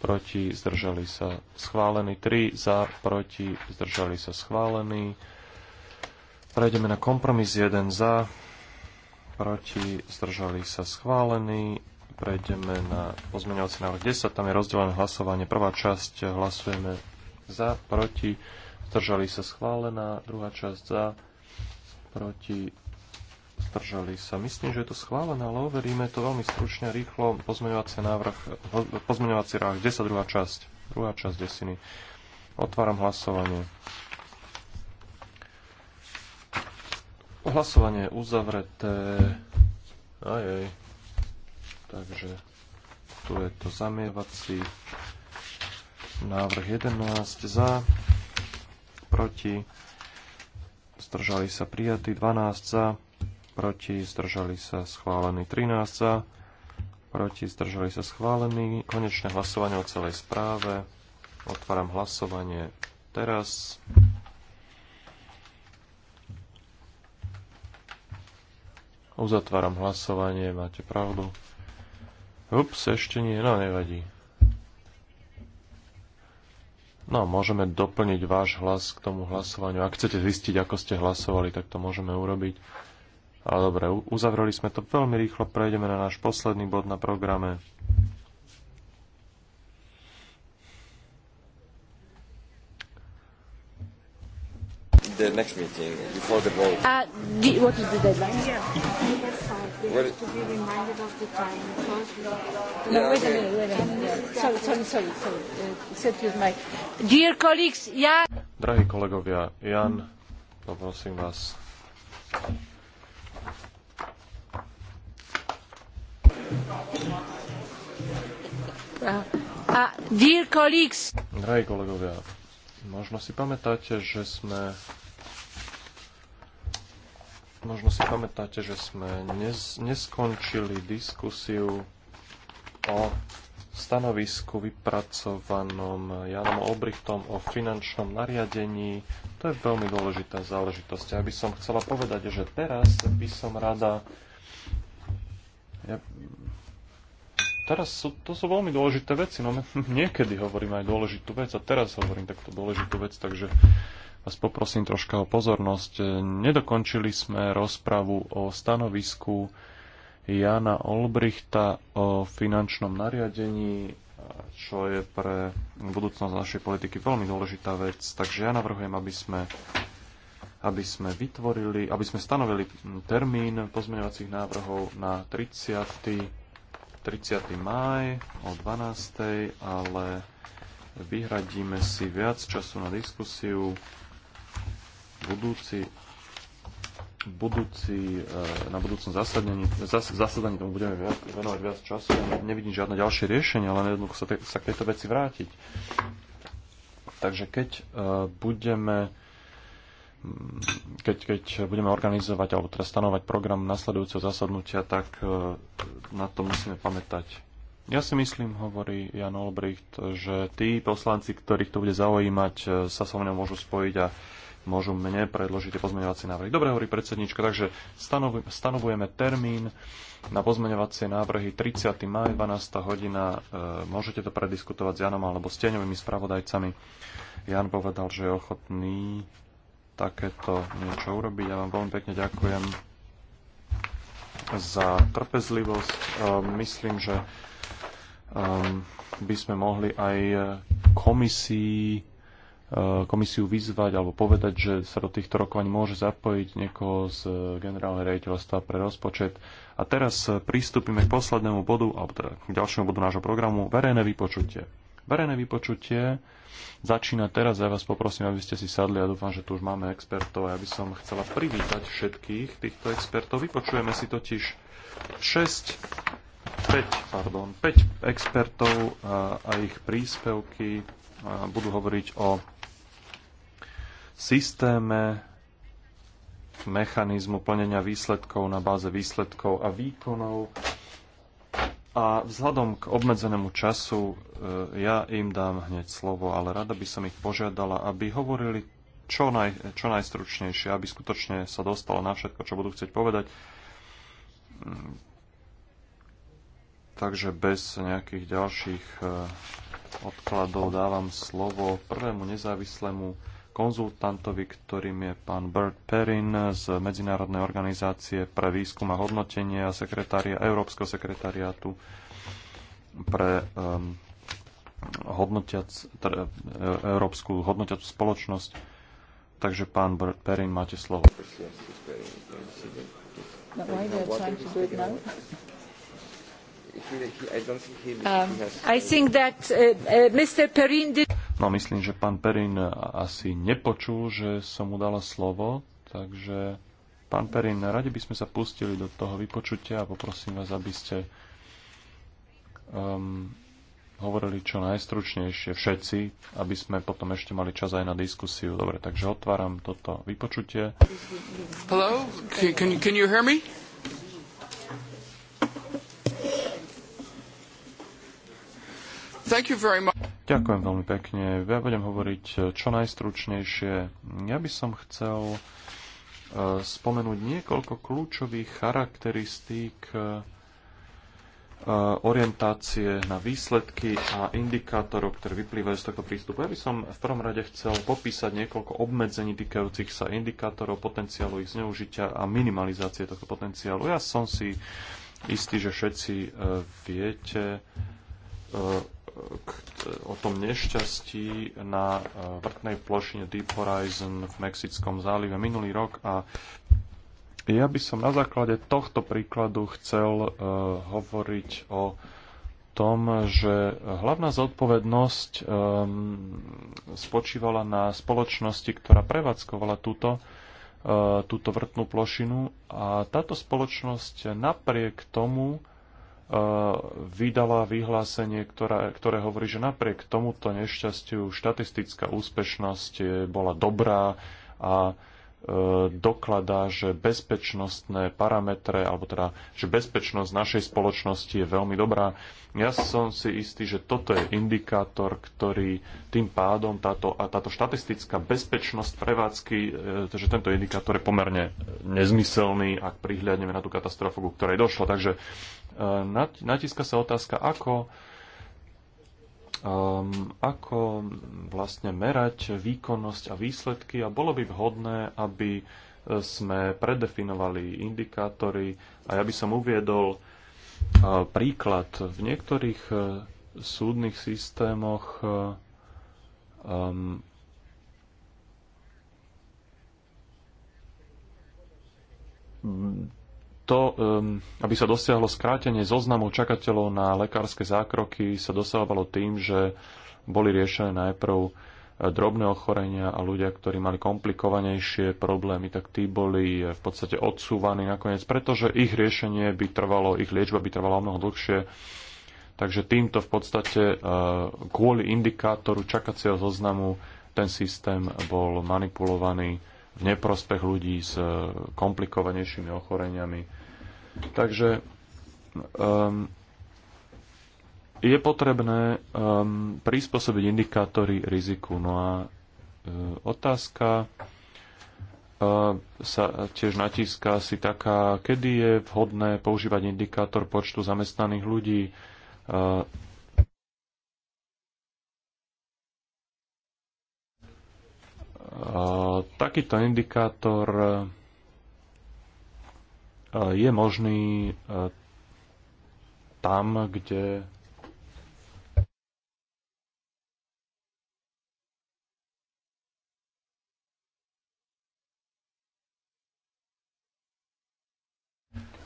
proti, zdržali sa schválený, 3 za, proti, zdržali sa schválený. Prejdeme na kompromis 1 za, proti, zdržali sa schválení. Prejdeme na pozmeňovací návrh 10, tam je rozdelené hlasovanie. Prvá časť hlasujeme za, proti, zdržali sa schválená. Druhá časť za, proti, zdržali sa. Myslím, že je to schválené, ale overíme to veľmi stručne, rýchlo. Pozmeňovací návrh, pozmeňovací návrh 10, druhá časť, druhá časť desiny. Otváram hlasovanie. Hlasovanie je uzavreté. aj. Takže tu je to zamievací návrh 11 za, proti, zdržali sa prijatí 12 za, proti, zdržali sa schválení 13 za, proti, zdržali sa schválení. Konečné hlasovanie o celej správe. Otváram hlasovanie teraz. Uzatváram hlasovanie, máte pravdu. Ups, ešte nie, no nevadí. No, môžeme doplniť váš hlas k tomu hlasovaniu. Ak chcete zistiť, ako ste hlasovali, tak to môžeme urobiť. Ale dobre, uzavreli sme to veľmi rýchlo, prejdeme na náš posledný bod na programe. the next meeting, before the vote. Uh, what is the deadline? Yeah. That's fine. We what have to be reminded of the time because we No, yeah, wait okay. a minute, wait a minute. Sorry, sorry, sorry, sorry. Uh, except my... Dear colleagues, Yeah. Drahí kolegovia, Jan, poprosím vás. Uh, uh, dear colleagues... Drahí kolegovia, Možno si pamätáte, že sme Možno si pamätáte, že sme nes- neskončili diskusiu o stanovisku vypracovanom Janom Obrichtom o finančnom nariadení. To je veľmi dôležitá záležitosť. Ja by som chcela povedať, že teraz by som rada... Ja... Teraz sú, to sú veľmi dôležité veci. No, niekedy hovorím aj dôležitú vec a teraz hovorím takto dôležitú vec, takže vás poprosím troška o pozornosť. Nedokončili sme rozpravu o stanovisku Jana Olbrichta o finančnom nariadení, čo je pre budúcnosť našej politiky veľmi dôležitá vec. Takže ja navrhujem, aby sme aby sme vytvorili, aby sme stanovili termín pozmeňovacích návrhov na 30. 30. máj o 12. ale vyhradíme si viac času na diskusiu budúci, budúci, eh, na budúcom zasadení, zas, zasadaní tomu budeme viac, venovať viac času. Nevidím žiadne ďalšie riešenie, ale jednoducho sa, sa k tejto veci vrátiť. Takže keď eh, budeme keď, keď budeme organizovať alebo teda stanovať program nasledujúceho zasadnutia, tak eh, na to musíme pamätať. Ja si myslím, hovorí Jan Olbricht, že tí poslanci, ktorých to bude zaujímať, sa so mnou môžu spojiť a môžu mne predložiť tie pozmeňovacie návrhy. Dobre hovorí predsednička, takže stanovujeme termín na pozmeňovacie návrhy 30. maj 12. hodina. E, môžete to prediskutovať s Janom alebo s tieňovými spravodajcami. Jan povedal, že je ochotný takéto niečo urobiť. Ja vám veľmi pekne ďakujem za trpezlivosť. E, myslím, že ehm, by sme mohli aj komisii komisiu vyzvať alebo povedať, že sa do týchto rokovaní môže zapojiť niekoho z generálneho rejiteľstva pre rozpočet. A teraz pristúpime k poslednému bodu, alebo teda k ďalšiemu bodu nášho programu, verejné vypočutie. Verejné vypočutie začína teraz. Ja vás poprosím, aby ste si sadli. Ja dúfam, že tu už máme expertov. Ja by som chcela privítať všetkých týchto expertov. Vypočujeme si totiž 6 5, pardon, 5 expertov a, a ich príspevky budú hovoriť o systéme mechanizmu plnenia výsledkov na báze výsledkov a výkonov. A vzhľadom k obmedzenému času e, ja im dám hneď slovo, ale rada by som ich požiadala, aby hovorili čo, naj, čo najstručnejšie, aby skutočne sa dostalo na všetko, čo budú chcieť povedať. Takže bez nejakých ďalších e, odkladov dávam slovo prvému nezávislému konzultantovi, ktorým je pán Bert Perrin z Medzinárodnej organizácie pre výskum a hodnotenie a sekretária, Európskeho sekretariátu pre um, hodnotiac, tre, Európsku hodnotiacu spoločnosť. Takže pán Bert Perrin, máte slovo. No, Um, uh, uh, no, myslím, že pán Perin uh, asi nepočul, že som mu dala slovo, takže pán Perin, radi by sme sa pustili do toho vypočutia a poprosím vás, aby ste um, hovorili čo najstručnejšie všetci, aby sme potom ešte mali čas aj na diskusiu. Dobre, takže otváram toto vypočutie. Hello, can, can you hear me? Ďakujem veľmi pekne. Ja budem hovoriť eh, čo najstručnejšie. Ja by som chcel eh, spomenúť niekoľko kľúčových charakteristík eh, orientácie na výsledky a indikátorov, ktoré vyplývajú z tohto prístupu. Ja by som v prvom rade chcel popísať niekoľko obmedzení týkajúcich sa indikátorov, potenciálu ich zneužitia a minimalizácie tohto potenciálu. Ja som si istý, že všetci viete, o tom nešťastí na e, vrtnej plošine Deep Horizon v Mexickom zálive minulý rok a ja by som na základe tohto príkladu chcel e, hovoriť o tom, že hlavná zodpovednosť e, spočívala na spoločnosti, ktorá prevádzkovala túto túto vrtnú plošinu a táto spoločnosť napriek tomu Eh, vydala vyhlásenie, ktorá, ktoré hovorí, že napriek tomuto nešťastiu štatistická úspešnosť bola dobrá a eh, dokladá, že bezpečnostné parametre, alebo teda, že bezpečnosť našej spoločnosti je veľmi dobrá. Ja som si istý, že toto je indikátor, ktorý tým pádom táto, a táto štatistická bezpečnosť prevádzky, eh, že tento indikátor je pomerne nezmyselný, ak prihľadneme na tú katastrofu, ku ktorej došlo. Takže natiska sa otázka, ako, um, ako vlastne merať výkonnosť a výsledky a bolo by vhodné, aby sme predefinovali indikátory a ja by som uviedol uh, príklad. V niektorých uh, súdnych systémoch uh, um, to, um, aby sa dosiahlo skrátenie zoznamov čakateľov na lekárske zákroky, sa dosahovalo tým, že boli riešené najprv e, drobné ochorenia a ľudia, ktorí mali komplikovanejšie problémy, tak tí boli e, v podstate odsúvaní nakoniec, pretože ich riešenie by trvalo, ich liečba by trvala mnoho dlhšie. Takže týmto v podstate e, kvôli indikátoru čakacieho zoznamu ten systém bol manipulovaný v neprospech ľudí s komplikovanejšími ochoreniami Takže um, je potrebné um, prispôsobiť indikátory riziku. No a uh, otázka uh, sa tiež natíska si taká, kedy je vhodné používať indikátor počtu zamestnaných ľudí. Uh, uh takýto indikátor Eh, je možný eh, tam, kde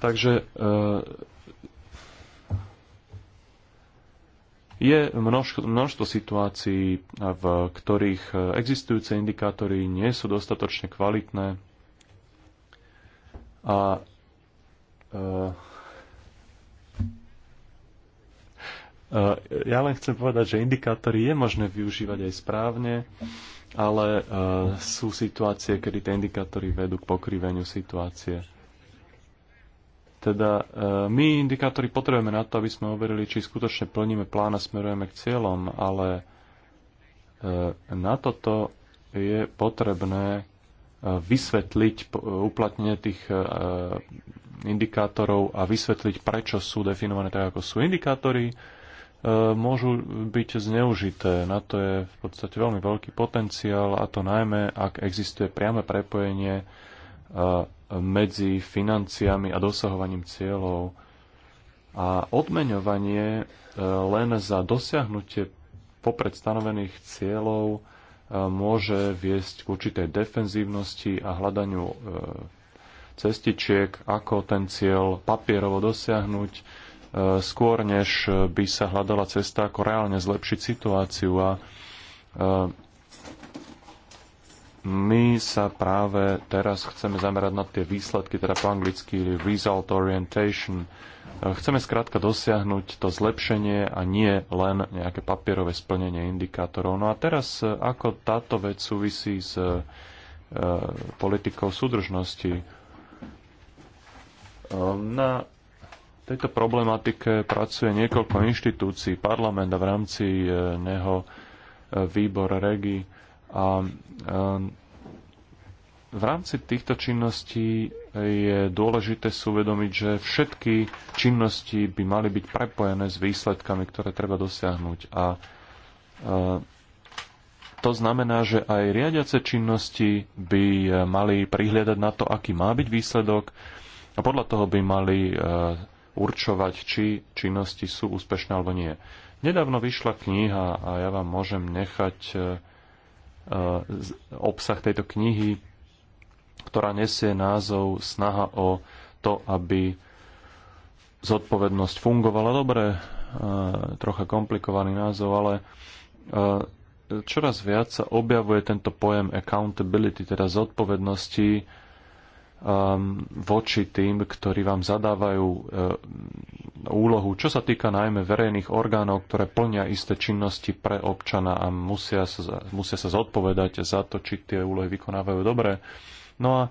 Takže eh, je množstvo situácií, v ktorých existujúce indikátory nie sú dostatočne kvalitné a Ehm, ehm, ja len chcem povedať, že indikátory je možné využívať aj správne, ale ehm, sú situácie, kedy tie indikátory vedú k pokriveniu situácie. Teda my indikátory potrebujeme na to, aby sme overili, či skutočne plníme plán a smerujeme k cieľom, ale na toto je potrebné vysvetliť uplatnenie tých indikátorov a vysvetliť, prečo sú definované tak, ako sú indikátory, e, môžu byť zneužité. Na to je v podstate veľmi veľký potenciál a to najmä, ak existuje priame prepojenie e, medzi financiami a dosahovaním cieľov. A odmeňovanie e, len za dosiahnutie popred stanovených cieľov môže viesť k určitej defenzívnosti a hľadaniu cestičiek, ako ten cieľ papierovo dosiahnuť, e, skôr než by sa hľadala cesta, ako reálne zlepšiť situáciu. A e, my sa práve teraz chceme zamerať na tie výsledky, teda po anglicky result orientation. E, chceme skrátka dosiahnuť to zlepšenie a nie len nejaké papierové splnenie indikátorov. No a teraz, ako táto vec súvisí s politikou súdržnosti, na tejto problematike pracuje niekoľko inštitúcií, parlament a v rámci eh, neho eh, výbor REGI. A eh, v rámci týchto činností je dôležité si uvedomiť, že všetky činnosti by mali byť prepojené s výsledkami, ktoré treba dosiahnuť. A to znamená, že aj riadiace činnosti by mali prihliadať na to, aký má byť výsledok, a podľa toho by mali e, určovať, či činnosti sú úspešné alebo nie. Nedávno vyšla kniha a ja vám môžem nechať e, e, obsah tejto knihy, ktorá nesie názov Snaha o to, aby zodpovednosť fungovala dobre, trocha komplikovaný názov, ale čoraz viac sa objavuje tento pojem accountability, teda zodpovednosti um, voči tým, ktorí vám zadávajú um, úlohu, čo sa týka najmä verejných orgánov, ktoré plnia isté činnosti pre občana a musia sa, musia sa zodpovedať za to, či tie úlohy vykonávajú dobre. No a eh,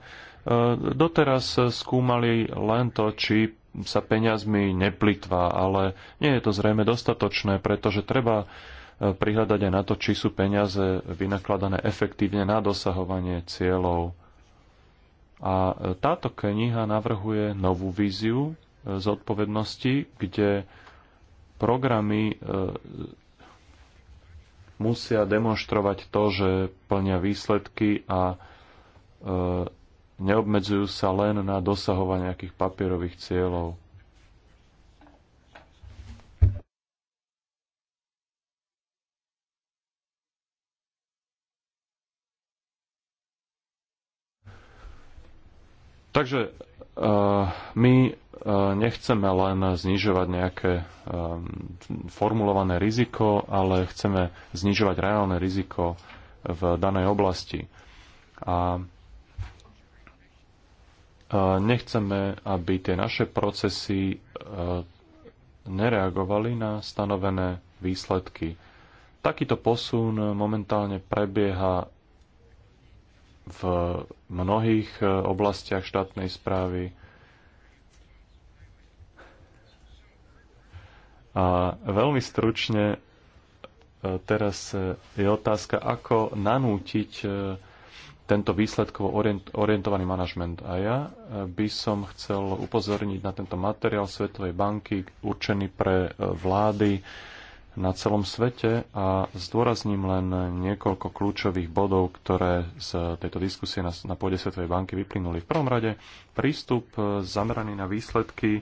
doteraz skúmali len to, či sa peniazmi neplitvá, ale nie je to zrejme dostatočné, pretože treba eh, prihľadať aj na to, či sú peniaze vynakladané efektívne na dosahovanie cieľov a e, táto kniha navrhuje novú víziu e, zodpovednosti, kde programy e, musia demonstrovať to, že plnia výsledky a neobmedzujú sa len na dosahovanie nejakých papierových cieľov. Takže eh, my eh, nechceme len znižovať nejaké eh, formulované riziko, ale chceme znižovať reálne riziko v danej oblasti. A nechceme, aby tie naše procesy nereagovali na stanovené výsledky. Takýto posun momentálne prebieha v mnohých e, oblastiach štátnej správy. A veľmi stručne e, teraz je otázka, ako nanútiť e, tento výsledkovo orientovaný manažment. A ja by som chcel upozorniť na tento materiál Svetovej banky určený pre vlády na celom svete a zdôrazním len niekoľko kľúčových bodov, ktoré z tejto diskusie na, na pôde Svetovej banky vyplynuli. V prvom rade prístup e, zameraný na výsledky e,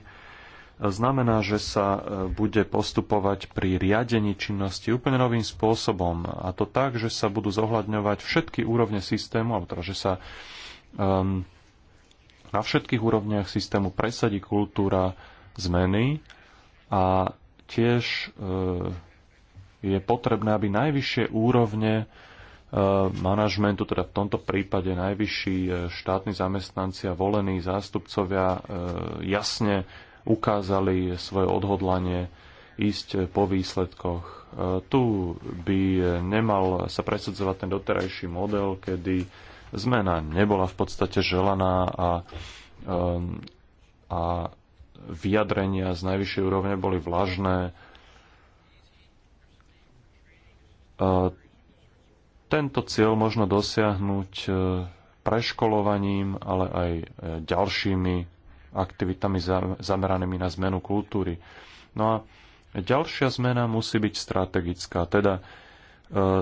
znamená, že sa e, bude postupovať pri riadení činnosti úplne novým spôsobom. A to tak, že sa budú zohľadňovať všetky úrovne systému, alebo teda, že sa um, na všetkých úrovniach systému presadí kultúra zmeny a tiež e, je potrebné, aby najvyššie úrovne e, manažmentu, teda v tomto prípade najvyšší e, štátni zamestnanci a volení zástupcovia jasne ukázali svoje odhodlanie ísť po výsledkoch. Tu by nemal sa presadzovať ten doterajší model, kedy zmena nebola v podstate želaná a, a vyjadrenia z najvyššej úrovne boli vlažné. Tento cieľ možno dosiahnuť e, preškolovaním, ale aj e, ďalšími aktivitami zameranými na zmenu kultúry. No a ďalšia zmena musí byť strategická, teda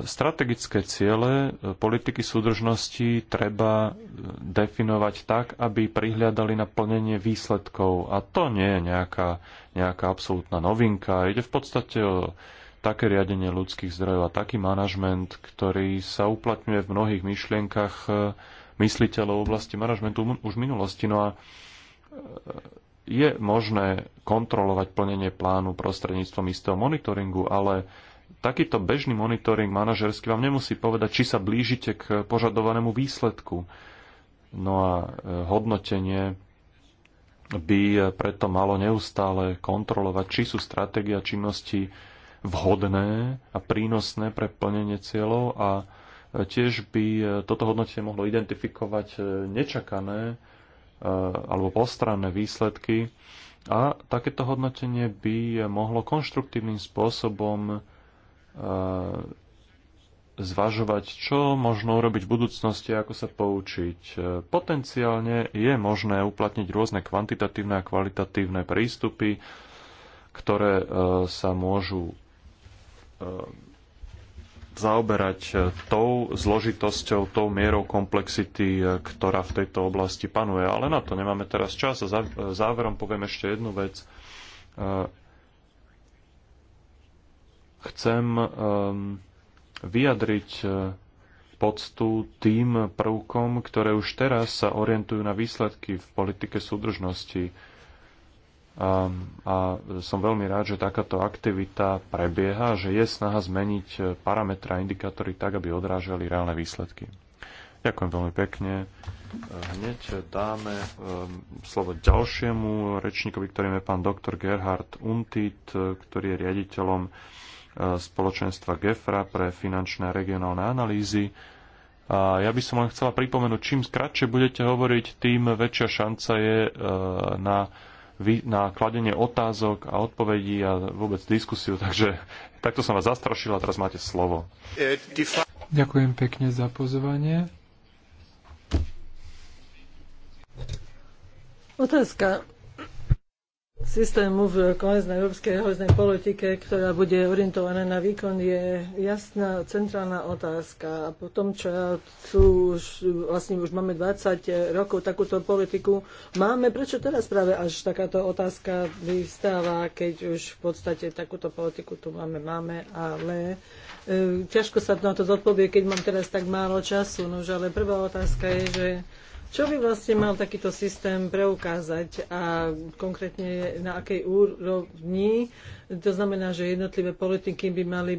Strategické ciele e, politiky súdržnosti treba e, definovať tak, aby prihľadali na plnenie výsledkov. A to nie je nejaká, nejaká absolútna novinka. Ide v podstate o také riadenie ľudských zdrojov a taký manažment, ktorý sa uplatňuje v mnohých myšlienkach e, mysliteľov v oblasti manažmentu už v minulosti. No a je možné kontrolovať plnenie plánu prostredníctvom istého monitoringu, ale takýto bežný monitoring manažersky vám nemusí povedať, či sa blížite k požadovanému výsledku. No a e, hodnotenie by e, preto malo neustále kontrolovať, či sú stratégia činnosti vhodné a prínosné pre plnenie cieľov a e, tiež by toto hodnotenie mohlo identifikovať nečakané alebo postranné výsledky a takéto hodnotenie by mohlo konštruktívnym spôsobom E, zvažovať, čo možno urobiť v budúcnosti, ako sa poučiť. E, potenciálne je možné uplatniť rôzne kvantitatívne a kvalitatívne prístupy, ktoré e, sa môžu zaoberať tou zložitosťou, tou mierou komplexity, ktorá v tejto oblasti panuje. Ale na to nemáme teraz čas a záverom poviem ešte jednu vec chcem um, vyjadriť uh, poctu tým prvkom, ktoré už teraz sa orientujú na výsledky v politike súdržnosti. A, um, a som veľmi rád, že takáto aktivita prebieha, že je snaha zmeniť parametra a indikátory tak, aby odrážali reálne výsledky. Ďakujem veľmi pekne. Hneď dáme um, slovo ďalšiemu rečníkovi, ktorým je pán doktor Gerhard Untit, ktorý je riaditeľom spoločenstva GEFRA pre finančné a regionálne analýzy. A ja by som len chcela pripomenúť, čím kratšie budete hovoriť, tým väčšia šanca je e, na, na kladenie otázok a odpovedí a vôbec diskusiu. Takže takto som vás zastrašil a teraz máte slovo. Ďakujem pekne za pozvanie. Otázka systému v koheznej európskej hoznej politike, ktorá bude orientovaná na výkon, je jasná centrálna otázka. A po tom, čo tu už, vlastne už máme 20 rokov takúto politiku, máme, prečo teraz práve až takáto otázka vystáva, keď už v podstate takúto politiku tu máme, máme, ale e, ťažko sa na to zodpovie, keď mám teraz tak málo času. Nož, ale prvá otázka je, že čo by vlastne mal takýto systém preukázať a konkrétne na akej úrovni? To znamená, že jednotlivé politiky by, mali,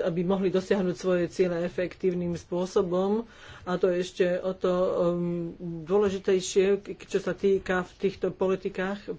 aby mohli dosiahnuť svoje ciele efektívnym spôsobom a to je ešte o to um, dôležitejšie, čo sa týka v týchto politikách,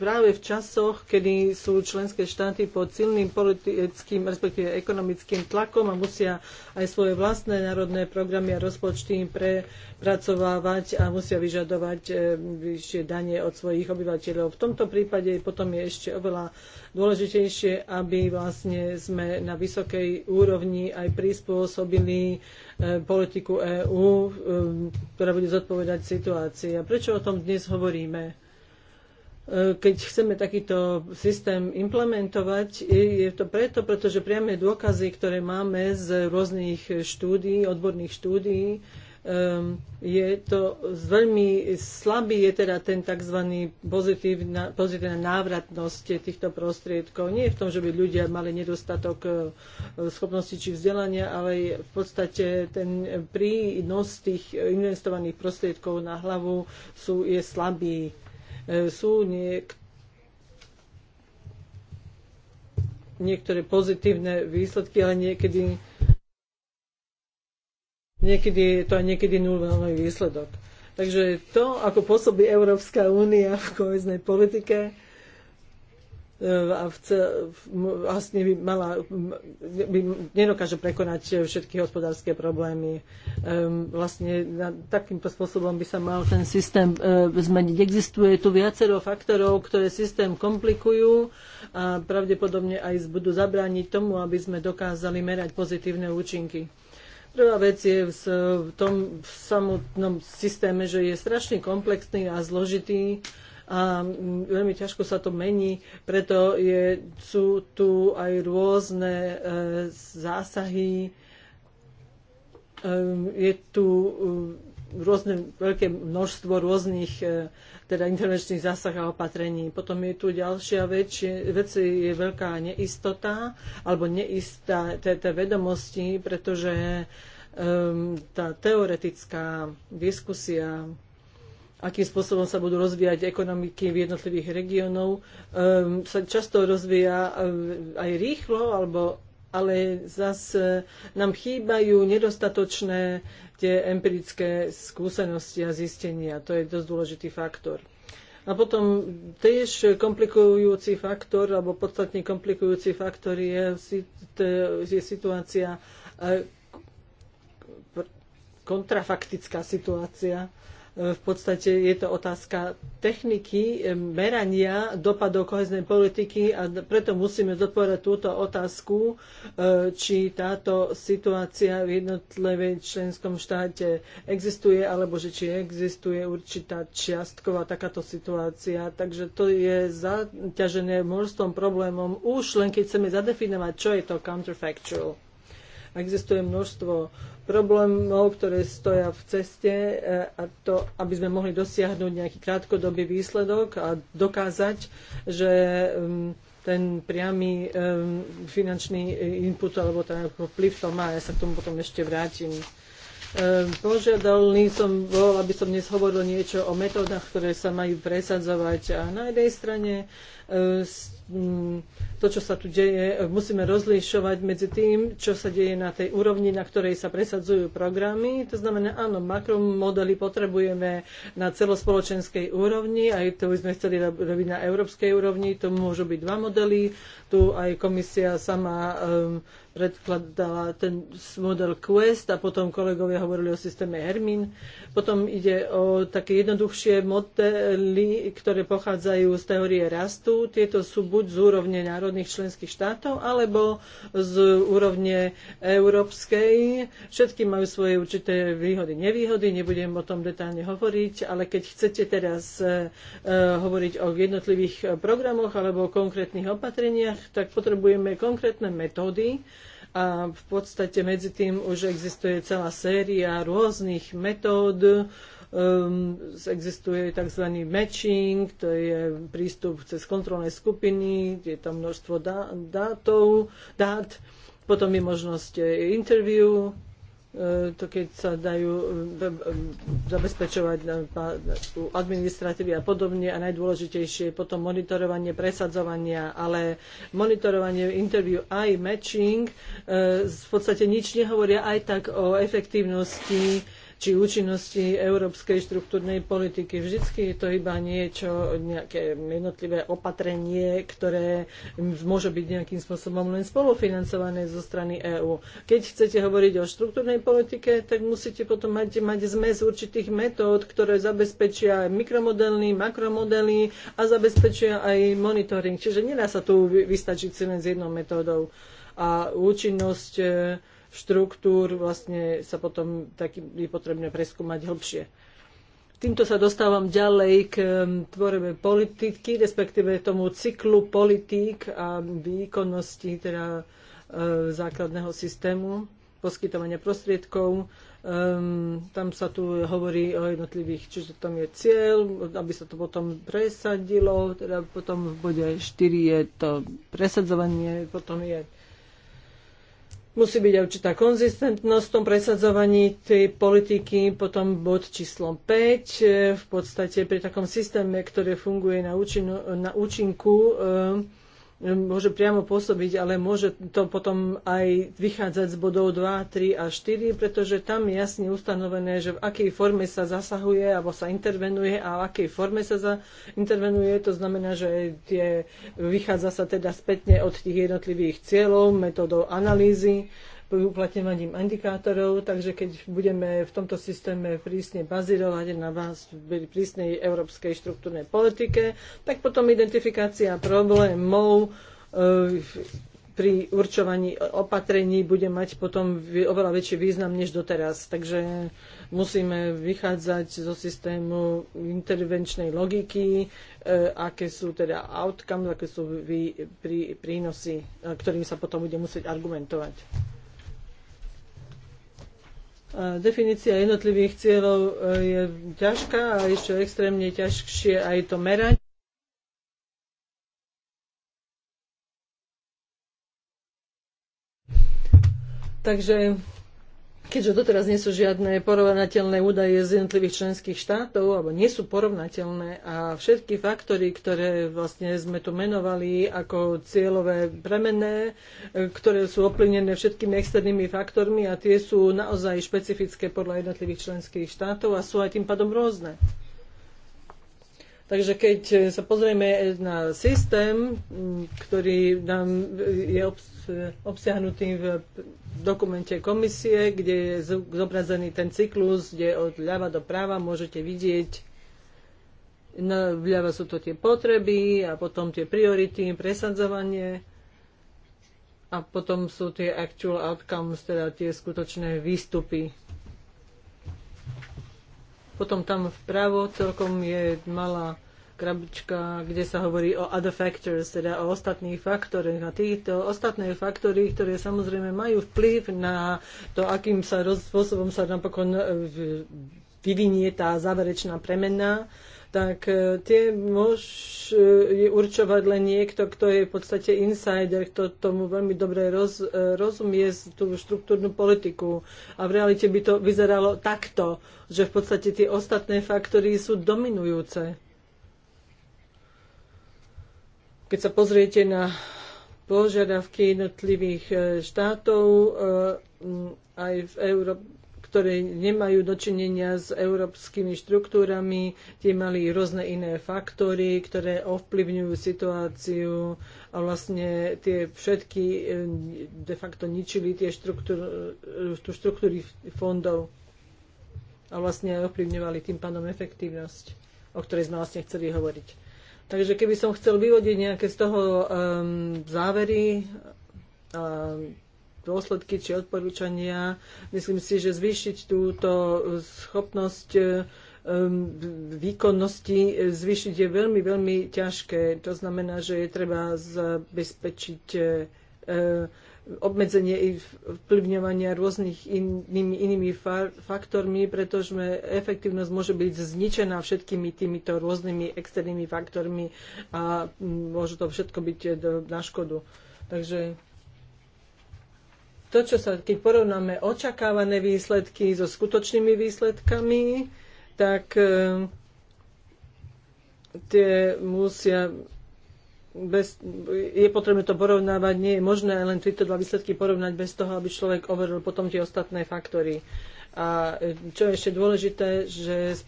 práve v časoch, kedy sú členské štáty pod silným politickým, respektíve ekonomickým tlakom a musia aj svoje vlastné národné programy a rozpočty prepracovávať a musia vyžadovať eh, vyššie danie od svojich obyvateľov. V tomto prípade potom je ešte oveľa dôležitejšie, aby vlastne sme na vysokej úrovni aj prispôsobili Eh, politiku EÚ, eh, ktorá bude zodpovedať situácii. A prečo o tom dnes hovoríme? Eh, keď chceme takýto systém implementovať, je to preto, pretože priame dôkazy, ktoré máme z rôznych štúdí, odborných štúdií, Ehm, je to veľmi slabý je teda ten tzv. pozitívna, pozitívna návratnosť týchto prostriedkov. Nie je v tom, že by ľudia mali nedostatok e, schopnosti či vzdelania, ale v podstate ten prínos tých investovaných prostriedkov na hlavu sú, je slabý. E, sú niek- niektoré pozitívne výsledky, ale niekedy Niekedy je to aj niekedy nulový výsledok. Takže to, ako pôsobí Európska únia v koheznej politike, e, a v vlastne by, mala, by nedokáže prekonať všetky hospodárske problémy. Ehm, vlastne takýmto spôsobom by sa mal ten systém e, zmeniť. Existuje tu viacero faktorov, ktoré systém komplikujú a pravdepodobne aj budú zabrániť tomu, aby sme dokázali merať pozitívne účinky. Prvá vec je v tom v samotnom systéme, že je strašne komplexný a zložitý a mm, veľmi ťažko sa to mení, preto je, sú tu aj rôzne e, zásahy. E, je tu e, rôzne, veľké množstvo rôznych e, teda intervenčných zásah a opatrení. Potom je tu ďalšia vec, vec je veľká neistota alebo neistá teda vedomosti, pretože um, tá teoretická diskusia akým spôsobom sa budú rozvíjať ekonomiky v jednotlivých regiónov, um, sa často rozvíja um, aj rýchlo alebo ale zase nám chýbajú nedostatočné tie empirické skúsenosti a zistenia. To je dosť dôležitý faktor. A potom tiež komplikujúci faktor, alebo podstatne komplikujúci faktor je, je situácia, e, kontrafaktická situácia, E, v podstate je to otázka techniky e, merania dopadov koheznej politiky a preto musíme zodpovedať túto otázku, e, či táto situácia v jednotlivej členskom štáte existuje, alebo že či existuje určitá čiastková takáto situácia. Takže to je zaťažené množstvom problémom už len keď chceme zadefinovať, čo je to counterfactual. Existuje množstvo problémov, ktoré stoja v ceste eh, a to, aby sme mohli dosiahnuť nejaký krátkodobý výsledok a dokázať, že mm, ten priamy eh, finančný input alebo ten vplyv to má. Ja sa k tomu potom ešte vrátim. Eh, požiadalný som bol, aby som dnes hovoril niečo o metódach, ktoré sa majú presadzovať. A na jednej strane E, to, čo sa tu deje, e, musíme rozlišovať medzi tým, čo sa deje na tej úrovni, na ktorej sa presadzujú programy. To znamená, áno, makromodely potrebujeme na celospoločenskej úrovni, aj to by sme chceli robiť na európskej úrovni, to môžu byť dva modely. Tu aj komisia sama um, predkladala ten model Quest a potom kolegovia hovorili o systéme Hermin. Potom ide o také jednoduchšie modely, ktoré pochádzajú z teórie rastu tieto sú buď z úrovne národných členských štátov, alebo z úrovne európskej. Všetky majú svoje určité výhody, nevýhody, nebudem o tom detálne hovoriť, ale keď chcete teraz e, e, hovoriť o jednotlivých programoch alebo o konkrétnych opatreniach, tak potrebujeme konkrétne metódy, a v podstate medzi tým už existuje celá séria rôznych metód, um, existuje tzv. matching, to je prístup cez kontrolné skupiny, je tam množstvo dá, dátov, dát, potom je možnosť e, interviu, e, to keď sa dajú e, zabezpečovať administratívy a podobne a najdôležitejšie je potom monitorovanie presadzovania, ale monitorovanie interview aj matching v podstate nič nehovoria aj tak o efektívnosti či účinnosti európskej štruktúrnej politiky. Vždycky je to iba niečo, nejaké jednotlivé opatrenie, ktoré môže byť nejakým spôsobom len spolufinancované zo strany EÚ. Keď chcete hovoriť o štruktúrnej politike, tak musíte potom mať, mať zmes určitých metód, ktoré zabezpečia aj mikromodely, makromodely a zabezpečia aj monitoring. Čiže nedá sa tu vystačiť si len s jednou metódou. A účinnosť štruktúr vlastne sa potom taký je potrebné preskúmať hĺbšie. Týmto sa dostávam ďalej k um, tvorbe politiky, respektíve tomu cyklu politík a výkonnosti teda uh, základného systému poskytovania prostriedkov. Um, tam sa tu hovorí o jednotlivých, čiže tam je cieľ, aby sa to potom presadilo, teda potom v bode 4 je to presadzovanie, potom je musí byť aj určitá konzistentnosť v tom presadzovaní tej politiky, potom bod číslo 5, e, v podstate pri takom systéme, ktorý funguje na, účinu, na účinku, e, môže priamo pôsobiť, ale môže to potom aj vychádzať z bodov 2, 3 a 4, pretože tam je jasne ustanovené, že v akej forme sa zasahuje alebo sa intervenuje a v akej forme sa intervenuje. To znamená, že tie, vychádza sa teda spätne od tých jednotlivých cieľov, metodov analýzy pri uplatňovaním indikátorov, takže keď budeme v tomto systéme prísne bazírovať na vás v prísnej európskej štruktúrnej politike, tak potom identifikácia problémov eh, pri určovaní opatrení bude mať potom oveľa väčší význam než doteraz. Takže musíme vychádzať zo systému intervenčnej logiky, eh, aké sú teda outcomes, aké sú prínosy, eh, ktorým sa potom bude musieť argumentovať. Definícia jednotlivých cieľov e, je ťažká a ešte extrémne ťažšie aj to meranie. Takže keďže doteraz nie sú žiadne porovnateľné údaje z jednotlivých členských štátov, alebo nie sú porovnateľné a všetky faktory, ktoré vlastne sme tu menovali ako cieľové premenné, e, ktoré sú ovplyvnené všetkými externými faktormi a tie sú naozaj špecifické podľa jednotlivých členských štátov a sú aj tým pádom rôzne. Takže keď eh, sa pozrieme na systém, ktorý nám eh, je obsiahnutý v dokumente komisie, kde je zobrazený ten cyklus, kde od ľava do práva môžete vidieť, no, sú to tie potreby a potom tie priority, presadzovanie a potom sú tie actual outcomes, teda tie skutočné výstupy potom tam vpravo celkom je malá krabička, kde sa hovorí o other factors, teda o ostatných faktoroch. A tieto ostatné faktory, ktoré samozrejme majú vplyv na to, akým sa roz, spôsobom sa napokon e, vyvinie tá záverečná premena, tak e, tie môže určovať len niekto, kto je v podstate insider, kto tomu veľmi dobre roz, e, rozumie tú štruktúrnu politiku. A v realite by to vyzeralo takto, že v podstate tie ostatné faktory sú dominujúce. Keď sa pozriete na požiadavky jednotlivých e, štátov, aj v Európe, ktoré nemajú dočinenia s európskymi štruktúrami, tie mali rôzne iné faktory, ktoré ovplyvňujú situáciu a vlastne tie všetky eh, de facto ničili tie štruktúr, eh, štruktúry fondov a vlastne aj ovplyvňovali tým pádom efektívnosť, o ktorej sme vlastne chceli hovoriť. Takže keby som chcel vyvodiť nejaké z toho um, závery, um, dôsledky či odporúčania. Myslím si, že zvýšiť túto schopnosť eh, výkonnosti eh, zvýšiť je veľmi, veľmi ťažké. To znamená, že je treba zabezpečiť eh, obmedzenie i vplyvňovania rôznych inými, inými faktormi, pretože efektívnosť môže byť zničená všetkými týmito rôznymi externými faktormi a mm, môže to všetko byť na škodu. Takže to, čo sa, keď porovnáme očakávané výsledky so skutočnými výsledkami, tak e, tie musia bez, je potrebné to porovnávať, nie je možné len tieto dva výsledky porovnať bez toho, aby človek overil potom tie ostatné faktory. A čo je ešte dôležité, že z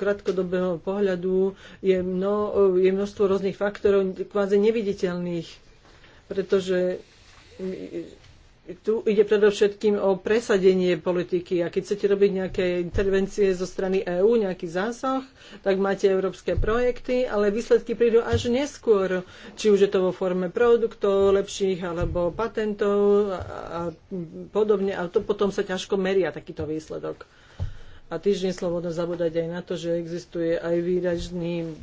krátkodobého pohľadu je, mno, je množstvo rôznych faktorov kvázi neviditeľných, pretože tu ide predovšetkým o presadenie politiky a keď chcete robiť nejaké intervencie zo strany EÚ, nejaký zásah, tak máte európske projekty, ale výsledky prídu až neskôr, či už je to vo forme produktov lepších alebo patentov a, a podobne a to potom sa ťažko meria takýto výsledok. A tiež neslobodno zabúdať aj na to, že existuje aj výražný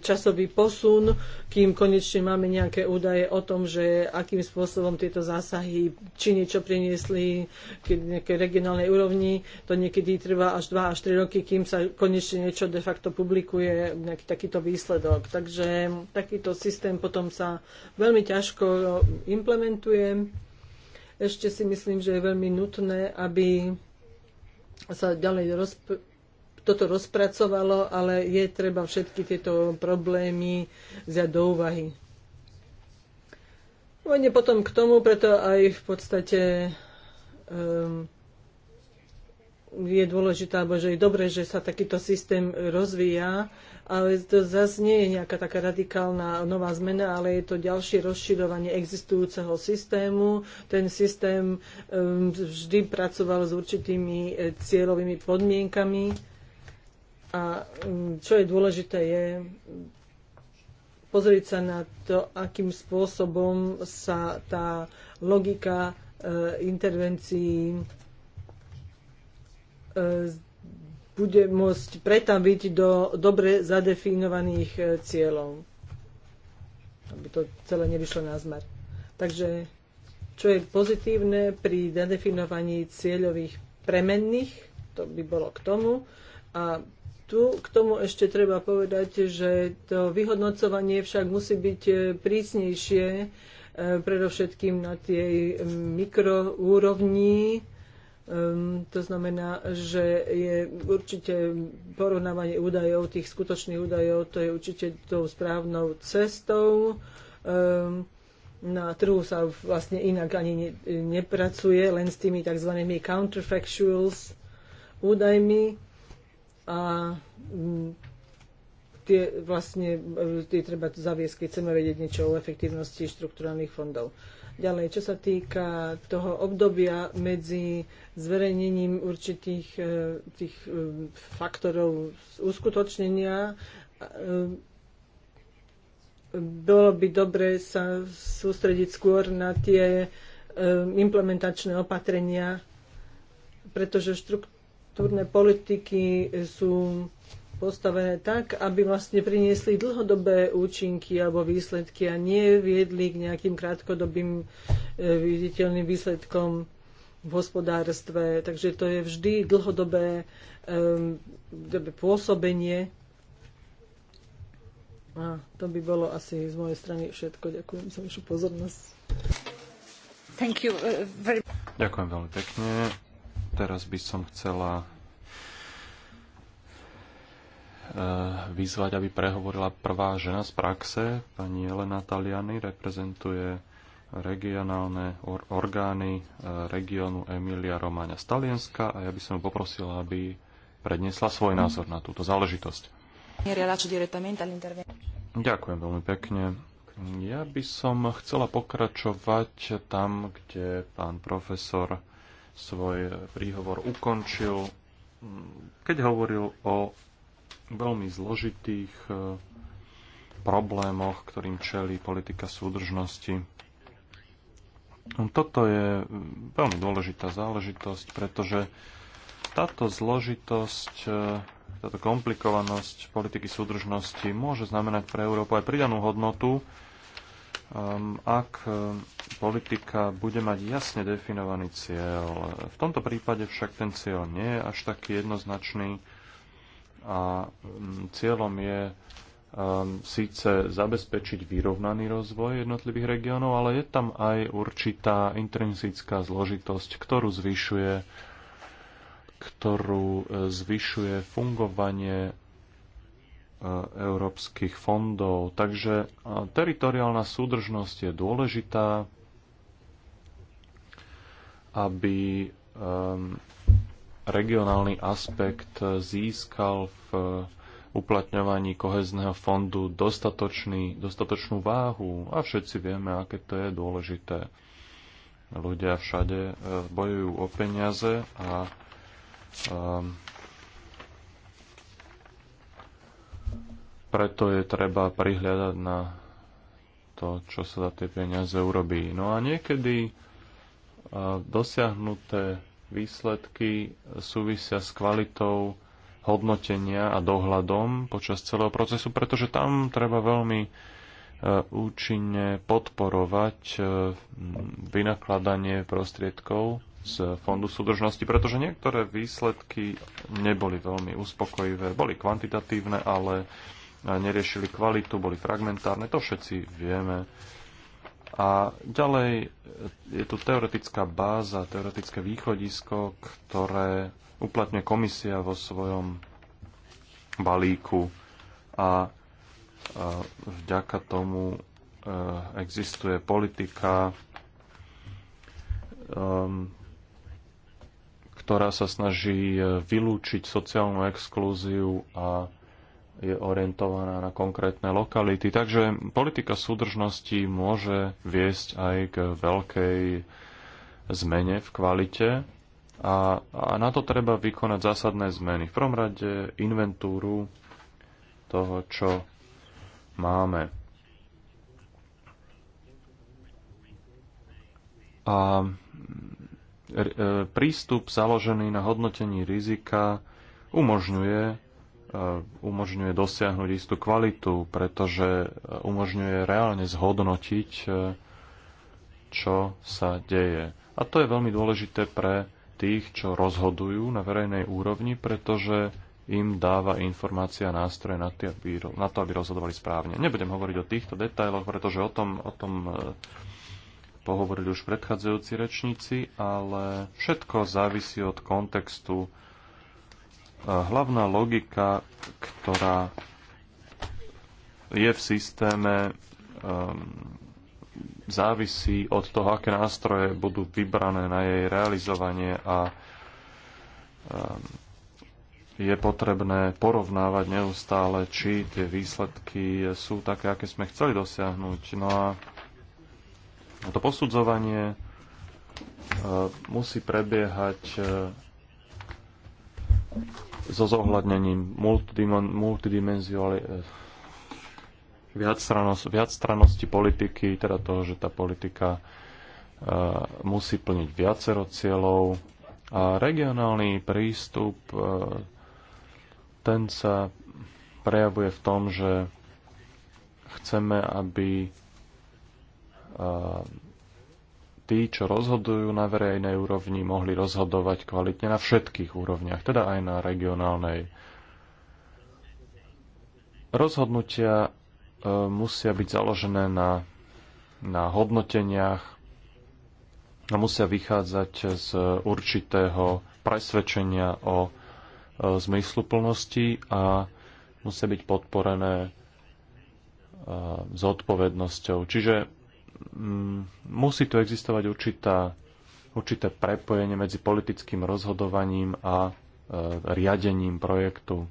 časový posun, kým konečne máme nejaké údaje o tom, že akým spôsobom tieto zásahy, či niečo priniesli k nejaké regionálnej úrovni. To niekedy trvá až 2 až 3 roky, kým sa konečne niečo de facto publikuje, nejaký takýto výsledok. Takže takýto systém potom sa veľmi ťažko implementuje. Ešte si myslím, že je veľmi nutné, aby sa ďalej rozp- toto rozpracovalo, ale je treba všetky tieto problémy vziať do úvahy. Vojne potom k tomu, preto aj v podstate um, je dôležité, alebo že je dobré, že sa takýto systém rozvíja, ale to zase nie je nejaká taká radikálna nová zmena, ale je to ďalšie rozširovanie existujúceho systému. Ten systém um, vždy pracoval s určitými eh, cieľovými podmienkami a um, čo je dôležité je pozrieť sa na to, akým spôsobom sa tá logika eh, intervencií eh, bude môcť pretaviť do dobre zadefinovaných e, cieľov. Aby to celé nevyšlo na zmar. Takže čo je pozitívne pri zadefinovaní cieľových premenných, to by bolo k tomu. A tu k tomu ešte treba povedať, že to vyhodnocovanie však musí byť e, prísnejšie, e, predovšetkým na tej mikroúrovni, Ehm, to znamená, že je určite porovnávanie údajov, tých skutočných údajov, to je určite tou správnou cestou. Ehm, na trhu sa vlastne inak ani nepracuje, len s tými tzv. counterfactuals údajmi. A mm, tie vlastne e, tie treba zaviesť, keď chceme vedieť niečo o efektívnosti štruktúrálnych fondov. Ďalej, čo sa týka toho obdobia medzi zverejnením určitých e, tých e, faktorov uskutočnenia, e, bolo by dobre sa sústrediť skôr na tie implementačné opatrenia, pretože štruktúrne politiky sú postavené tak, aby vlastne priniesli dlhodobé účinky alebo výsledky a neviedli k nejakým krátkodobým e, viditeľným výsledkom v hospodárstve. Takže to je vždy dlhodobé um, pôsobenie. A to by bolo asi z mojej strany všetko. Ďakujem za vašu pozornosť. Thank you uh, very... Ďakujem veľmi pekne. Teraz by som chcela Eh, vyzvať, aby prehovorila prvá žena z praxe. Pani Elena Taliani reprezentuje regionálne or- orgány eh, regiónu Emilia Romagna z Talienska a ja by som poprosila, aby predniesla svoj názor na túto záležitosť. Ďakujem veľmi pekne. Ja by som chcela pokračovať tam, kde pán profesor svoj príhovor ukončil, mm, keď hovoril o veľmi zložitých e, problémoch, ktorým čelí politika súdržnosti. No, toto je veľmi dôležitá záležitosť, pretože táto zložitosť, e, táto komplikovanosť politiky súdržnosti môže znamenať pre Európu aj pridanú hodnotu, e, ak politika bude mať jasne definovaný cieľ. V tomto prípade však ten cieľ nie je až taký jednoznačný a mm, cieľom je ehm, síce zabezpečiť vyrovnaný rozvoj jednotlivých regiónov, ale je tam aj určitá intrinsická zložitosť, ktorú zvyšuje, ktorú e, zvyšuje fungovanie e, európskych fondov. Takže e, teritoriálna súdržnosť je dôležitá, aby ehm, regionálny aspekt získal v uplatňovaní kohezného fondu dostatočný, dostatočnú váhu a všetci vieme, aké to je dôležité. Ľudia všade eh, bojujú o peniaze a um, preto je treba prihľadať na to, čo sa za tie peniaze urobí. No a niekedy eh, dosiahnuté výsledky súvisia s kvalitou hodnotenia a dohľadom počas celého procesu, pretože tam treba veľmi e, účinne podporovať e, vynakladanie prostriedkov z Fondu súdržnosti, pretože niektoré výsledky neboli veľmi uspokojivé, boli kvantitatívne, ale e, neriešili kvalitu, boli fragmentárne, to všetci vieme. A ďalej je tu teoretická báza, teoretické východisko, ktoré uplatňuje komisia vo svojom balíku a vďaka tomu e, existuje politika, ehm, ktorá sa snaží e, vylúčiť sociálnu exklúziu a je orientovaná na konkrétne lokality. Takže politika súdržnosti môže viesť aj k veľkej zmene v kvalite a, a na to treba vykonať zásadné zmeny. V prvom rade inventúru toho, čo máme. A e, e, prístup založený na hodnotení rizika umožňuje E, umožňuje dosiahnuť istú kvalitu, pretože e, umožňuje reálne zhodnotiť, e, čo sa deje. A to je veľmi dôležité pre tých, čo rozhodujú na verejnej úrovni, pretože im dáva informácia a nástroje na, to, aby rozhodovali správne. Nebudem hovoriť o týchto detailoch, pretože o tom, o tom pohovorili už predchádzajúci rečníci, ale všetko závisí od kontextu hlavná logika, ktorá je v systéme, ehm, závisí od toho, aké nástroje budú vybrané na jej realizovanie a ehm, je potrebné porovnávať neustále, či tie výsledky sú také, aké sme chceli dosiahnuť. No a to posudzovanie e, musí prebiehať e, so zohľadnením multidimenziálnej eh, viacstranosti, viacstranosti politiky, teda toho, že tá politika eh, musí plniť viacero cieľov. A regionálny prístup eh, ten sa prejavuje v tom, že chceme, aby tí, čo rozhodujú na verejnej úrovni, mohli rozhodovať kvalitne na všetkých úrovniach, teda aj na regionálnej. Rozhodnutia e, musia byť založené na, na hodnoteniach a musia vychádzať z určitého presvedčenia o e, zmysluplnosti a musia byť podporené e, zodpovednosťou. Čiže Mm, musí tu existovať určitá, určité prepojenie medzi politickým rozhodovaním a e, riadením projektu,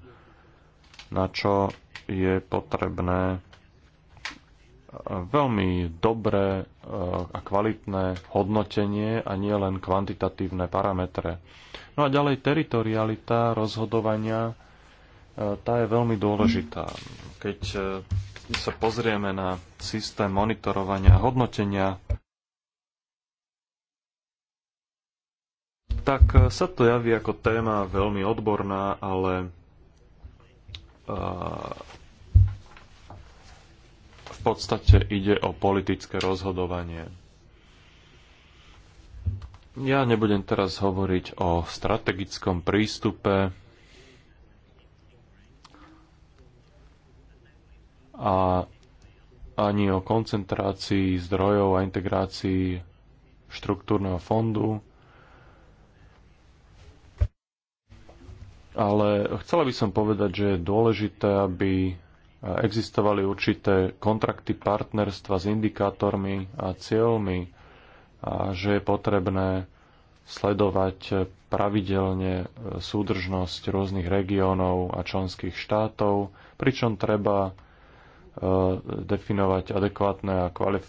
na čo je potrebné e, veľmi dobré e, a kvalitné hodnotenie a nie len kvantitatívne parametre. No a ďalej teritorialita rozhodovania, tá je veľmi dôležitá. Keď sa pozrieme na systém monitorovania a hodnotenia, tak e, sa to javí ako téma veľmi odborná, ale e, v podstate ide o politické rozhodovanie. Ja nebudem teraz hovoriť o strategickom prístupe a ani o koncentrácii zdrojov a integrácii štruktúrneho fondu. Ale chcela by som povedať, že je dôležité, aby existovali určité kontrakty partnerstva s indikátormi a cieľmi a že je potrebné sledovať pravidelne súdržnosť rôznych regiónov a členských štátov, pričom treba Eh, definovať adekvátne a kvalif-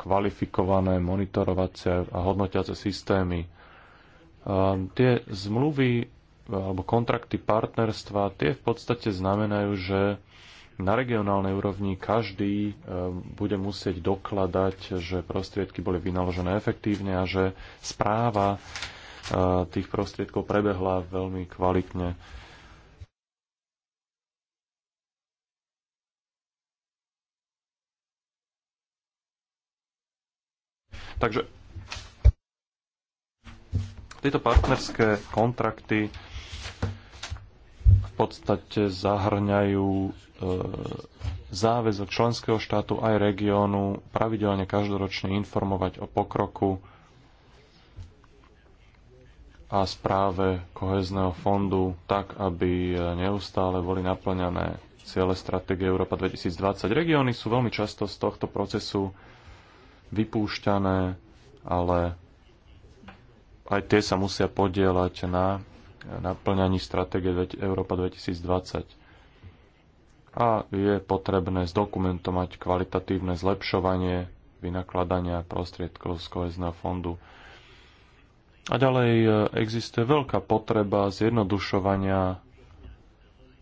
kvalifikované monitorovacie a hodnotiace systémy. Eh, tie zmluvy eh, alebo kontrakty partnerstva, tie v podstate znamenajú, že na regionálnej úrovni každý bude musieť dokladať, že prostriedky boli vynaložené efektívne a že správa tých prostriedkov prebehla veľmi kvalitne. Takže tieto partnerské kontrakty v podstate zahrňajú e, záväzok členského štátu aj regiónu pravidelne každoročne informovať o pokroku a správe kohezného fondu tak, aby e, neustále boli naplňané ciele stratégie Európa 2020. Regióny sú veľmi často z tohto procesu vypúšťané, ale aj tie sa musia podielať na naplňaní stratégie Európa 2020. A je potrebné zdokumentovať kvalitatívne zlepšovanie vynakladania prostriedkov z kohezného fondu. A ďalej e, existuje veľká potreba zjednodušovania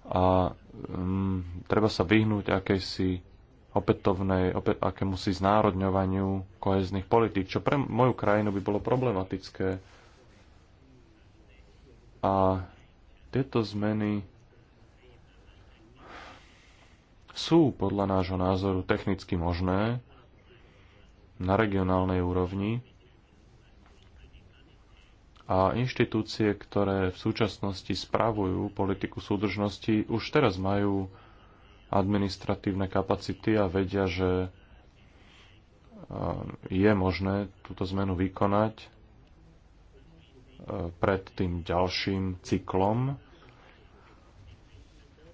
a um, treba sa vyhnúť akejsi opätovnej, akému akémusi znárodňovaniu kohezných politík, čo pre moju krajinu by bolo problematické. A tieto zmeny sú podľa nášho názoru technicky možné na regionálnej úrovni a inštitúcie, ktoré v súčasnosti spravujú politiku súdržnosti, už teraz majú administratívne kapacity a vedia, že eh, je možné túto zmenu vykonať eh, pred tým ďalším cyklom.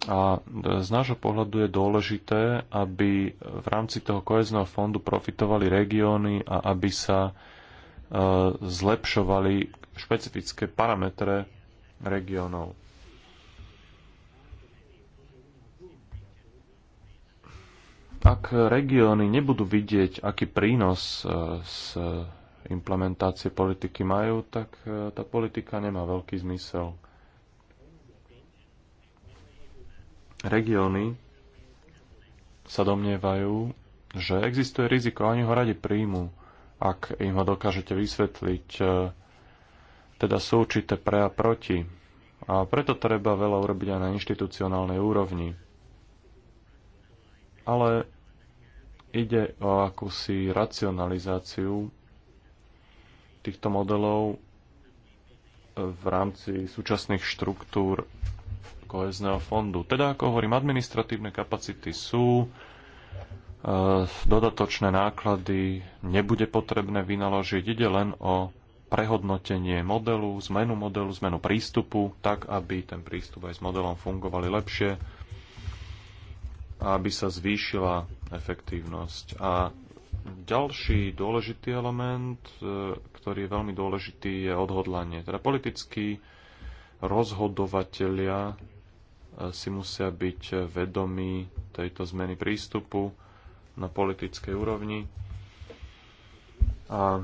A z nášho pohľadu je dôležité, aby v rámci toho kohezného fondu profitovali regióny a aby sa eh, zlepšovali špecifické parametre regiónov. Ak regióny nebudú vidieť, aký prínos e, z implementácie politiky majú, tak e, tá politika nemá veľký zmysel. Regióny sa domnievajú, že existuje riziko ani ho radi príjmu, ak im ho dokážete vysvetliť. E, teda sú určité pre a proti. A preto treba veľa urobiť aj na inštitucionálnej úrovni ale ide o akúsi racionalizáciu týchto modelov v rámci súčasných štruktúr kohezného fondu. Teda, ako hovorím, administratívne kapacity sú, e, dodatočné náklady nebude potrebné vynaložiť, ide len o prehodnotenie modelu, zmenu modelu, zmenu prístupu, tak aby ten prístup aj s modelom fungovali lepšie aby sa zvýšila efektívnosť. A ďalší dôležitý element, e, ktorý je veľmi dôležitý, je odhodlanie. Teda politickí rozhodovatelia e, si musia byť vedomí tejto zmeny prístupu na politickej úrovni. A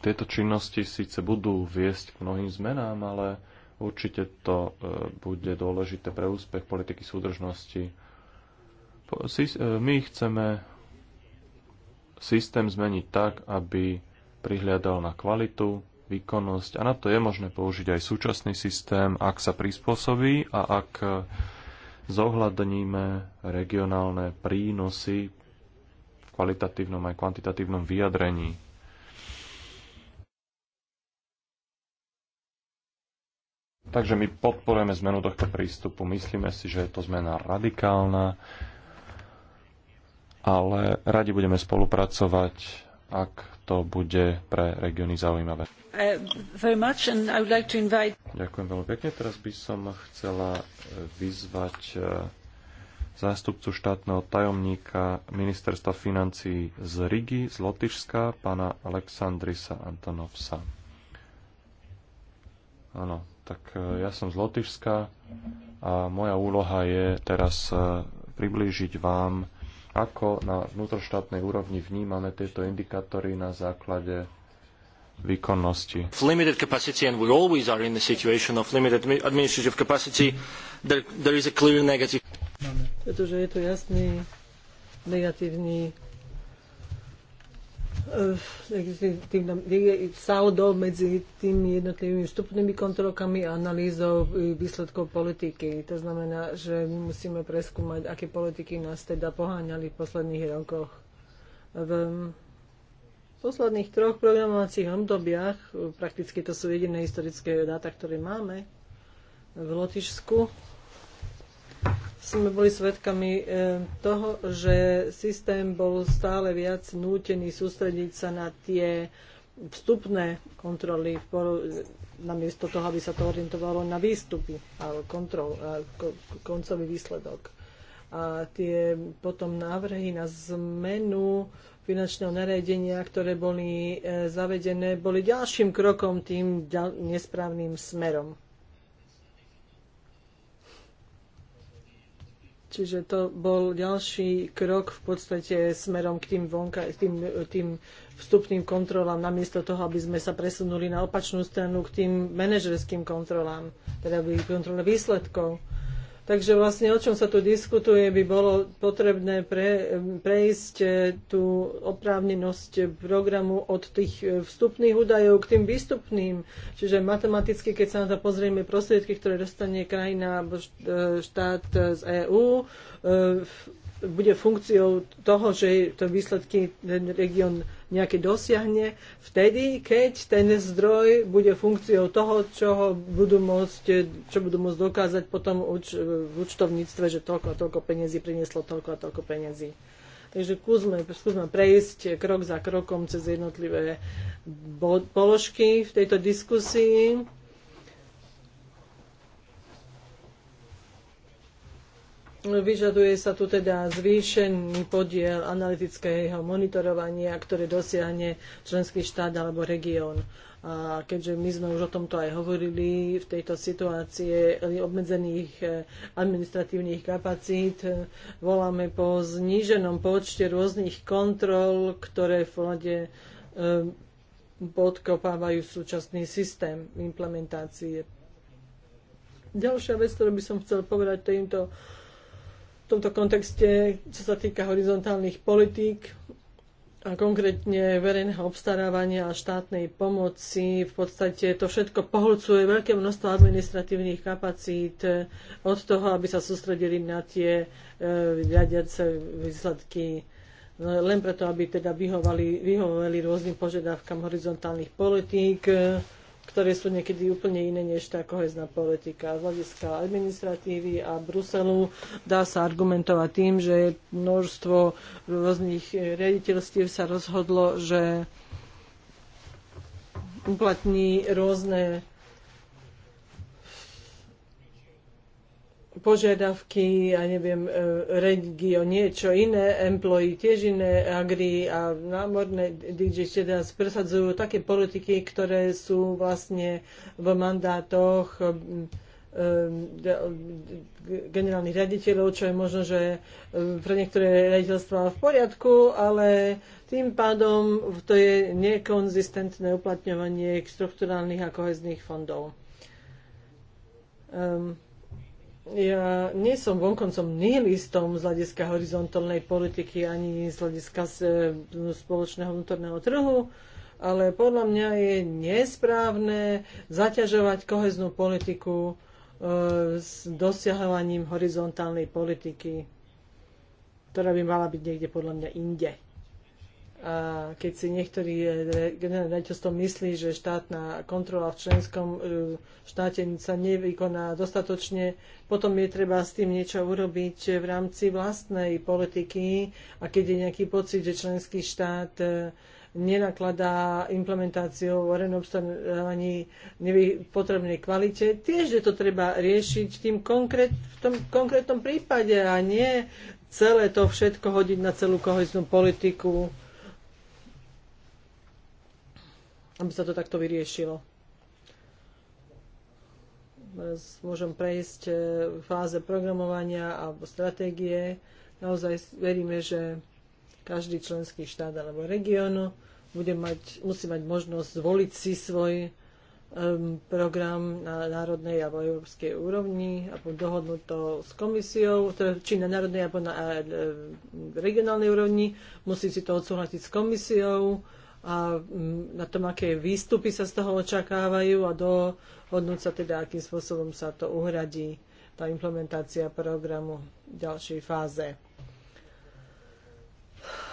tieto činnosti síce budú viesť k mnohým zmenám, ale Určite to e, bude dôležité pre úspech politiky súdržnosti. E, my chceme systém zmeniť tak, aby prihliadal na kvalitu, výkonnosť a na to je možné použiť aj súčasný systém, ak sa prispôsobí a ak e, zohľadníme regionálne prínosy v kvalitatívnom aj kvantitatívnom vyjadrení Takže my podporujeme zmenu tohto prístupu. Myslíme si, že je to zmena radikálna, ale radi budeme spolupracovať, ak to bude pre regióny zaujímavé. Uh, Ďakujem veľmi pekne. Teraz by som chcela uh, vyzvať uh, zástupcu štátneho tajomníka ministerstva financí z Rigi, z Lotyšska, pána Aleksandrisa Antonovsa. Áno, tak e, ja som z Lotyšska a moja úloha je teraz e, priblížiť vám, ako na vnútroštátnej úrovni vnímame tieto indikátory na základe výkonnosti. Limited capacity and we always are in the situation of limited administrative capacity. There, there is a clear negative. Pretože je to jasný negatívny saldo medzi tými jednotlivými vstupnými kontrolkami a analýzou výsledkov politiky. To znamená, že my musíme preskúmať, aké politiky nás teda poháňali v posledných rokoch. V posledných troch programovacích obdobiach, prakticky to sú jediné historické dáta, ktoré máme v Lotyšsku, sme boli svedkami e, toho, že systém bol stále viac nútený sústrediť sa na tie vstupné kontroly namiesto toho, aby sa to orientovalo na výstupy a kontrol, a koncový výsledok. A tie potom návrhy na zmenu finančného nariadenia, ktoré boli e, zavedené, boli ďalším krokom tým nesprávnym smerom. Čiže to bol ďalší krok v podstate smerom k tým, vonka, tým, tým vstupným kontrolám, namiesto toho, aby sme sa presunuli na opačnú stranu k tým manažerským kontrolám, teda kontrole výsledkov. Takže vlastne o čom sa tu diskutuje, by bolo potrebné pre, prejsť e, tú oprávnenosť programu od tých e, vstupných údajov k tým výstupným. Čiže matematicky, keď sa na to pozrieme, prostriedky, ktoré dostane krajina alebo e, štát z EÚ, bude funkciou toho, že to výsledky ten región nejaké dosiahne, vtedy, keď ten zdroj bude funkciou toho, čo, budú, môcť, čo budú môcť dokázať potom v účtovníctve, že toľko a toľko peniazy prinieslo toľko a toľko peniazy. Takže skúsme, skúsme prejsť krok za krokom cez jednotlivé položky v tejto diskusii. Vyžaduje sa tu teda zvýšený podiel analytického monitorovania, ktoré dosiahne členský štát alebo región. A keďže my sme už o tomto aj hovorili, v tejto situácii obmedzených eh, administratívnych kapacít eh, voláme po zníženom počte rôznych kontrol, ktoré v vlade eh, podkopávajú súčasný systém implementácie. Ďalšia vec, ktorú by som chcel povedať týmto v tomto kontexte, čo sa týka horizontálnych politík a konkrétne verejného obstarávania a štátnej pomoci, v podstate to všetko poholcuje veľké množstvo administratívnych kapacít od toho, aby sa sústredili na tie e, riadiace výsledky no, len preto, aby teda vyhovali, vyhovovali rôznym požiadavkám horizontálnych politík ktoré sú niekedy úplne iné než tá kohezná politika. Z hľadiska administratívy a Bruselu dá sa argumentovať tým, že množstvo rôznych riaditeľstiev sa rozhodlo, že uplatní rôzne požiadavky, ja neviem, e, regio niečo iné, employee tiež iné, agri a námorné DJ teraz presadzujú také politiky, ktoré sú vlastne v mandátoch e, e, generálnych riaditeľov, čo je možno, že pre niektoré riaditeľstva v poriadku, ale tým pádom to je nekonzistentné uplatňovanie štruktúrálnych a kohezných fondov. Um, ja nie som vonkoncom nihilistom z hľadiska horizontálnej politiky ani z hľadiska e, spoločného vnútorného trhu, ale podľa mňa je nesprávne zaťažovať koheznú politiku e, s dosiahovaním horizontálnej politiky, ktorá by mala byť niekde podľa mňa inde. A keď si niektorí eh, generálne myslí, že štátna kontrola v členskom eh, štáte sa nevykoná dostatočne, potom je treba s tým niečo urobiť eh, v rámci vlastnej politiky a keď je nejaký pocit, že členský štát nenakladá implementáciou o obstarávaní potrebnej kvalite. Tiež je to treba riešiť tým konkrét, v tom konkrétnom prípade a nie celé to všetko hodiť na celú kohoznú politiku aby sa to takto vyriešilo. Môžem prejsť v e, fáze programovania alebo stratégie. Naozaj veríme, že každý členský štát alebo región bude mať, musí mať možnosť zvoliť si svoj um, program na národnej alebo európskej úrovni a dohodnúť to s komisiou, či na národnej alebo na e, regionálnej úrovni, musí si to odsúhlasiť s komisiou, a mm, na tom, aké výstupy sa z toho očakávajú a dohodnúť sa teda, akým spôsobom sa to uhradí, tá implementácia programu v ďalšej fáze.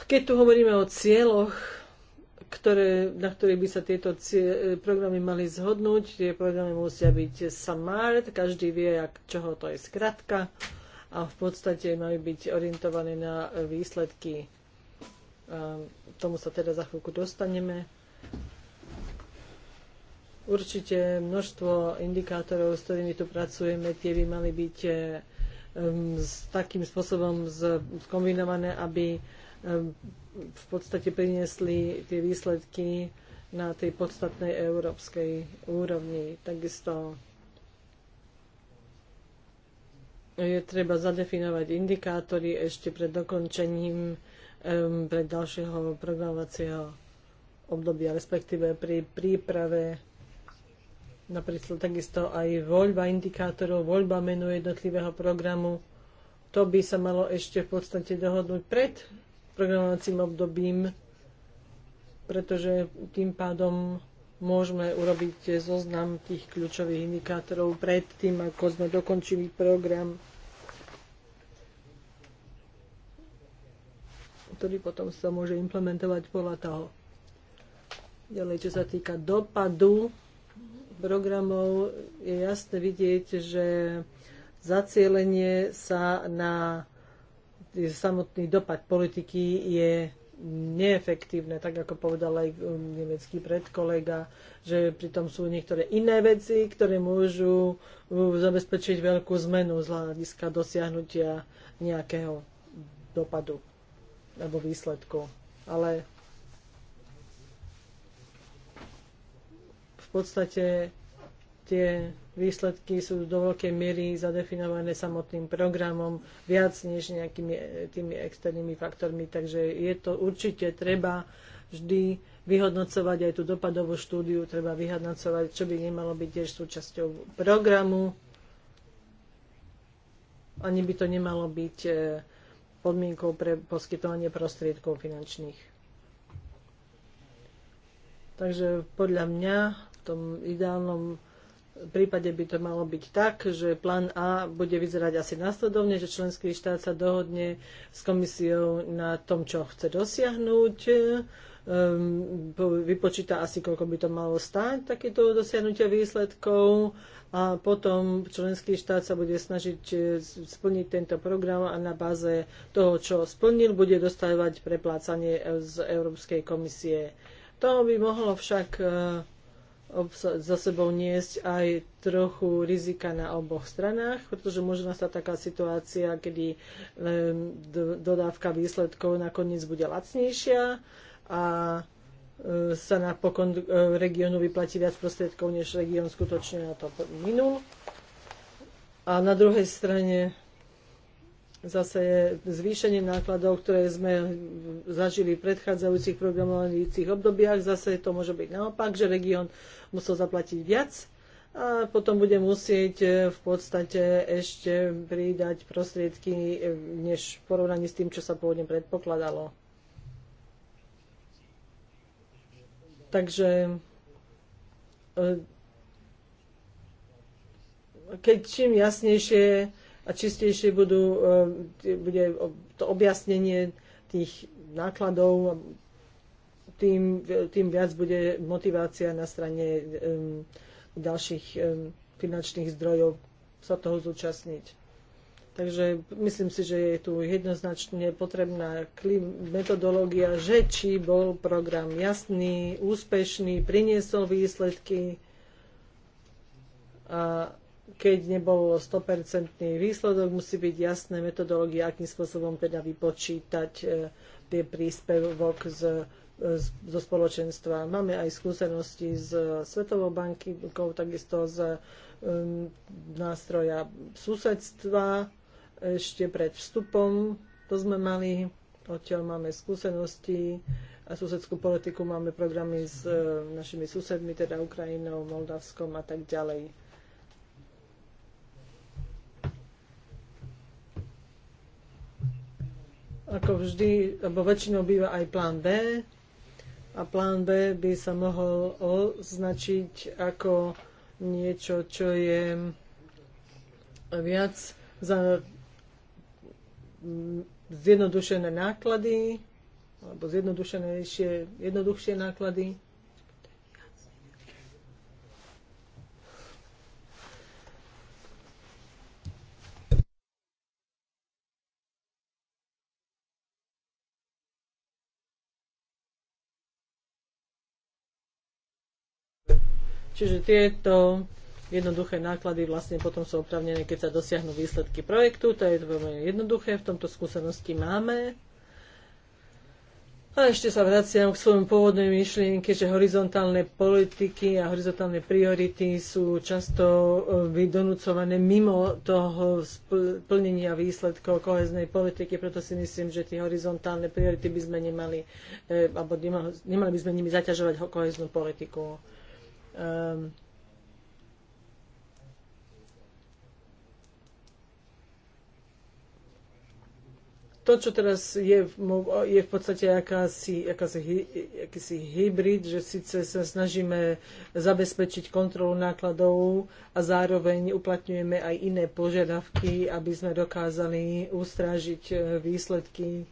Keď tu hovoríme o cieľoch, ktoré, na ktorých by sa tieto programy mali zhodnúť. Tie programy musia byť SMART, každý vie, ak, čoho to je skratka a v podstate majú byť orientované na výsledky k tomu sa teda za chvíľku dostaneme. Určite množstvo indikátorov, s ktorými tu pracujeme, tie by mali byť eh, s takým spôsobom skombinované, aby v podstate priniesli tie výsledky na tej podstatnej európskej úrovni. Takisto je treba zadefinovať indikátory ešte pred dokončením pre ďalšieho programovacieho obdobia, respektíve pri príprave napríklad takisto aj voľba indikátorov, voľba menu jednotlivého programu. To by sa malo ešte v podstate dohodnúť pred programovacím obdobím, pretože tým pádom môžeme urobiť zoznam tých kľúčových indikátorov pred tým, ako sme dokončili program. ktorý potom sa môže implementovať podľa toho. Ďalej, čo sa týka dopadu programov, je jasné vidieť, že zacielenie sa na samotný dopad politiky je neefektívne, tak ako povedal aj um, nemecký predkolega, že pritom sú niektoré iné veci, ktoré môžu um, zabezpečiť veľkú zmenu z hľadiska dosiahnutia nejakého dopadu alebo výsledku. Ale v podstate tie výsledky sú do veľkej miery zadefinované samotným programom viac než nejakými tými externými faktormi. Takže je to určite treba vždy vyhodnocovať aj tú dopadovú štúdiu, treba vyhodnocovať, čo by nemalo byť tiež súčasťou programu. Ani by to nemalo byť e, podmienkou pre poskytovanie prostriedkov finančných. Takže podľa mňa v tom ideálnom prípade by to malo byť tak, že plán A bude vyzerať asi následovne, že členský štát sa dohodne s komisiou na tom, čo chce dosiahnuť Ehm, vypočíta asi, koľko by to malo stáť, takéto dosiahnutie výsledkov a potom členský štát sa bude snažiť e, splniť tento program a na báze toho, čo splnil, bude dostávať preplácanie z Európskej komisie. To by mohlo však e, za sebou niesť aj trochu rizika na oboch stranách, pretože môže nastať taká situácia, kedy ehm, dodávka výsledkov nakoniec bude lacnejšia a e, sa napokon e, regiónu vyplatí viac prostriedkov, než región skutočne na to minul. A na druhej strane zase je zvýšenie nákladov, ktoré sme zažili v predchádzajúcich programovaných obdobiach. Zase to môže byť naopak, že región musel zaplatiť viac a potom bude musieť e, v podstate ešte pridať prostriedky, než v porovnaní s tým, čo sa pôvodne predpokladalo. Takže e, keď čím jasnejšie a čistejšie budú, e, bude to objasnenie tých nákladov, tým, tým viac bude motivácia na strane e, ďalších finančných zdrojov sa toho zúčastniť. Takže myslím si, že je tu jednoznačne potrebná metodológia, že či bol program jasný, úspešný, priniesol výsledky a keď nebol 100% výsledok, musí byť jasné metodológia, akým spôsobom teda vypočítať e, tie príspevok e, z zo spoločenstva. Máme aj skúsenosti z Svetovou banky, takisto z e, nástroja susedstva, ešte pred vstupom. To sme mali, odtiaľ máme skúsenosti a susedskú politiku máme programy s e, našimi susedmi, teda Ukrajinou, Moldavskom a tak ďalej. Ako vždy, alebo väčšinou býva aj plán B a plán B by sa mohol označiť ako niečo, čo je viac za zjednodušené náklady, alebo zjednodušenejšie, jednoduchšie náklady. Čiže tieto jednoduché náklady vlastne potom sú opravnené, keď sa dosiahnu výsledky projektu. To je veľmi jednoduché, v tomto skúsenosti máme. A ešte sa vraciam k svojom pôvodnej myšlienke, že horizontálne politiky a horizontálne priority sú často e, vydonúcované mimo toho splnenia výsledkov koheznej politiky, preto si myslím, že tie horizontálne priority by sme nemali, e, alebo nemali, nemali by sme nimi zaťažovať koheznú politiku. Um, to, čo teraz je, je v podstate akási, akási, akýsi hybrid, že síce sa snažíme zabezpečiť kontrolu nákladov a zároveň uplatňujeme aj iné požiadavky, aby sme dokázali ustrážiť e, výsledky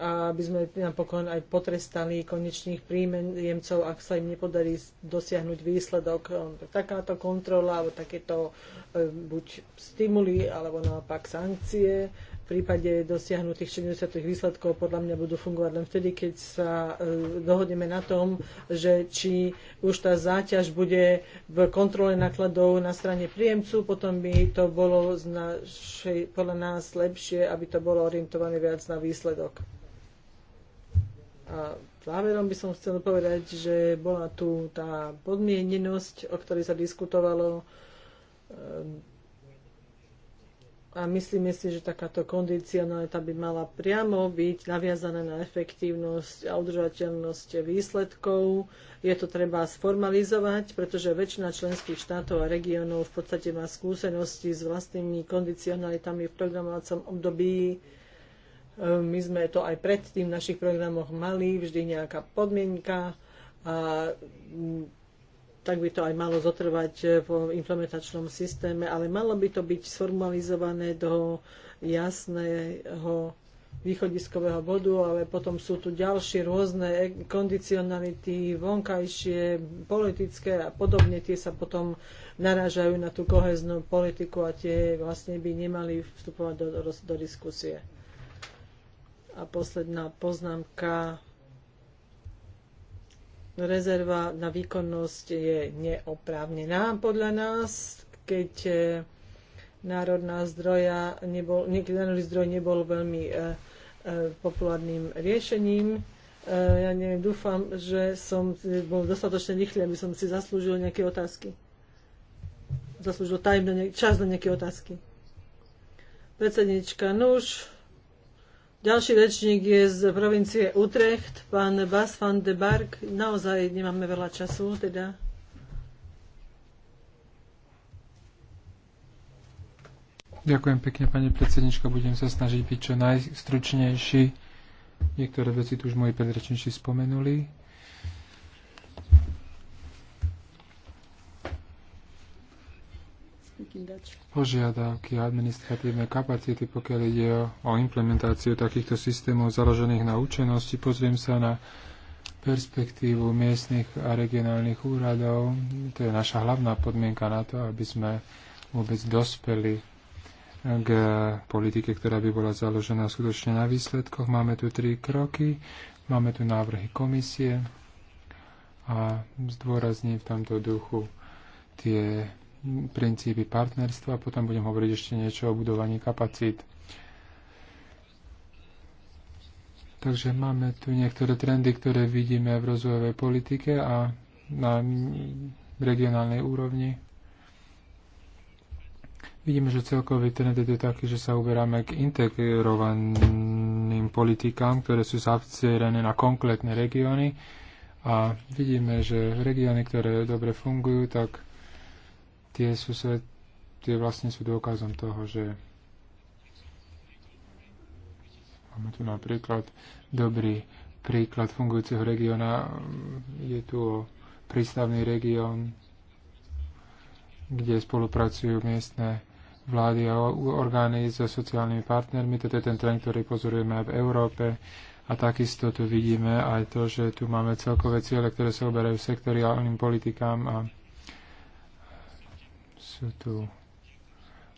a aby sme napokon aj potrestali konečných príjemcov, ak sa im nepodarí dosiahnuť výsledok. E, takáto kontrola alebo takéto e, buď stimuly alebo naopak sankcie prípade dosiahnutých 60 výsledkov podľa mňa budú fungovať len vtedy, keď sa e, dohodneme na tom, že či už tá záťaž bude v kontrole nákladov na strane príjemcu, potom by to bolo z našej, podľa nás lepšie, aby to bolo orientované viac na výsledok. A záverom by som chcel povedať, že bola tu tá podmienenosť, o ktorej sa diskutovalo ehm, a myslíme si, že takáto kondicionalita by mala priamo byť naviazaná na efektívnosť a udržateľnosť výsledkov. Je to treba sformalizovať, pretože väčšina členských štátov a regiónov v podstate má skúsenosti s vlastnými kondicionalitami v programovacom období. Ehm, my sme to aj predtým v našich programoch mali, vždy nejaká podmienka a tak by to aj malo zotrvať eh, v implementačnom systéme, ale malo by to byť sformalizované do jasného východiskového bodu, ale potom sú tu ďalšie rôzne e, kondicionality, vonkajšie, politické a podobne, tie sa potom narážajú na tú koheznú politiku a tie vlastne by nemali vstupovať do, do, do diskusie. A posledná poznámka rezerva na výkonnosť je neoprávnená podľa nás, keď e, národná zdroja nebol, národný zdroj nebol veľmi e, e, populárnym riešením. E, ja neviem, dúfam, že som e, bol dostatočne rýchly, aby som si zaslúžil nejaké otázky. Zaslúžil time na ne- čas na nejaké otázky. Predsednička, nuž, ďalší rečník je z provincie Utrecht, pán Bas van de Bark. Naozaj nemáme veľa času, teda. Ďakujem pekne, pani predsednička. Budem sa snažiť byť čo najstručnejší. Niektoré veci tu už moji predrečníci spomenuli. požiadavky a administratívne kapacity, pokiaľ ide o, o implementáciu takýchto systémov založených na účenosti. Pozriem sa na perspektívu miestnych a regionálnych úradov. To je naša hlavná podmienka na to, aby sme vôbec dospeli k politike, ktorá by bola založená skutočne na výsledkoch. Máme tu tri kroky, máme tu návrhy komisie a zdôrazním v tomto duchu tie princípy partnerstva potom budem hovoriť ešte niečo o budovaní kapacít. Takže máme tu niektoré trendy, ktoré vidíme v rozvojovej politike a na regionálnej úrovni. Vidíme, že celkový trend je taký, že sa uberáme k integrovaným politikám, ktoré sú zavcierené na konkrétne regióny. A vidíme, že regióny, ktoré dobre fungujú, tak tie, sú, tie vlastne sú dôkazom toho, že máme tu napríklad dobrý príklad fungujúceho regióna. Je tu o prístavný región, kde spolupracujú miestne vlády a orgány so sociálnymi partnermi. Toto je ten trend, ktorý pozorujeme aj v Európe. A takisto tu vidíme aj to, že tu máme celkové ciele, ktoré sa oberajú sektoriálnym politikám a sú tu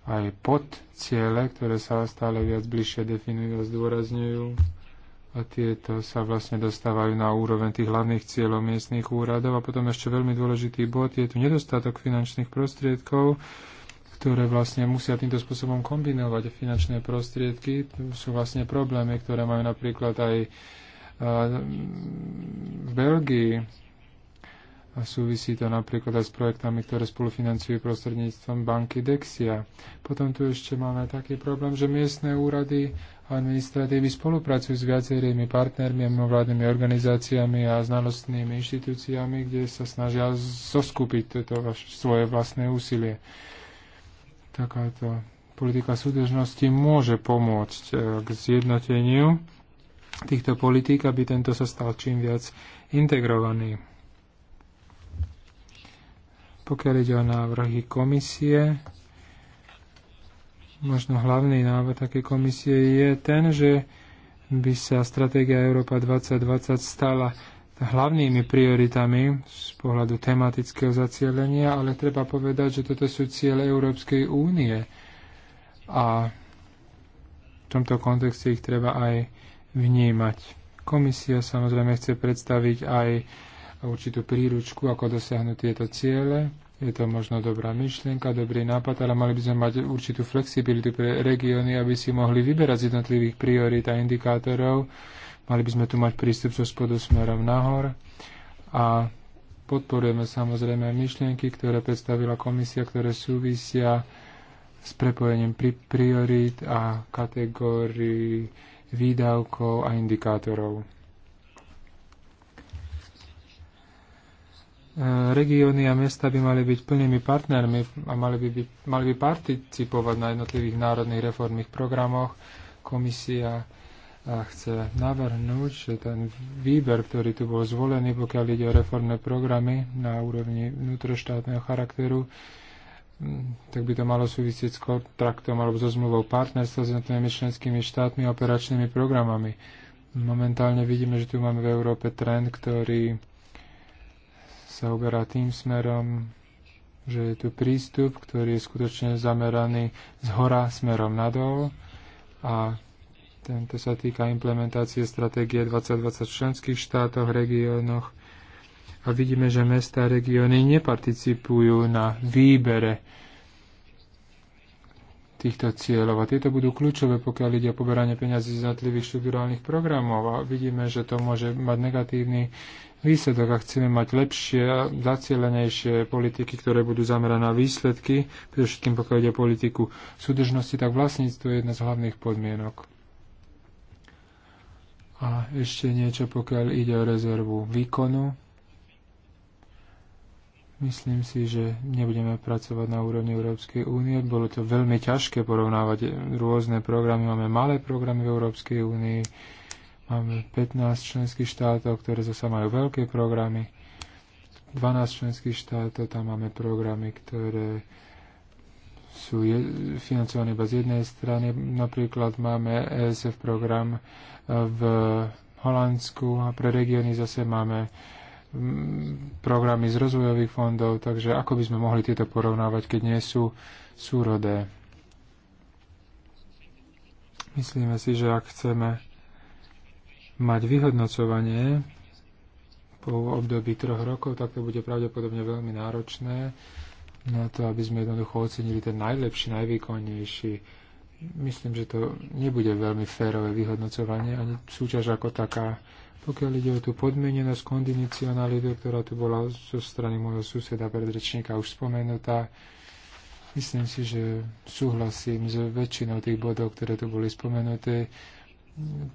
aj pod ciele, ktoré sa stále viac bližšie definujú a zdôrazňujú. A tieto sa vlastne dostávajú na úroveň tých hlavných cieľov miestnych úradov. A potom ešte veľmi dôležitý bod je tu nedostatok finančných prostriedkov, ktoré vlastne musia týmto spôsobom kombinovať finančné prostriedky. To sú vlastne problémy, ktoré majú napríklad aj v Belgii a súvisí to napríklad aj s projektami, ktoré spolufinancujú prostredníctvom banky Dexia. Potom tu ešte máme taký problém, že miestne úrady a administratívy spolupracujú s viacerými partnermi a mimovládnymi organizáciami a znalostnými inštitúciami, kde sa snažia zoskupiť toto svoje vlastné úsilie. Takáto politika súdržnosti môže pomôcť e, k zjednoteniu týchto politík, aby tento sa stal čím viac integrovaný. Pokiaľ ide o návrhy komisie, možno hlavný návrh také komisie je ten, že by sa stratégia Európa 2020 stala hlavnými prioritami z pohľadu tematického zacielenia, ale treba povedať, že toto sú ciele Európskej únie a v tomto kontexte ich treba aj vnímať. Komisia samozrejme chce predstaviť aj určitú príručku, ako dosiahnuť tieto ciele. Je to možno dobrá myšlienka, dobrý nápad, ale mali by sme mať určitú flexibilitu pre regióny, aby si mohli vyberať z jednotlivých priorít a indikátorov. Mali by sme tu mať prístup zo so spodu smerom nahor a podporujeme samozrejme myšlienky, ktoré predstavila komisia, ktoré súvisia s prepojením pri priorít a kategórií výdavkov a indikátorov. E, regióny a mesta by mali byť plnými partnermi a mali by, byť, mali by participovať na jednotlivých národných reformných programoch. Komisia e, chce navrhnúť, že ten výber, ktorý tu bol zvolený, pokiaľ ide o reformné programy na úrovni vnútroštátneho charakteru, tak by to malo súvisieť s kontraktom alebo so zmluvou partnerstva s jednotlivými členskými štátmi a operačnými programami. Momentálne vidíme, že tu máme v Európe trend, ktorý sa uberá tým smerom, že je tu prístup, ktorý je skutočne zameraný z hora smerom nadol a tento sa týka implementácie stratégie 2020 členských štátoch, regiónoch a vidíme, že mesta a regióny neparticipujú na výbere týchto cieľov. A tieto budú kľúčové, pokiaľ ide o poberanie peniazí z jednotlivých štruktúrálnych programov. A vidíme, že to môže mať negatívny výsledok a chceme mať lepšie a zacielenejšie politiky, ktoré budú zamerané na výsledky, predovšetkým pokiaľ ide o politiku súdržnosti, tak vlastníctvo je jedna z hlavných podmienok. A ešte niečo, pokiaľ ide o rezervu výkonu. Myslím si, že nebudeme pracovať na úrovni Európskej únie. Bolo to veľmi ťažké porovnávať rôzne programy. Máme malé programy v Európskej únii Máme 15 členských štátov, ktoré zase majú veľké programy. 12 členských štátov, tam máme programy, ktoré sú je, financované iba z jednej strany. Napríklad máme ESF program e, v Holandsku a pre regióny zase máme programy z rozvojových fondov, takže ako by sme mohli tieto porovnávať, keď nie sú súrodé. Myslíme si, že ak chceme mať vyhodnocovanie po období troch rokov, tak to bude pravdepodobne veľmi náročné na to, aby sme jednoducho ocenili ten najlepší, najvýkonnejší. Myslím, že to nebude veľmi férové vyhodnocovanie, ani súťaž ako taká. Pokiaľ ide o tú podmienenosť, kondicionalitu, ktorá tu bola zo strany môjho suseda predrečníka už spomenutá, myslím si, že súhlasím s väčšinou tých bodov, ktoré tu boli spomenuté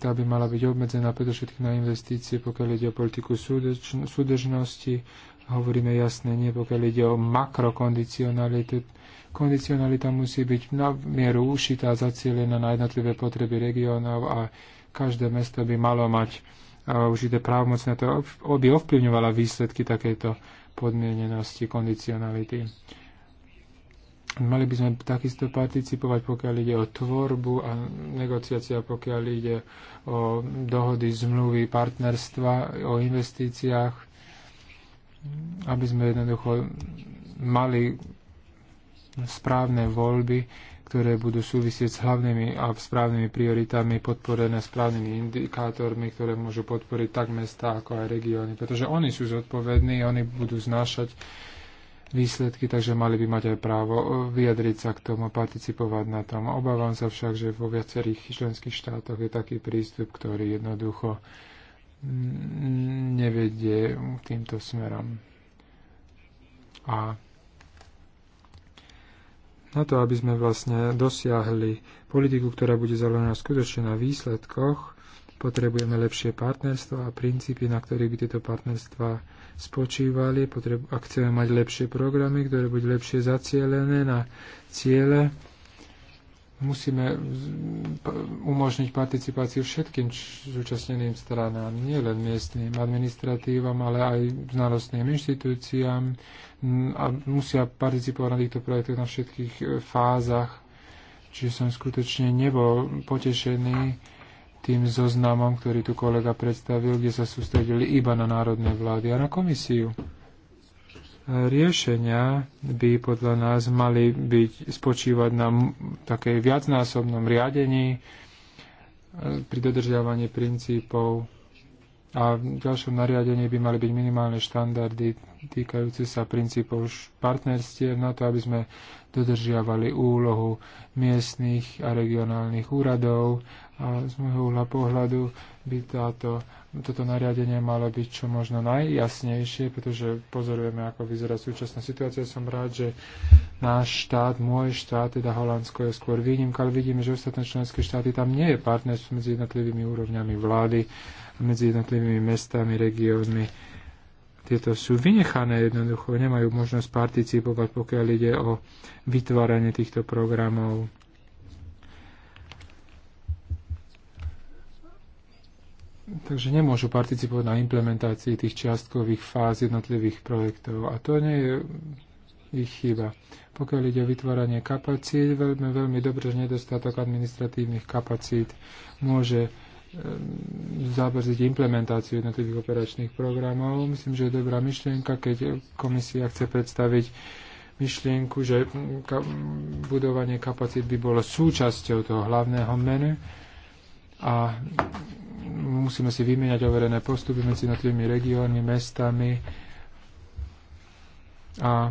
tá by mala byť obmedzená predovšetkým na investície, pokiaľ ide o politiku súdeč- súdežnosti. Hovoríme jasne, nie pokiaľ ide o makrokondicionalitu. Kondicionalita musí byť na mieru ušitá, zacielená na jednotlivé potreby regiónov a každé mesto by malo mať užité právomocné, to, by ovplyvňovala výsledky takéto podmienenosti, kondicionality Mali by sme takisto participovať, pokiaľ ide o tvorbu a negociácia, pokiaľ ide o dohody, zmluvy, partnerstva, o investíciách, aby sme jednoducho mali správne voľby, ktoré budú súvisieť s hlavnými a správnymi prioritami, podporené správnymi indikátormi, ktoré môžu podporiť tak mesta, ako aj regióny. Pretože oni sú zodpovední, oni budú znášať výsledky, takže mali by mať aj právo e, vyjadriť sa k tomu, participovať na tom. Obávam sa však, že vo viacerých členských štátoch je taký prístup, ktorý jednoducho nevedie týmto smerom. A na to, aby sme vlastne dosiahli politiku, ktorá bude založená skutočne na výsledkoch, potrebujeme lepšie partnerstvo a princípy, na ktorých by tieto partnerstva spočívali. Potrebu, ak chceme mať lepšie programy, ktoré budú lepšie zacielené na ciele, musíme umožniť participáciu všetkým zúčastneným stranám, nie len miestným administratívam, ale aj znalostným inštitúciám a musia participovať na týchto projektoch na všetkých e, fázach. Čiže som skutočne nebol potešený tým zoznamom, ktorý tu kolega predstavil, kde sa sústredili iba na národné vlády a na komisiu. Riešenia by podľa nás mali byť spočívať na takej viacnásobnom riadení e, pri dodržiavaní princípov a v ďalšom nariadení by mali byť minimálne štandardy týkajúce sa princípov partnerstiev na to, aby sme dodržiavali úlohu miestných a regionálnych úradov a z môjho uhla pohľadu by táto, toto nariadenie malo byť čo možno najjasnejšie, pretože pozorujeme, ako vyzerá súčasná situácia. Som rád, že náš štát, môj štát, teda Holandsko je skôr výnimka, ale vidíme, že ostatné členské štáty tam nie je partnerstvo medzi jednotlivými úrovňami vlády a medzi jednotlivými mestami, regiónmi. Tieto sú vynechané jednoducho, nemajú možnosť participovať, pokiaľ ide o vytváranie týchto programov takže nemôžu participovať na implementácii tých čiastkových fáz jednotlivých projektov. A to nie je ich chyba. Pokiaľ ide o vytváranie kapacít, veľmi, veľmi dobre, že nedostatok administratívnych kapacít môže ehm, zabrziť implementáciu jednotlivých operačných programov. Myslím, že je dobrá myšlienka, keď komisia chce predstaviť myšlienku, že ka- budovanie kapacít by bolo súčasťou toho hlavného menu a musíme si vymieňať overené postupy medzi jednotlivými regiónmi, mestami a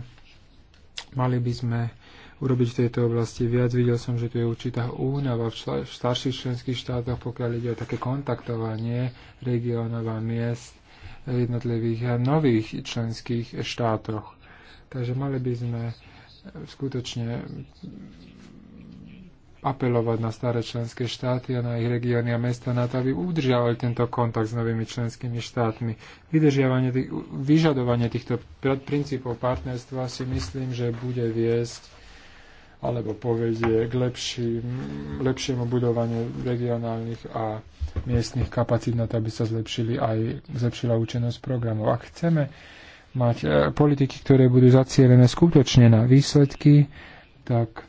mali by sme urobiť v tejto oblasti viac. Videl som, že tu je určitá únava v, v starších členských štátoch, pokiaľ ide o také kontaktovanie regiónov a miest jednotlivých nových členských štátoch. Takže mali by sme skutočne apelovať na staré členské štáty a na ich regióny a mesta na to, aby udržiavali tento kontakt s novými členskými štátmi. Vydržiavanie tých, vyžadovanie týchto princípov partnerstva si myslím, že bude viesť alebo povedie k lepší, lepšiemu budovaniu regionálnych a miestnych kapacít na to, aby sa zlepšili aj zlepšila účinnosť programov. Ak chceme mať e, politiky, ktoré budú zacielené skutočne na výsledky, tak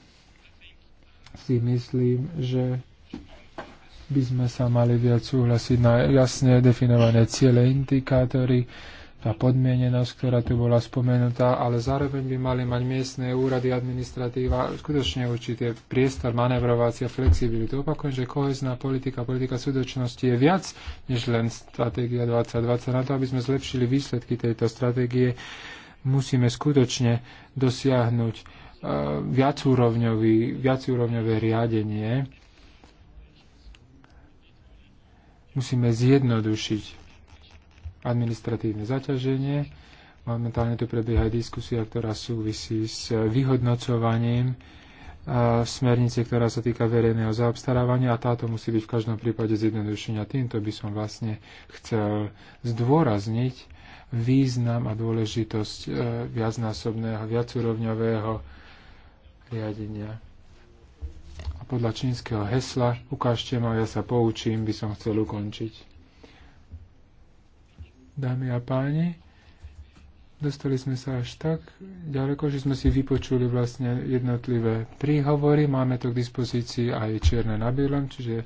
si myslím, že by sme sa mali viac súhlasiť na jasne definované ciele, indikátory, tá podmienenosť, ktorá tu bola spomenutá, ale zároveň by mali mať miestne úrady, administratíva skutočne určité priestor, manevrovácia, flexibilitu. Opakujem, že kohezná politika, politika súdočnosti je viac než len stratégia 2020. Na to, aby sme zlepšili výsledky tejto stratégie, musíme skutočne dosiahnuť viacúrovňové riadenie. Musíme zjednodušiť administratívne zaťaženie. Momentálne tu prebieha diskusia, ktorá súvisí s vyhodnocovaním smernice, ktorá sa týka verejného zaobstarávania a táto musí byť v každom prípade zjednodušenia. Týmto by som vlastne chcel zdôrazniť význam a dôležitosť e, viacnásobného, viacúrovňového riadenia. A podľa čínskeho hesla, ukážte ma, ja sa poučím, by som chcel ukončiť. Dámy a páni, dostali sme sa až tak ďaleko, že sme si vypočuli vlastne jednotlivé príhovory. Máme to k dispozícii aj čierne na bielom, čiže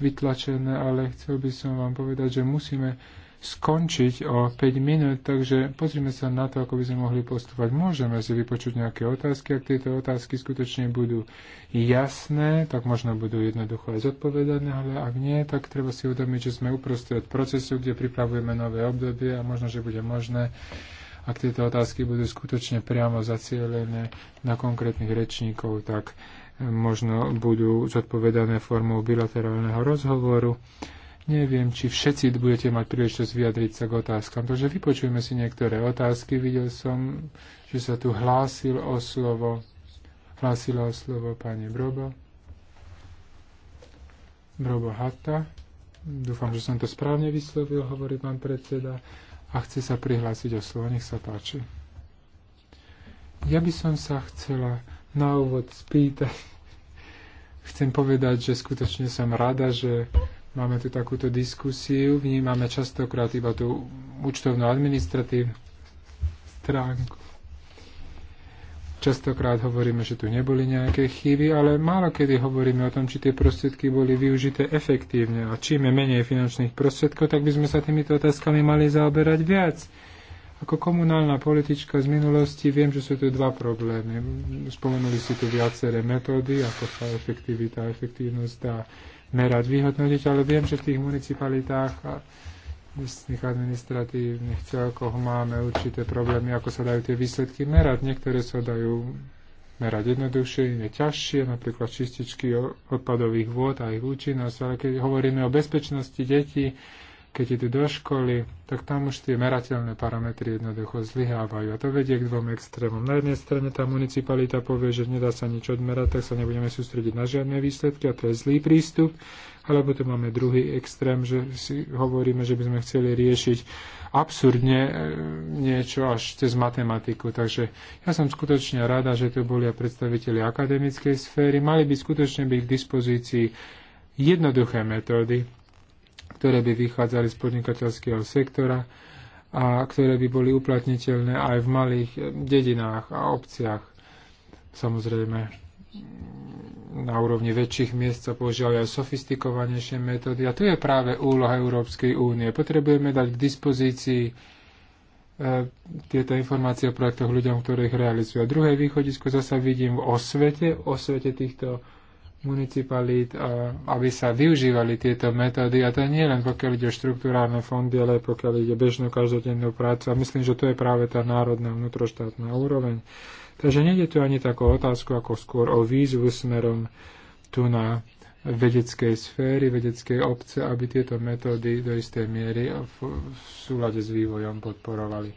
vytlačené, ale chcel by som vám povedať, že musíme skončiť o 5 minút, takže pozrime sa na to, ako by sme mohli postupovať. Môžeme si vypočuť nejaké otázky, ak tieto otázky skutočne budú jasné, tak možno budú jednoducho aj zodpovedané, ale ak nie, tak treba si uvedomiť, že sme uprostred procesu, kde pripravujeme nové obdobie a možno, že bude možné ak tieto otázky budú skutočne priamo zacielené na konkrétnych rečníkov, tak možno budú zodpovedané formou bilaterálneho rozhovoru Neviem, či všetci budete mať príležitosť vyjadriť sa k otázkam. Takže vypočujeme si niektoré otázky. Videl som, že sa tu hlásil o slovo, hlásila o slovo pani Brobo. Brobo Hatta. Dúfam, že som to správne vyslovil, hovorí pán predseda. A chce sa prihlásiť o slovo. Nech sa páči. Ja by som sa chcela na úvod spýtať. Chcem povedať, že skutočne som rada, že Máme tu takúto diskusiu, vnímame častokrát iba tú účtovnú administratívnu stránku. Častokrát hovoríme, že tu neboli nejaké chyby, ale málo kedy hovoríme o tom, či tie prostriedky boli využité efektívne. A čím je menej finančných prostriedkov, tak by sme sa týmito otázkami mali zaoberať viac. Ako komunálna politička z minulosti viem, že sú tu dva problémy. Spomenuli si tu viaceré metódy, ako sa efektivita a efektívnosť dá merať, vyhodnotiť, ale viem, že v tých municipalitách a miestnych administratívnych celkoch máme určité problémy, ako sa dajú tie výsledky merať. Niektoré sa dajú merať jednoduchšie, iné ťažšie, napríklad čističky odpadových vôd a ich účinnosť. Ale keď hovoríme o bezpečnosti detí, keď idú do školy, tak tam už tie merateľné parametry jednoducho zlyhávajú. A to vedie k dvom extrémom. Na jednej strane tá municipalita povie, že nedá sa nič odmerať, tak sa nebudeme sústrediť na žiadne výsledky a to je zlý prístup. Alebo tu máme druhý extrém, že si hovoríme, že by sme chceli riešiť absurdne e, niečo až cez matematiku. Takže ja som skutočne rada, že tu boli aj predstaviteľi akademickej sféry. Mali by skutočne byť k dispozícii jednoduché metódy, ktoré by vychádzali z podnikateľského sektora a ktoré by boli uplatniteľné aj v malých eh, dedinách a obciach. Samozrejme, na úrovni väčších miest sa používajú aj sofistikovanejšie metódy a to je práve úloha Európskej únie. Potrebujeme dať k dispozícii eh, tieto informácie o projektoch ľuďom, ktorých realizujú. A druhé východisko zase vidím v osvete, osvete týchto municipalít, aby sa využívali tieto metódy. A to nie len pokiaľ ide o štruktúrálne fondy, ale aj pokiaľ ide bežnú každodennú prácu. A myslím, že to je práve tá národná vnútroštátna úroveň. Takže nejde tu ani takú otázku, ako skôr o výzvu smerom tu na vedeckej sféry, vedeckej obce, aby tieto metódy do istej miery v súlade s vývojom podporovali.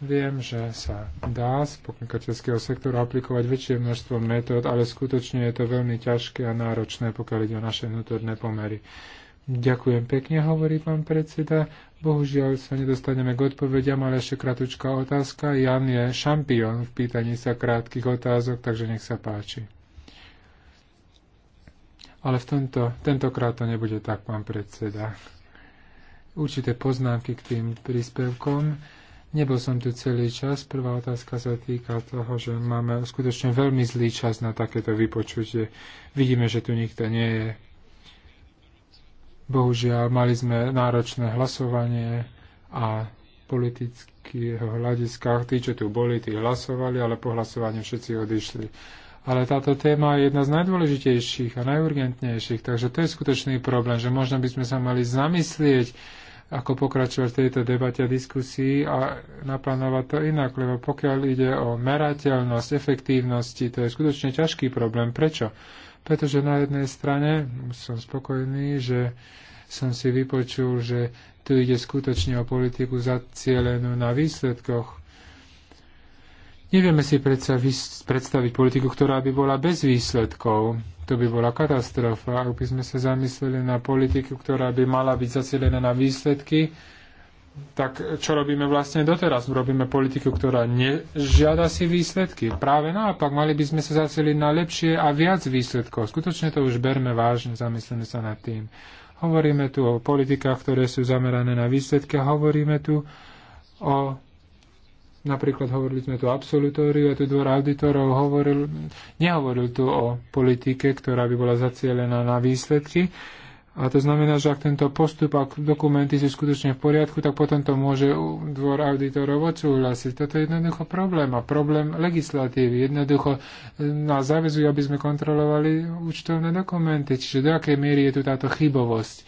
Viem, že sa dá z podnikateľského sektora aplikovať väčšie množstvo metód, ale skutočne je to veľmi ťažké a náročné, pokiaľ ide o naše vnútorné pomery. Ďakujem pekne, hovorí pán predseda. Bohužiaľ sa nedostaneme k odpovediam, ale ešte kratučká otázka. Jan je šampión v pýtaní sa krátkých otázok, takže nech sa páči. Ale v tomto, tentokrát to nebude tak, pán predseda. Určité poznámky k tým príspevkom Nebol som tu celý čas. Prvá otázka sa týka toho, že máme skutočne veľmi zlý čas na takéto vypočutie. Vidíme, že tu nikto nie je. Bohužiaľ, mali sme náročné hlasovanie a politického hľadiska, tí, čo tu boli, tí hlasovali, ale po hlasovaní všetci odišli. Ale táto téma je jedna z najdôležitejších a najurgentnejších, takže to je skutočný problém, že možno by sme sa mali zamyslieť, ako pokračovať v tejto debate a diskusii a naplánovať to inak, lebo pokiaľ ide o merateľnosť, efektívnosti, to je skutočne ťažký problém. Prečo? Pretože na jednej strane som spokojný, že som si vypočul, že tu ide skutočne o politiku zacielenú na výsledkoch Nevieme si predsa predstaviť politiku, ktorá by bola bez výsledkov. To by bola katastrofa. Ak by sme sa zamysleli na politiku, ktorá by mala byť zacielená na výsledky, tak čo robíme vlastne doteraz? Robíme politiku, ktorá nežiada si výsledky. Práve naopak, mali by sme sa zacieliť na lepšie a viac výsledkov. Skutočne to už berme vážne, zamyslíme sa nad tým. Hovoríme tu o politikách, ktoré sú zamerané na výsledky a hovoríme tu o Napríklad hovorili sme tu o absolutóriu a tu dvor auditorov hovoril, nehovoril tu o politike, ktorá by bola zacielená na výsledky. A to znamená, že ak tento postup, ak dokumenty sú skutočne v poriadku, tak potom to môže dvor auditorov odsúhlasiť. Toto je jednoducho problém a problém legislatívy. Jednoducho e, nás záväzujú, aby sme kontrolovali účtovné dokumenty. Čiže do akej miery je tu táto chybovosť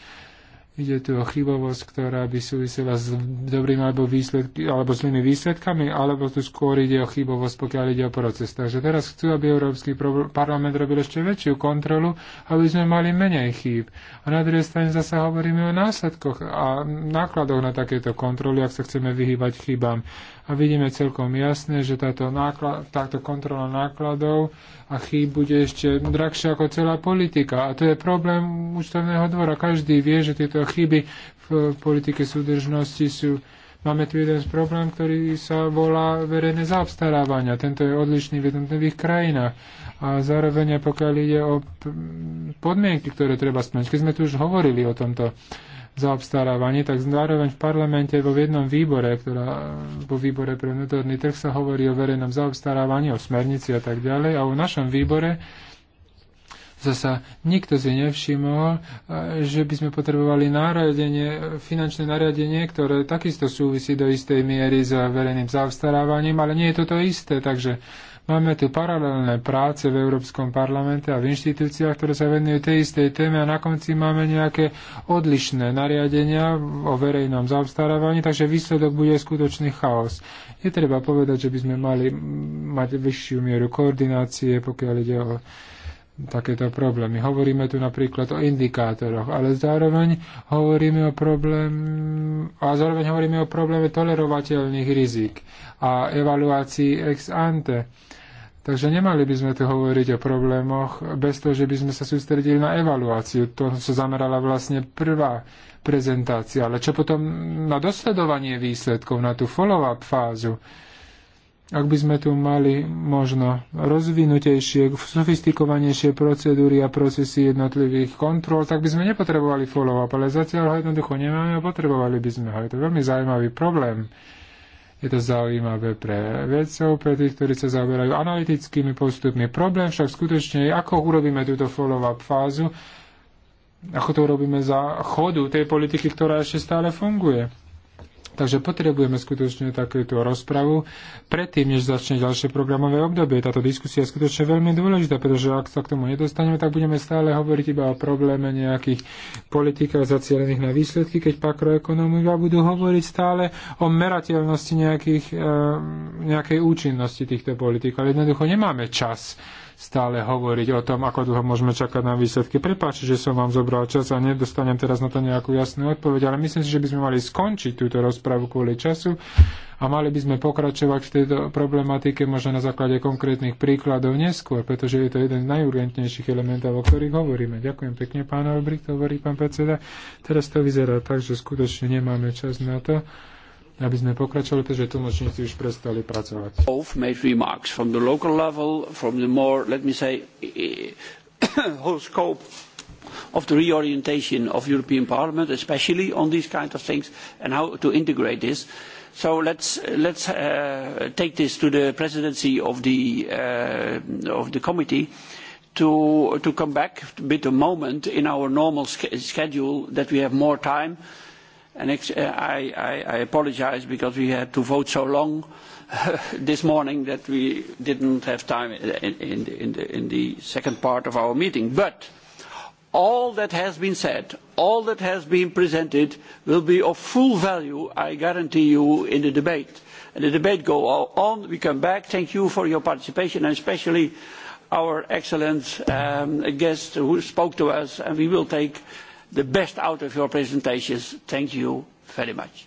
Ide tu o chybovosť, ktorá by súvisela s dobrými alebo, výsledky, alebo zlými výsledkami, alebo tu skôr ide o chybovosť, pokiaľ ide o proces. Takže teraz chcú, aby Európsky parlament robil ešte väčšiu kontrolu, aby sme mali menej chýb. A na druhej strane zase hovoríme o následkoch a nákladoch na takéto kontroly, ak sa chceme vyhýbať chybám a vidíme celkom jasne, že táto, náklad, táto kontrola nákladov a chýb bude ešte drahšia ako celá politika. A to je problém účtovného dvora. Každý vie, že tieto chyby v politike súdržnosti sú Máme tu jeden z problém, ktorý sa volá verejné zaobstarávania. Tento je odlišný v jednotlivých krajinách. A zároveň, pokiaľ ide o podmienky, ktoré treba splniť, keď sme tu už hovorili o tomto za obstarávanie, tak zároveň v parlamente vo jednom výbore, ktorá, vo výbore pre vnútorný trh sa hovorí o verejnom zaobstarávaní, o smernici a tak ďalej. A o našom výbore Zasa nikto si nevšimol, e, že by sme potrebovali nariadenie, finančné nariadenie, ktoré takisto súvisí do istej miery s verejným zaobstarávaním, ale nie je to to isté, takže Máme tu paralelné práce v Európskom parlamente a v inštitúciách, ktoré sa venujú tej istej téme a na konci máme nejaké odlišné nariadenia o verejnom zaobstarávaní, takže výsledok bude skutočný chaos. Je treba povedať, že by sme mali mať vyššiu mieru koordinácie, pokiaľ ide o takéto problémy. Hovoríme tu napríklad o indikátoroch, ale zároveň hovoríme o problém, a zároveň hovoríme o probléme tolerovateľných rizik a evaluácii ex ante. Takže nemali by sme tu hovoriť o problémoch bez toho, že by sme sa sústredili na evaluáciu. To sa zamerala vlastne prvá prezentácia. Ale čo potom na dosledovanie výsledkov, na tú follow-up fázu? Ak by sme tu mali možno rozvinutejšie, sofistikovanejšie procedúry a procesy jednotlivých kontrol, tak by sme nepotrebovali follow-up, ale zatiaľ ho jednoducho nemáme a potrebovali by sme ho. Je to veľmi zaujímavý problém. Je to zaujímavé pre vedcov, pre tých, ktorí sa zaoberajú analytickými postupmi. Problém však skutočne je, ako urobíme túto follow-up fázu, ako to urobíme za chodu tej politiky, ktorá ešte stále funguje. Takže potrebujeme skutočne takúto rozpravu predtým, než začne ďalšie programové obdobie. Táto diskusia je skutočne veľmi dôležitá, pretože ak sa k tomu nedostaneme, tak budeme stále hovoriť iba o probléme nejakých politikách zacielených na výsledky, keď makroekonomika budú hovoriť stále o merateľnosti nejakých, eh, nejakej účinnosti týchto politik. Ale jednoducho nemáme čas stále hovoriť o tom, ako dlho môžeme čakať na výsledky. Prepáčte, že som vám zobral čas a nedostanem teraz na to nejakú jasnú odpoveď, ale myslím si, že by sme mali skončiť túto rozpravu kvôli času a mali by sme pokračovať v tejto problematike možno na základe konkrétnych príkladov neskôr, pretože je to jeden z najurgentnejších elementov, o ktorých hovoríme. Ďakujem pekne, pán Albrecht, hovorí pán predseda. Teraz to vyzerá tak, že skutočne nemáme čas na to aby sme pokračovali, pretože tlmočníci už prestali pracovať. Both made remarks from the local level, from the more, let me say, whole scope of the reorientation of European Parliament, especially on these kind of things, and how to integrate this. So let's, let's uh, take this to the presidency of the, uh, of the committee to, to come back with a moment in our normal sch schedule that we have more time And uh, I, I, I apologize because we had to vote so long this morning that we didn't have time in, in, in, the, in the second part of our meeting. But all that has been said, all that has been presented will be of full value, I guarantee you, in the debate. And the debate goes on, we come back. Thank you for your participation, and especially our excellent um, guest who spoke to us, and we will take the best out of your presentations. Thank you very much.